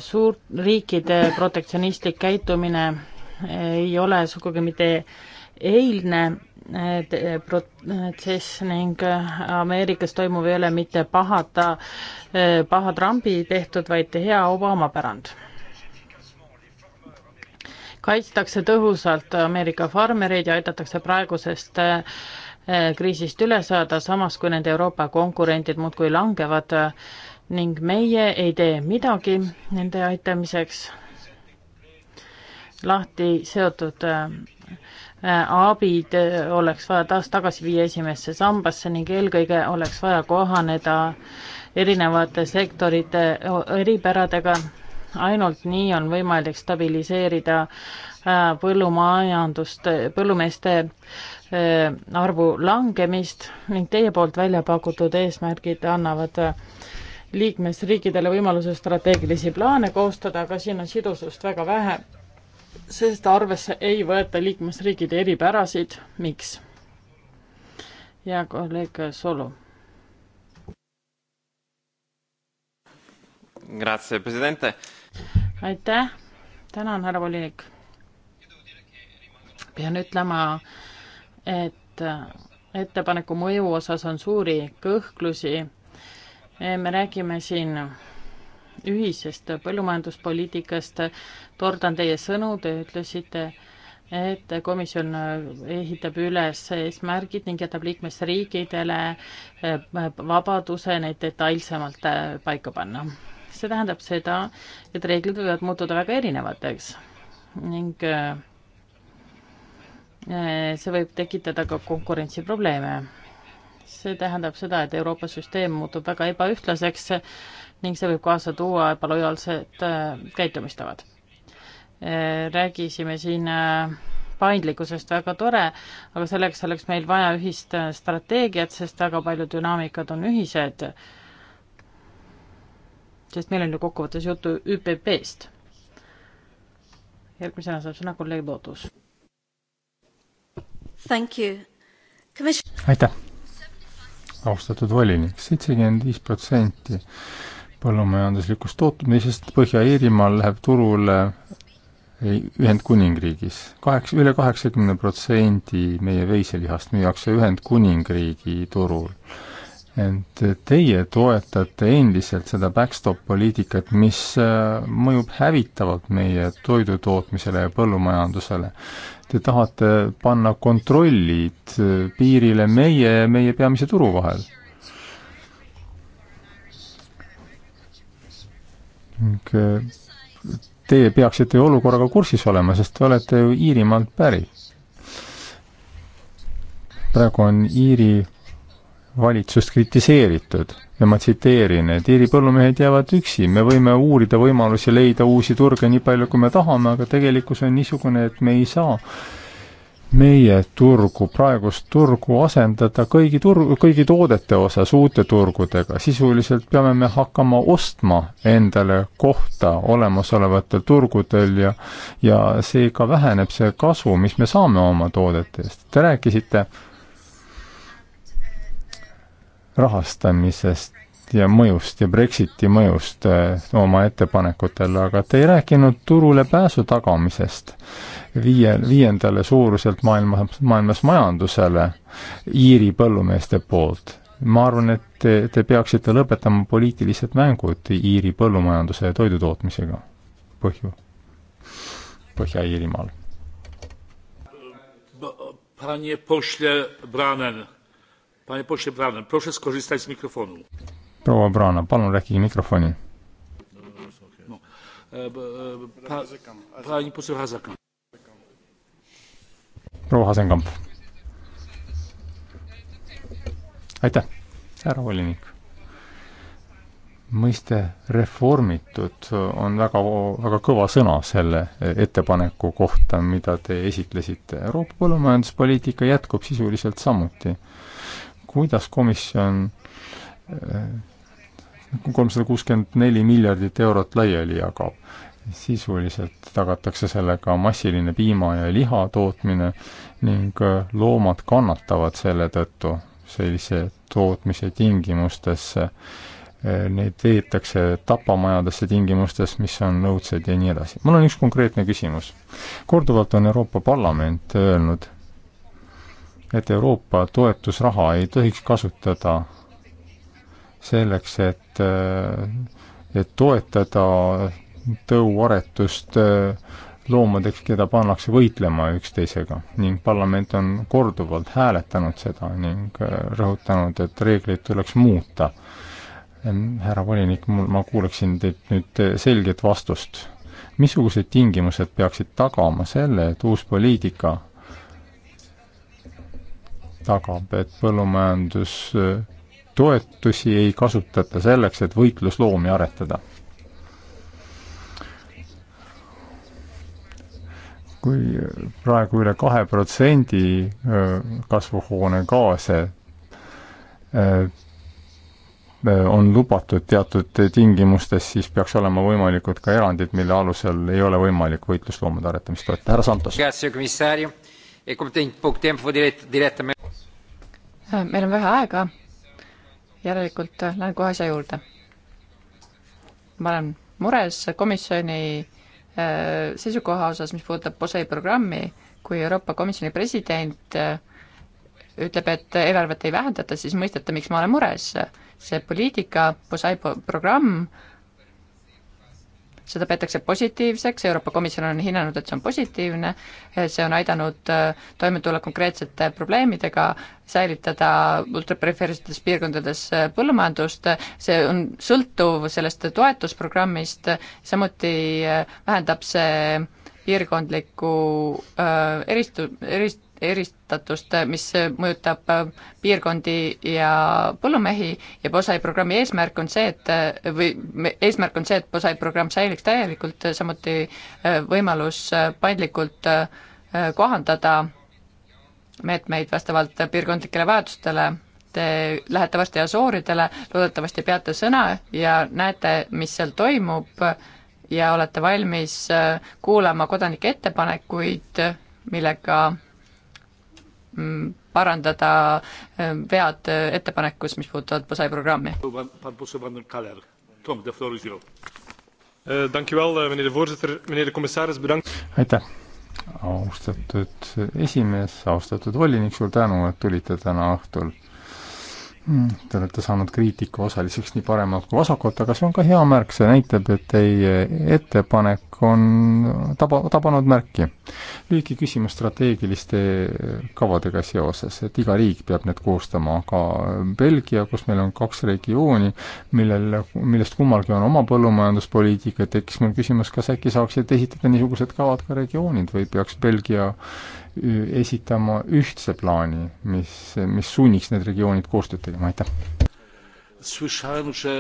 suurt riikide protektsionistlik käitumine ei ole sugugi mitte eilne äh, äh, protsess ning äh, Ameerikas toimuv ei ole mitte pahata, paha Trumpi tehtud, vaid hea Obama pärand. kaitstakse tõhusalt Ameerika farmereid ja aidatakse praegusest kriisist üle saada, samas kui nende Euroopa konkurendid muudkui langevad ning meie ei tee midagi nende aitamiseks lahti seotud äh, äh, abid äh, oleks vaja taas tagasi viia esimesse sambasse ning eelkõige oleks vaja kohaneda erinevate sektorite eripäradega. ainult nii on võimalik stabiliseerida põllumajandust, põllumeeste arvu langemist ning teie poolt välja pakutud eesmärgid annavad liikmesriikidele võimaluse strateegilisi plaane koostada, aga siin on sidusust väga vähe sest arvesse ei võeta liikmesriigide eripärasid, miks? ja kolleeg Solo. aitäh, tänan, härra volinik. pean ütlema, et ettepaneku mõju osas on suuri kõhklusi. me räägime siin ühisest põllumajanduspoliitikast. tordan teie sõnu, te ütlesite, et komisjon ehitab üles eesmärgid ning jätab liikmesriigidele eh, vabaduse neid detailsemalt eh, paika panna. see tähendab seda, et reeglid võivad muutuda väga erinevateks ning eh, see võib tekitada ka konkurentsiprobleeme. see tähendab seda, et Euroopa süsteem muutub väga ebaühtlaseks ning see võib kaasa tuua ebalojaalsed äh, käitumistavad. Äh, räägisime siin äh, paindlikkusest, väga tore, aga selleks oleks meil vaja ühist strateegiat, sest väga paljud dünaamikad on ühised. sest meil on ju kokkuvõttes juttu ÜPP-st. järgmisena saab sõna kolleeg Loodus. aitäh austatud volinik, seitsekümmend viis protsenti põllumajanduslikust tootmisest Põhja-Iirimaal läheb turule Ühendkuningriigis. kaheksa, üle kaheksakümne protsendi meie veiselihast müüakse Ühendkuningriigi turul. ent teie toetate endiselt seda backstop poliitikat, mis äh, mõjub hävitavalt meie toidutootmisele ja põllumajandusele. Te tahate panna kontrollid äh, piirile meie ja meie peamise turu vahel Eh, teie peaksite ju olukorraga kursis olema, sest te olete ju Iirimaalt pärit. praegu on Iiri valitsust kritiseeritud ja ma tsiteerin, et Iiri põllumehed jäävad üksi, me võime uurida võimalusi leida uusi turge nii palju, kui me tahame, aga tegelikkus on niisugune, et me ei saa meie turgu, praegust turgu asendada kõigi turg, kõigi toodete osas uute turgudega, sisuliselt peame me hakkama ostma endale kohta olemasolevatel turgudel ja ja seega väheneb see kasu, mis me saame oma toodete eest. Te rääkisite rahastamisest ja mõjust ja Brexiti mõjust eh, oma ettepanekutele, aga te ei rääkinud turule pääsu tagamisest viie, viiendale suuruselt maailma, maailmas majandusele Iiri põllumeeste poolt. ma arvan, et te, te peaksite lõpetama poliitilised mängud Iiri põllumajanduse ja toidutootmisega Põhju, Põhja-Iirimaal. Panie pośle Branen, panie pośle Branen, proszę skorzystać z mikrofonu. proua Brana, palun rääkige mikrofoni. E, e, pani poseł Hazakam proua Asenkamp. aitäh, härra volinik. mõiste reformitud on väga, väga kõva sõna selle ettepaneku kohta, mida te esitlesite. Euroopa põllumajanduspoliitika jätkub sisuliselt samuti. kuidas komisjon eh, kolmsada kuuskümmend neli miljardit eurot laiali jagab sisuliselt tagatakse sellega massiline piima- ja liha tootmine ning äh, loomad kannatavad selle tõttu sellise tootmise tingimustesse. Äh, Neid veetakse tapamajadesse tingimustes, mis on õudsed ja nii edasi. mul on üks konkreetne küsimus. korduvalt on Euroopa Parlament öelnud, et Euroopa toetusraha ei tohiks kasutada selleks, et äh, et toetada tõuaretust äh, loomadeks, keda pannakse võitlema üksteisega ning parlament on korduvalt hääletanud seda ning äh, rõhutanud, et reegleid tuleks muuta. Ähm, härra volinik, ma kuuleksin teilt nüüd äh, selget vastust. missugused tingimused peaksid tagama selle, et uus poliitika tagab, et põllumajandustoetusi ei kasutata selleks, et võitlusloomi aretada? kui praegu üle kahe protsendi kasvuhoonegaase on lubatud teatud tingimustes, siis peaks olema võimalikud ka erandid, mille alusel ei ole võimalik võitlusloomade aretamist toetada. härra Santos. E äh, meil on vähe aega, järelikult äh, lähen kohe asja juurde. ma olen mures komisjoni Äh, seisukoha osas, mis puudutab POSEI programmi, kui Euroopa Komisjoni president äh, ütleb, et eelarvet ei vähendata, siis mõistate, miks ma olen mures. see poliitika, POSEI programm seda peetakse positiivseks, Euroopa Komisjon on hinnanud, et see on positiivne, eh, see on aidanud eh, toime tulla konkreetsete probleemidega, säilitada ultraperifeersetes piirkondades eh, põllumajandust, see on sõltuv sellest toetusprogrammist, samuti vähendab see piirkondlikku äh, eristu-, erist-, eristatust, mis mõjutab äh, piirkondi ja põllumehi ja POSAI programmi eesmärk on see, et äh, või eesmärk on see, et POSAI programm säiliks täielikult, äh, samuti võimalus paindlikult kohandada meetmeid vastavalt piirkondlikele vajadustele. Te lähete varsti Asooridele, loodetavasti peate sõna ja näete, mis seal toimub ja olete valmis kuulama kodanike ettepanekuid, millega Mm, parandada ähm, vead äh, ettepanekus, mis puudutavad POSAI programmi. E, e, aitäh, austatud esimees, austatud volinik, suur tänu, et tulite täna õhtul Mm. Te olete saanud kriitika osaliseks nii paremalt kui vasakult, aga see on ka hea märk, see näitab, et teie ettepanek on taba, tabanud märki. lühike küsimus strateegiliste kavadega seoses, et iga riik peab need koostama, aga Belgia, kus meil on kaks regiooni, millel, millest kummalgi on oma põllumajanduspoliitika, tekkis mul küsimus, kas äkki saaksid esitada niisugused kavad ka regioonid või peaks Belgia Äh, esitama ühtse plaani, mis, mis sunniks need regioonid koostööd tegema, aitäh. Słyszałem, że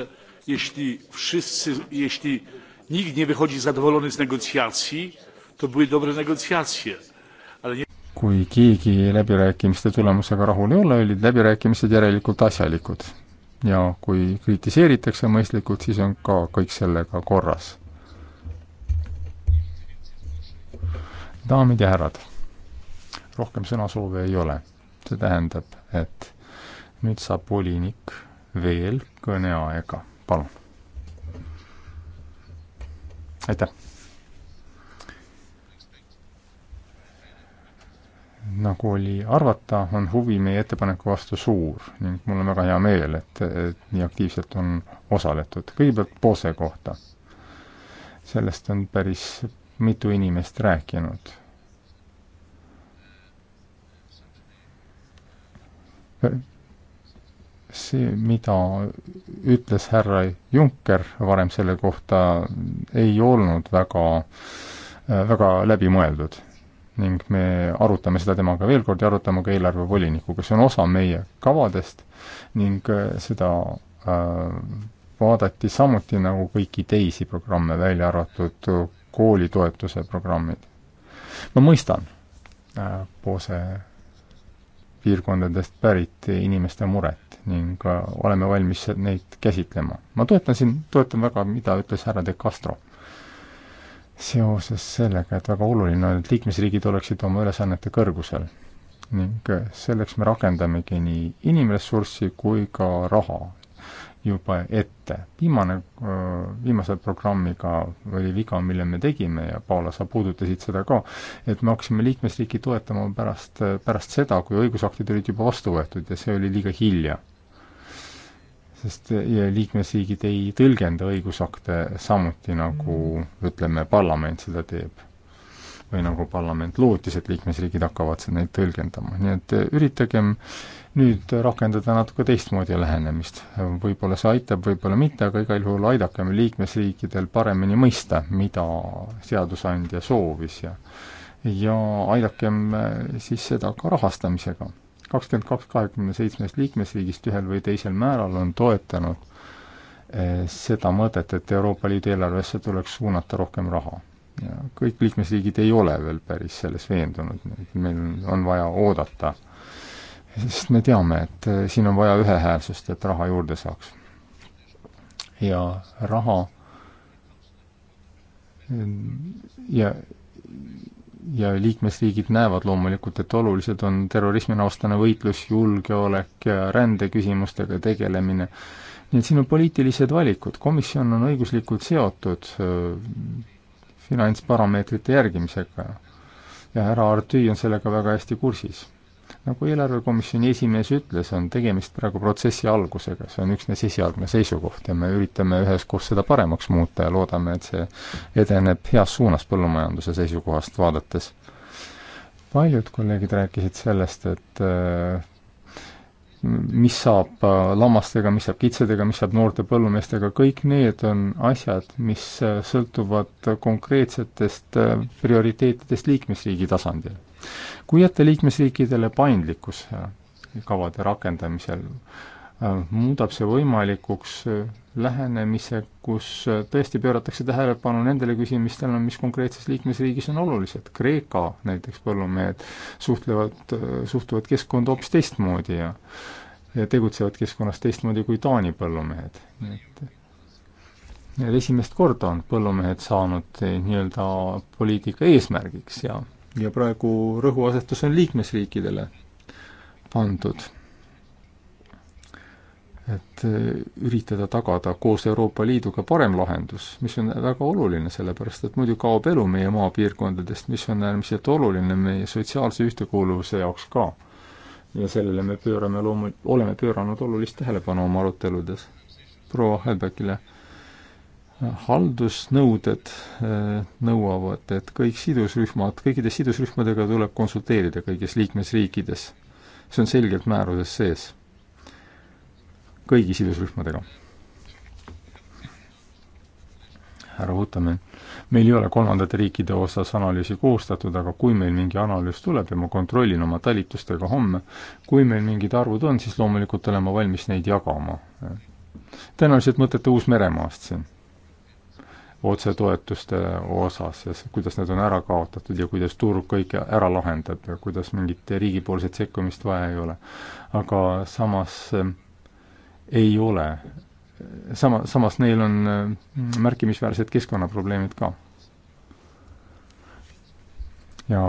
jeśli wszyscy, jeśli nikt nie wychodzi zadowolony z negocjacji, to były dobre negocjacje. Ale nie... kui keegi läbirääkimiste tulemusega rahul ei ole, olid läbirääkimised järelikult asjalikud. ja kui kritiseeritakse mõistlikult, siis on ka kõik sellega korras. daamid ja härrad rohkem sõnasoove ei ole. see tähendab, et nüüd saab volinik veel kõneaega, palun. aitäh. nagu oli arvata, on huvi meie ettepaneku vastu suur ning mul on väga hea meel, et, et nii aktiivselt on osaletud. kõigepealt Pose kohta. sellest on päris mitu inimest rääkinud see, mida ütles härra Juncker varem selle kohta, ei olnud väga, väga läbimõeldud. ning me arutame seda temaga veel kord ja arutame ka eelarvevolinikuga, see on osa meie kavadest ning äh, seda äh, vaadati samuti nagu kõiki teisi programme, välja arvatud koolitoetuse programmid. ma mõistan Poose äh, piirkondadest pärit inimeste muret ning oleme valmis neid käsitlema. ma toetan siin, toetan väga, mida ütles härra De Castro seoses sellega, et väga oluline on, et liikmesriigid oleksid oma ülesannete kõrgusel. ning selleks me rakendamegi nii inimressurssi kui ka raha juba ette. viimane, viimase programmiga oli viga, mille me tegime ja Paula, sa puudutasid seda ka, et me hakkasime liikmesriiki toetama pärast, pärast seda, kui õigusaktid olid juba vastu võetud ja see oli liiga hilja. sest liikmesriigid ei tõlgenda õigusakte samuti, nagu ütleme, parlament seda teeb või nagu parlament lootis, et liikmesriigid hakkavad neid tõlgendama, nii et üritagem äh, nüüd rakendada natuke teistmoodi lähenemist. võib-olla see aitab, võib-olla mitte, aga igal juhul aidakem liikmesriikidel paremini mõista, mida seadusandja soovis ja ja aidakem siis seda ka rahastamisega. kakskümmend kaks kahekümne seitsmest liikmesriigist ühel või teisel määral on toetanud eh, seda mõtet, et Euroopa Liidu eelarvesse tuleks suunata rohkem raha ja kõik liikmesriigid ei ole veel päris selles veendunud, meil on vaja oodata sest me teame, et äh, siin on vaja ühehäälsust, et raha juurde saaks. ja raha äh, ja, ja liikmesriigid näevad loomulikult, et olulised on terrorisminavastane võitlus, julgeolek ja rändeküsimustega tegelemine. nii et siin on poliitilised valikud, komisjon on õiguslikult seotud äh, finantsparameetrite järgimisega ja härra Artüi on sellega väga hästi kursis nagu eelarvekomisjoni esimees ütles, on tegemist praegu protsessi algusega, see on üksnes esialgne seisukoht ja me üritame üheskoos seda paremaks muuta ja loodame, et see edeneb heas suunas põllumajanduse seisukohast vaadates. paljud kolleegid rääkisid sellest, et äh, mis saab äh, lammastega, mis saab kitsedega, mis saab noorte põllumeestega, kõik need on asjad, mis äh, sõltuvad konkreetsetest prioriteetidest liikmesriigi tasandil kui jätta liikmesriikidele paindlikkus äh, kavade rakendamisel, äh, muudab see võimalikuks äh, lähenemise, kus tõesti pööratakse tähelepanu nendele küsimustele, mis konkreetses liikmesriigis on olulised. Kreeka näiteks põllumehed suhtlevad, suhtuvad keskkonda hoopis teistmoodi ja ja tegutsevad keskkonnas teistmoodi kui Taani põllumehed. et et esimest korda on põllumehed saanud nii-öelda poliitika eesmärgiks ja ja praegu rõhuasetus on liikmesriikidele pandud. et üritada tagada koos Euroopa Liiduga parem lahendus, mis on väga oluline, sellepärast et muidu kaob elu meie maapiirkondadest, mis on äärmiselt oluline meie sotsiaalse ühtekuuluvuse jaoks ka. ja sellele me pöörame loomu-, oleme pööranud olulist tähelepanu oma aruteludes proua Häbekile haldusnõuded äh, nõuavad, et kõik sidusrühmad, kõikide sidusrühmadega tuleb konsulteerida kõigis liikmesriikides. see on selgelt määruses sees. kõigi sidusrühmadega. härra Vutamäe, meil ei ole kolmandate riikide osas analüüsi koostatud, aga kui meil mingi analüüs tuleb ja ma kontrollin oma talitustega homme, kui meil mingid arvud on, siis loomulikult olen ma valmis neid jagama. tõenäoliselt mõtlete Uus-Meremaast siin otsetoetuste osas ja kuidas need on ära kaotatud ja kuidas turg kõike ära lahendab ja kuidas mingit riigipoolset sekkumist vaja ei ole. aga samas eh, ei ole, sama, samas neil on eh, märkimisväärsed keskkonnaprobleemid ka. ja,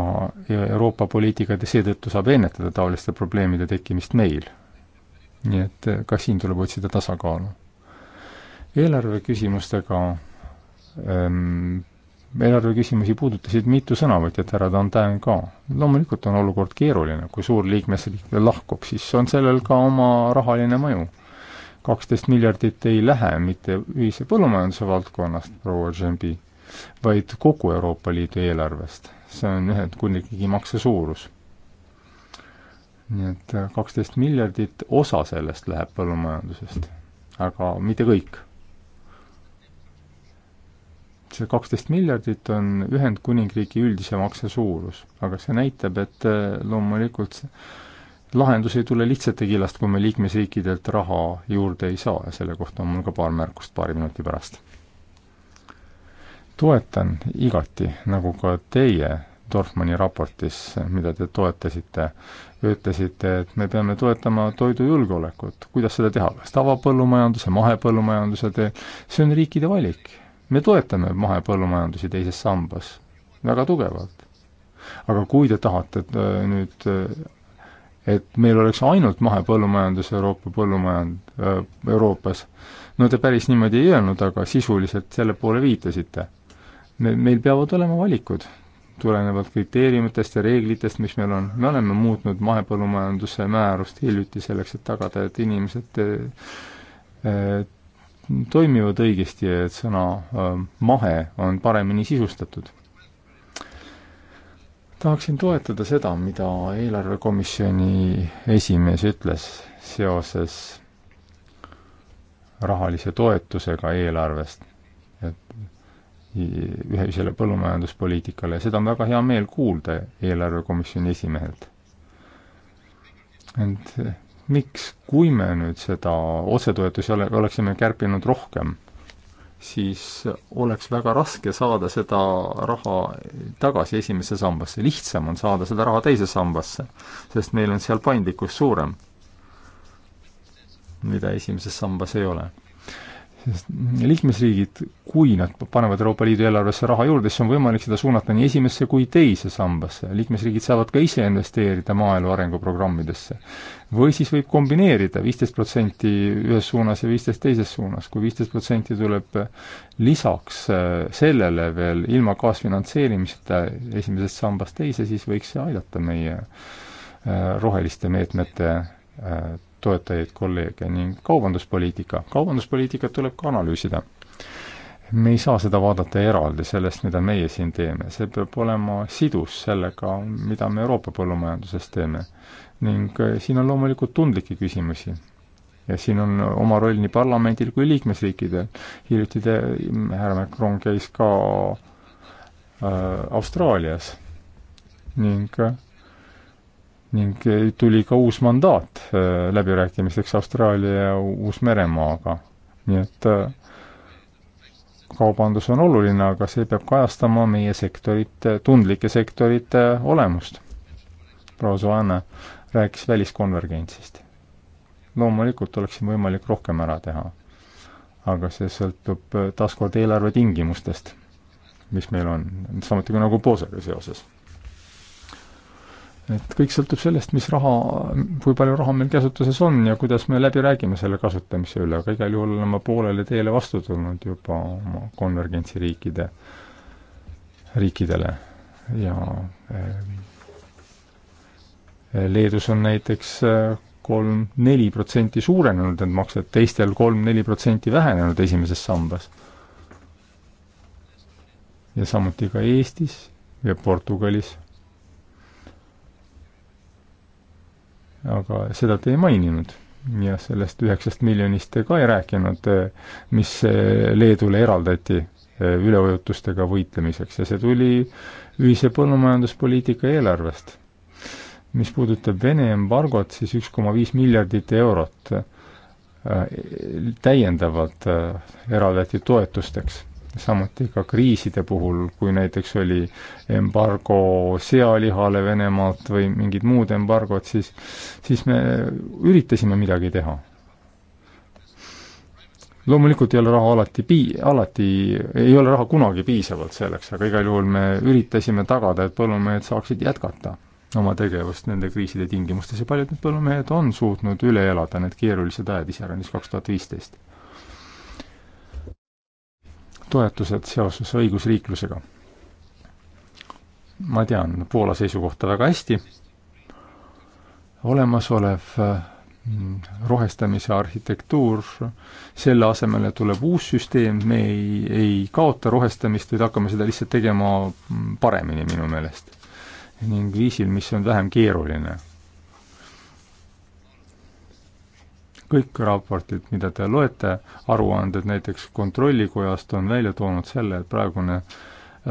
ja Euroopa poliitikad seetõttu saab ennetada taoliste probleemide tekkimist meil. nii et eh, ka siin tuleb otsida tasakaalu. eelarve küsimustega eelarveküsimusi ehm, puudutasid mitu sõnavõtjat, härra Dantin ka. loomulikult on olukord keeruline, kui suur liikmesriik lahkub, siis on sellel ka oma rahaline mõju. kaksteist miljardit ei lähe mitte ühise põllumajanduse valdkonnast, proua Džembi, vaid kogu Euroopa Liidu eelarvest. see on Ühendkuningriigi makse suurus. nii et kaksteist miljardit, osa sellest läheb põllumajandusest, aga mitte kõik see kaksteist miljardit on Ühendkuningriigi üldise makse suurus, aga see näitab, et äh, loomulikult lahendus ei tule lihtsate killast, kui me liikmesriikidelt raha juurde ei saa ja selle kohta on mul ka paar märkust paari minuti pärast. toetan igati, nagu ka teie Dorfmanni raportis, mida te toetasite, ütlesite, et me peame toetama toidujulgeolekut. kuidas seda teha, kas tavapõllumajanduse, mahepõllumajanduse teel, see on riikide valik me toetame mahepõllumajandusi teises sambas väga tugevalt. aga kui te tahate äh, nüüd, äh, et meil oleks ainult mahepõllumajandus Euroopa põllumajand-, äh, Euroopas, no te päris niimoodi ei öelnud, aga sisuliselt selle poole viitasite. me, meil peavad olema valikud, tulenevalt kriteeriumitest ja reeglitest, mis meil on. me oleme muutnud mahepõllumajanduse määrust hiljuti selleks, et tagada, et inimesed et toimivad õigesti ja et sõna mahe on paremini sisustatud. tahaksin toetada seda, mida eelarvekomisjoni esimees ütles seoses rahalise toetusega eelarvest, et ühisele põllumajanduspoliitikale ja seda on väga hea meel kuulda eelarvekomisjoni esimehelt. ent miks, kui me nüüd seda otsetoetusi ole, oleksime kärpinud rohkem, siis oleks väga raske saada seda raha tagasi esimesse sambasse, lihtsam on saada seda raha teise sambasse, sest meil on seal paindlikkus suurem, mida esimeses sambas ei ole sest liikmesriigid, kui nad panevad Euroopa Liidu eelarvesse raha juurde, siis on võimalik seda suunata nii esimesse kui teise sambasse. liikmesriigid saavad ka ise investeerida maaelu arenguprogrammidesse. või siis võib kombineerida viisteist protsenti ühes suunas ja viisteist teises suunas kui. kui viisteist protsenti tuleb lisaks äh, sellele veel ilma kaasfinantseerimiseta äh, esimesest sambast teise, siis võiks see aidata meie äh, roheliste meetmete toetajaid, kolleege ning kaubanduspoliitika. kaubanduspoliitikat tuleb ka analüüsida. me ei saa seda vaadata eraldi sellest, mida meie siin teeme, see peab olema sidus sellega, mida me Euroopa põllumajanduses teeme. ning eh, siin on loomulikult tundlikke küsimusi. ja siin on oma roll nii parlamendil kui liikmesriikidel. hiljuti te, härra Macron käis ka äh, Austraalias ning äh, ning eh, tuli ka uus mandaat eh, läbirääkimisteks Austraalia ja Uus-Meremaaga. nii et eh, kaubandus on oluline, aga see peab kajastama meie sektorite, tundlike sektorite olemust. proua Soane rääkis väliskonvergentsist. loomulikult oleks siin võimalik rohkem ära teha. aga see sõltub taaskord eelarve tingimustest, mis meil on, samuti ka nagu Poosega seoses et kõik sõltub sellest, mis raha, kui palju raha meil käsutuses on ja kuidas me läbi räägime selle kasutamise üle, aga igal juhul oleme poolele teele vastu tulnud juba oma konvergentsiriikide, riikidele ja eh, Leedus on näiteks eh, kolm-neli protsenti suurenenud need maksed, teistel kolm-neli protsenti vähenenud esimeses sambas. ja samuti ka Eestis ja Portugalis aga seda te ei maininud ja sellest üheksast miljonist te ka ei rääkinud, mis Leedule eraldati e, üleujutustega võitlemiseks ja see tuli ühise põllumajanduspoliitika eelarvest. mis puudutab Vene embargot, siis üks koma viis miljardit eurot e, täiendavalt e, eraldati toetusteks samuti ka kriiside puhul, kui näiteks oli embargo sealihale Venemaalt või mingid muud embargod, siis, siis me üritasime midagi teha. loomulikult ei ole raha alati pii-, alati, ei ole raha kunagi piisavalt selleks, aga igal juhul me üritasime tagada, et põllumehed saaksid jätkata oma tegevust nende kriiside tingimustes ja paljud need põllumehed on suutnud üle elada need keerulised ajad, iseäranis kaks tuhat viisteist toetused seoses õigusriiklusega. ma tean Poola seisukohta väga hästi, olemasolev mm, rohestamise arhitektuur, selle asemele tuleb uus süsteem, me ei, ei kaota rohestamist, vaid hakkame seda lihtsalt tegema mm, paremini minu meelest. ning viisil, mis on vähem keeruline kõik raportid, mida te loete, aruanded näiteks Kontrollikojast on välja toonud selle, et praegune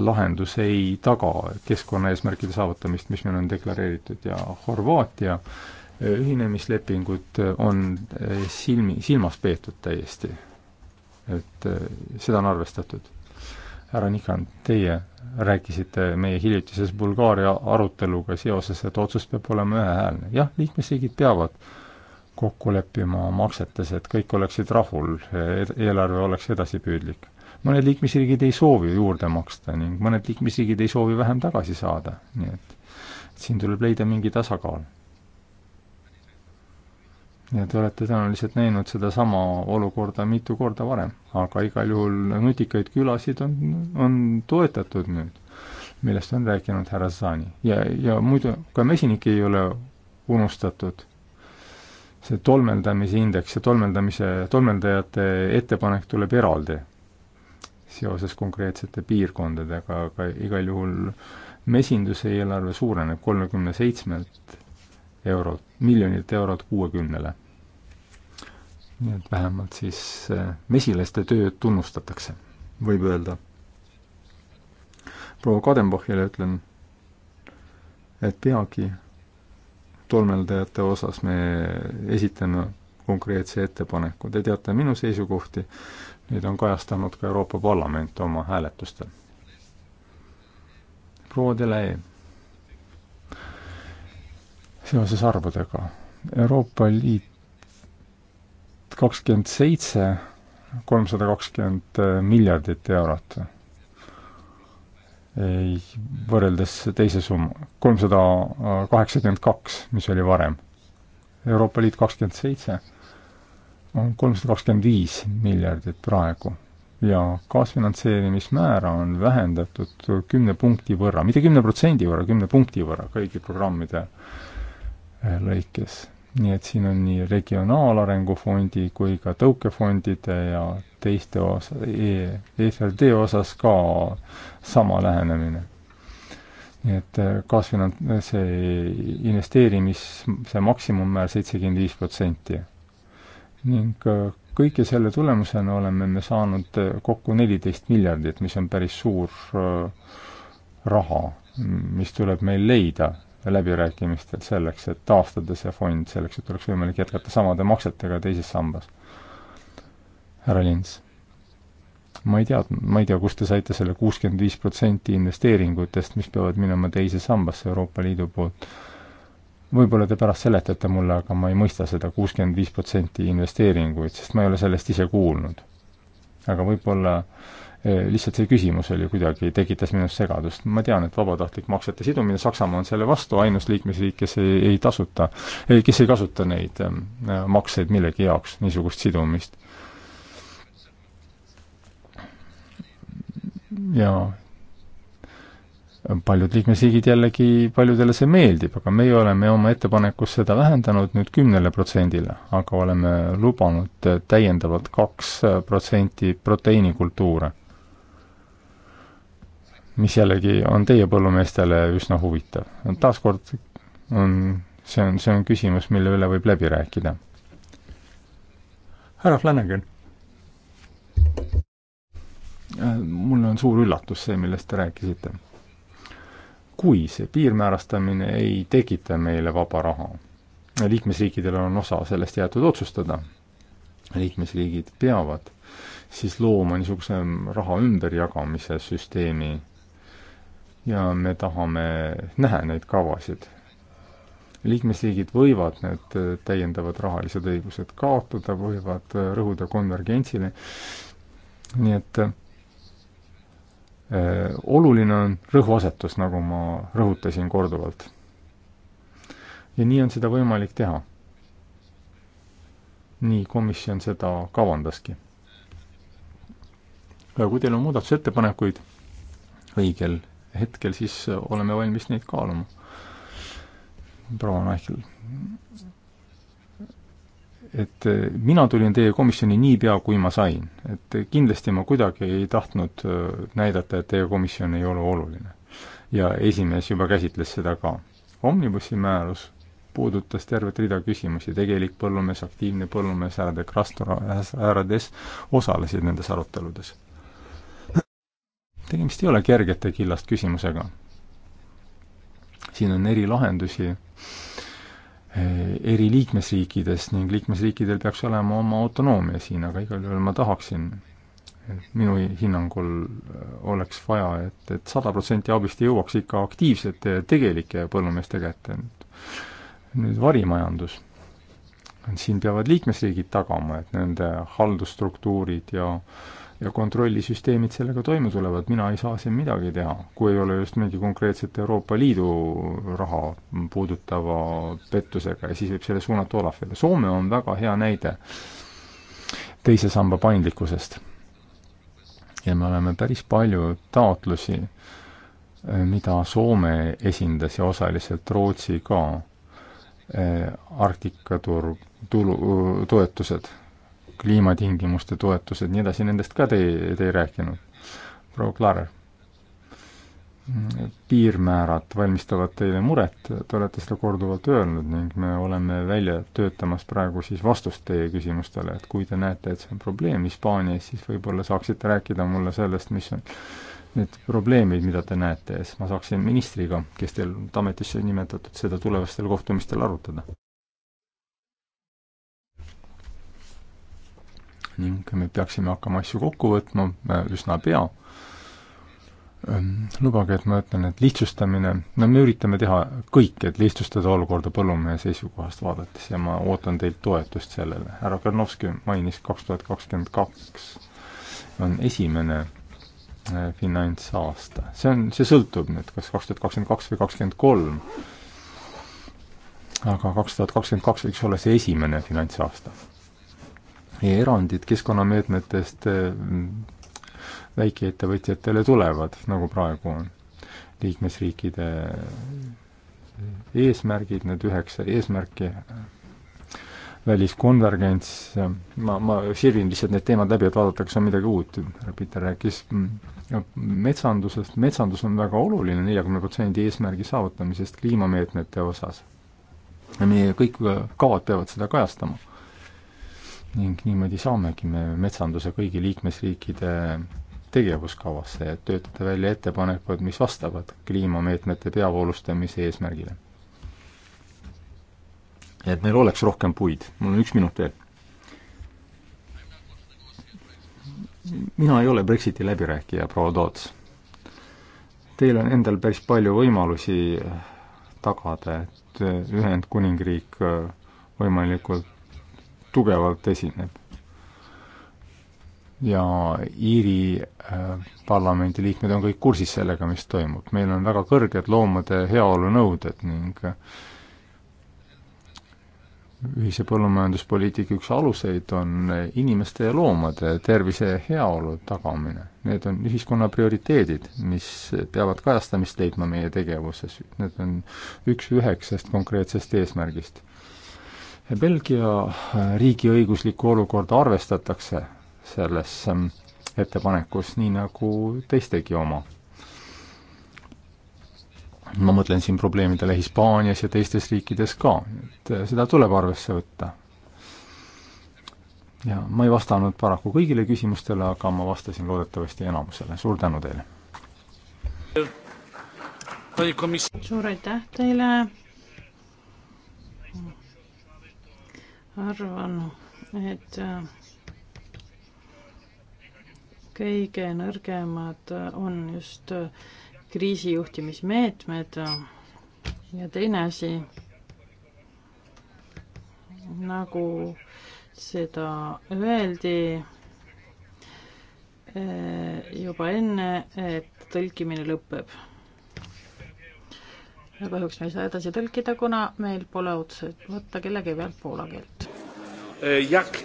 lahendus ei taga keskkonnaeesmärkide saavutamist, mis meil on deklareeritud ja Horvaatia e, ühinemislepingut on e, silmi, silmas peetud täiesti. et e, seda on arvestatud. härra Nikan, teie rääkisite meie hiljutises Bulgaaria aruteluga seoses, et otsus peab olema ühehäälne. jah, liikmesriigid peavad äh, kokku leppima maksetes, et kõik oleksid rahul, eelarve oleks edasipüüdlik. mõned liikmesriigid ei soovi juurde maksta ning mõned liikmesriigid ei soovi vähem tagasi saada, nii et siin tuleb leida mingi tasakaal. ja te olete tõenäoliselt näinud sedasama olukorda mitu korda varem, aga igal juhul nutikaid külasid on, on toetatud nüüd, millest on rääkinud härra Zani. ja, ja muidu ka mesinikke ei ole unustatud see tolmeldamise indeks ja tolmeldamise, tolmeldajate ettepanek tuleb eraldi seoses konkreetsete piirkondadega, aga igal juhul mesinduse eelarve suureneb kolmekümne seitsmelt eurot, miljonilt eurot kuuekümnele. nii et vähemalt siis äh, mesilaste tööd tunnustatakse, võib öelda. proua Kadenbachile ütlen, et peagi tolmeldajate osas me esitame konkreetse ettepaneku, te teate minu seisukohti, neid on kajastanud ka Euroopa Parlament oma hääletustel. proua Delay, seoses arvudega, Euroopa Liit kakskümmend seitse, kolmsada kakskümmend miljardit eurot ei, võrreldes teise summa, kolmsada äh, kaheksakümmend kaks, mis oli varem. Euroopa Liit kakskümmend seitse on kolmsada kakskümmend viis miljardit praegu ja kaasfinantseerimismäära on vähendatud kümne punkti võrra, mitte kümne protsendi võrra, kümne punkti võrra kõigi programmide äh, lõikes nii et siin on nii Regionaalarengu Fondi kui ka tõukefondide ja teiste osa e,, EFRD osas ka sama lähenemine. nii et äh, kaasfinant-, see investeerimis, see maksimummäär seitsekümmend viis protsenti. ning äh, kõige selle tulemusena oleme me saanud äh, kokku neliteist miljardit, mis on päris suur raha, mis tuleb meil leida läbirääkimistel selleks, et taastada see fond, selleks, et oleks võimalik jätkata samade maksetega teises sambas. härra Lins, ma ei tea, ma ei tea, kust te saite selle kuuskümmend viis protsenti investeeringutest, mis peavad minema teise sambasse Euroopa Liidu poolt. võib-olla te pärast seletate mulle, aga ma ei mõista seda kuuskümmend viis protsenti investeeringuid, sest ma ei ole sellest ise kuulnud. aga võib-olla Äh, lihtsalt see küsimus oli kuidagi, tekitas minus segadust. ma tean, et vabatahtlik maksete sidumine, Saksamaa on selle vastu, ainus liikmesriik, kes ei, ei tasuta, kes ei kasuta neid ähm, äh, makseid millegi jaoks, niisugust sidumist. ja paljud liikmesriigid jällegi, paljudele see meeldib, aga meie oleme oma ettepanekus seda vähendanud nüüd kümnele protsendile, aga oleme lubanud äh, täiendavalt kaks protsenti proteiinikultuure mis jällegi on teie põllumeestele üsna huvitav. taaskord on, see on, see on küsimus, mille üle võib läbi rääkida. härra Flanagan. Äh, mulle on suur üllatus see, millest te rääkisite. kui see piirmäärastamine ei tekita meile vaba raha, liikmesriikidel on osa sellest jäetud otsustada, liikmesriigid peavad siis looma niisuguse raha ümberjagamise süsteemi ja me tahame näha neid kavasid. liikmesriigid võivad need äh, täiendavad rahalised õigused kaotada, võivad äh, rõhuda konvergentsile, nii et äh, äh, oluline on rõhuasetus, nagu ma rõhutasin korduvalt. ja nii on seda võimalik teha. nii komisjon seda kavandaski. ja kui teil on muudatusettepanekuid õigel hetkel, siis äh, oleme valmis neid kaaluma. proua Nahkel. et äh, mina tulin teie komisjoni niipea, kui ma sain. et kindlasti ma kuidagi ei tahtnud äh, näidata, et teie komisjon ei ole oluline. ja esimees juba käsitles seda ka. Omnibussi määrus puudutas tervet rida küsimusi, tegelik põllumees, aktiivne põllumees, härra de Crastoro, härra Des osalesid nendes aruteludes tegemist ei ole kergete killast küsimusega. siin on eri lahendusi eh, eri liikmesriikides ning liikmesriikidel peaks olema oma autonoomia siin, aga igal juhul ma tahaksin, et minu hinnangul eh, oleks vaja et, et, et sada protsenti abist jõuaks ikka aktiivsete ja tegelike põllumeeste kätte. nüüd varimajandus. siin peavad liikmesriigid tagama, et nende haldusstruktuurid ja äh, ja kontrollisüsteemid sellega toime tulevad, mina ei saa siin midagi teha, kui ei ole just mingi konkreetset Euroopa Liidu raha puudutava pettusega ja siis võib selle suunata Olafile. Soome on väga hea näide teise samba paindlikkusest. ja me oleme päris palju taotlusi, eh, mida Soome esindas ja osaliselt Rootsi ka, eh, Arktika tur-, tulu, toetused kliimatingimuste toetused, nii edasi, nendest ka te, te ei rääkinud. proua Klaarer, piirmäärad valmistavad teile muret, te olete seda korduvalt öelnud ning me oleme välja töötamas praegu siis vastust teie küsimustele, et kui te näete, et see on probleem Hispaanias, siis võib-olla saaksite rääkida mulle sellest, mis on need probleemid, mida te näete ja siis ma saaksin ministriga, kes teil ametisse on nimetatud, seda tulevastel kohtumistel arutada. ning me peaksime hakkama asju kokku võtma üsna pea. Ehm, lubage, et ma ütlen, et lihtsustamine, no me üritame teha kõike, et lihtsustada olukorda põllumehe seisukohast vaadates ja ma ootan teilt toetust sellele. härra Karnovski mainis kaks tuhat kakskümmend kaks on esimene eh, finantsaasta. see on, see sõltub nüüd, kas kaks tuhat kakskümmend kaks või kakskümmend kolm. aga kaks tuhat kakskümmend kaks võiks olla see esimene finantsaasta erandid keskkonnameetmetest eh, väikeettevõtjatele tulevad, nagu praegu on. liikmesriikide eesmärgid, need üheksa eesmärki, väliskonvergents, ma, ma sirvin lihtsalt need teemad läbi, et vaadata, kas on midagi uut. Peter rääkis mm, metsandusest, metsandus on väga oluline neljakümne protsendi eesmärgi saavutamisest kliimameetmete osas. meie kõik kavad peavad seda kajastama ning niimoodi saamegi me metsanduse kõigi liikmesriikide tegevuskavasse, et töötada välja ettepanekud, mis vastavad kliimameetmete peavoolustamise eesmärgile. et meil oleks rohkem puid, mul on üks minut veel. mina ei ole Brexiti läbirääkija, proua Toots. Teil on endal päris palju võimalusi tagada, et Ühendkuningriik võimalikult tugevalt esineb. ja Iiri äh, parlamendi liikmed on kõik kursis sellega, mis toimub. meil on väga kõrged loomade heaolu nõuded ning äh, ühise põllumajanduspoliitika üks aluseid on äh, inimeste ja loomade tervise ja heaolu tagamine. Need on ühiskonna prioriteedid, mis peavad kajastamist leidma meie tegevuses. Need on üks üheksast konkreetsest eesmärgist Belgia äh, riigiõiguslikku olukorda arvestatakse selles ähm, ettepanekus, nii nagu teistegi oma. ma mõtlen siin probleemidele Hispaanias ja teistes riikides ka, et äh, seda tuleb arvesse võtta. ja ma ei vastanud paraku kõigile küsimustele, aga ma vastasin loodetavasti enamusele, suur tänu teile! suur aitäh teile! arvan, et äh, kõige nõrgemad on just äh, kriisijuhtimismeetmed ja teine asi, nagu seda öeldi äh, juba enne, et tõlkimine lõpeb ja kahjuks me ei saa edasi tõlkida, kuna meil pole otse võtta kellegi pealt poola keelt. Eh, jak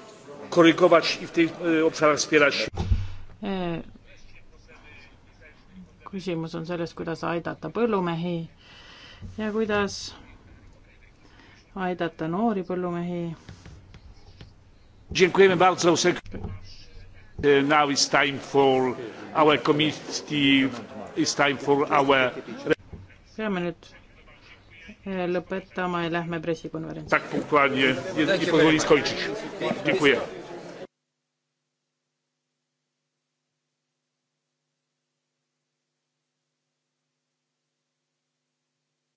korygować i w tych eh, obszarach wspierać? Eh, küsimus on selles, kuidas aidata põllumehi ja kuidas aidata noori põllumehi. Dziękujemy bardzo. Now it's time for our committee, it's time for our peame nüüd lõpetama ja lähme pressikonverentsi.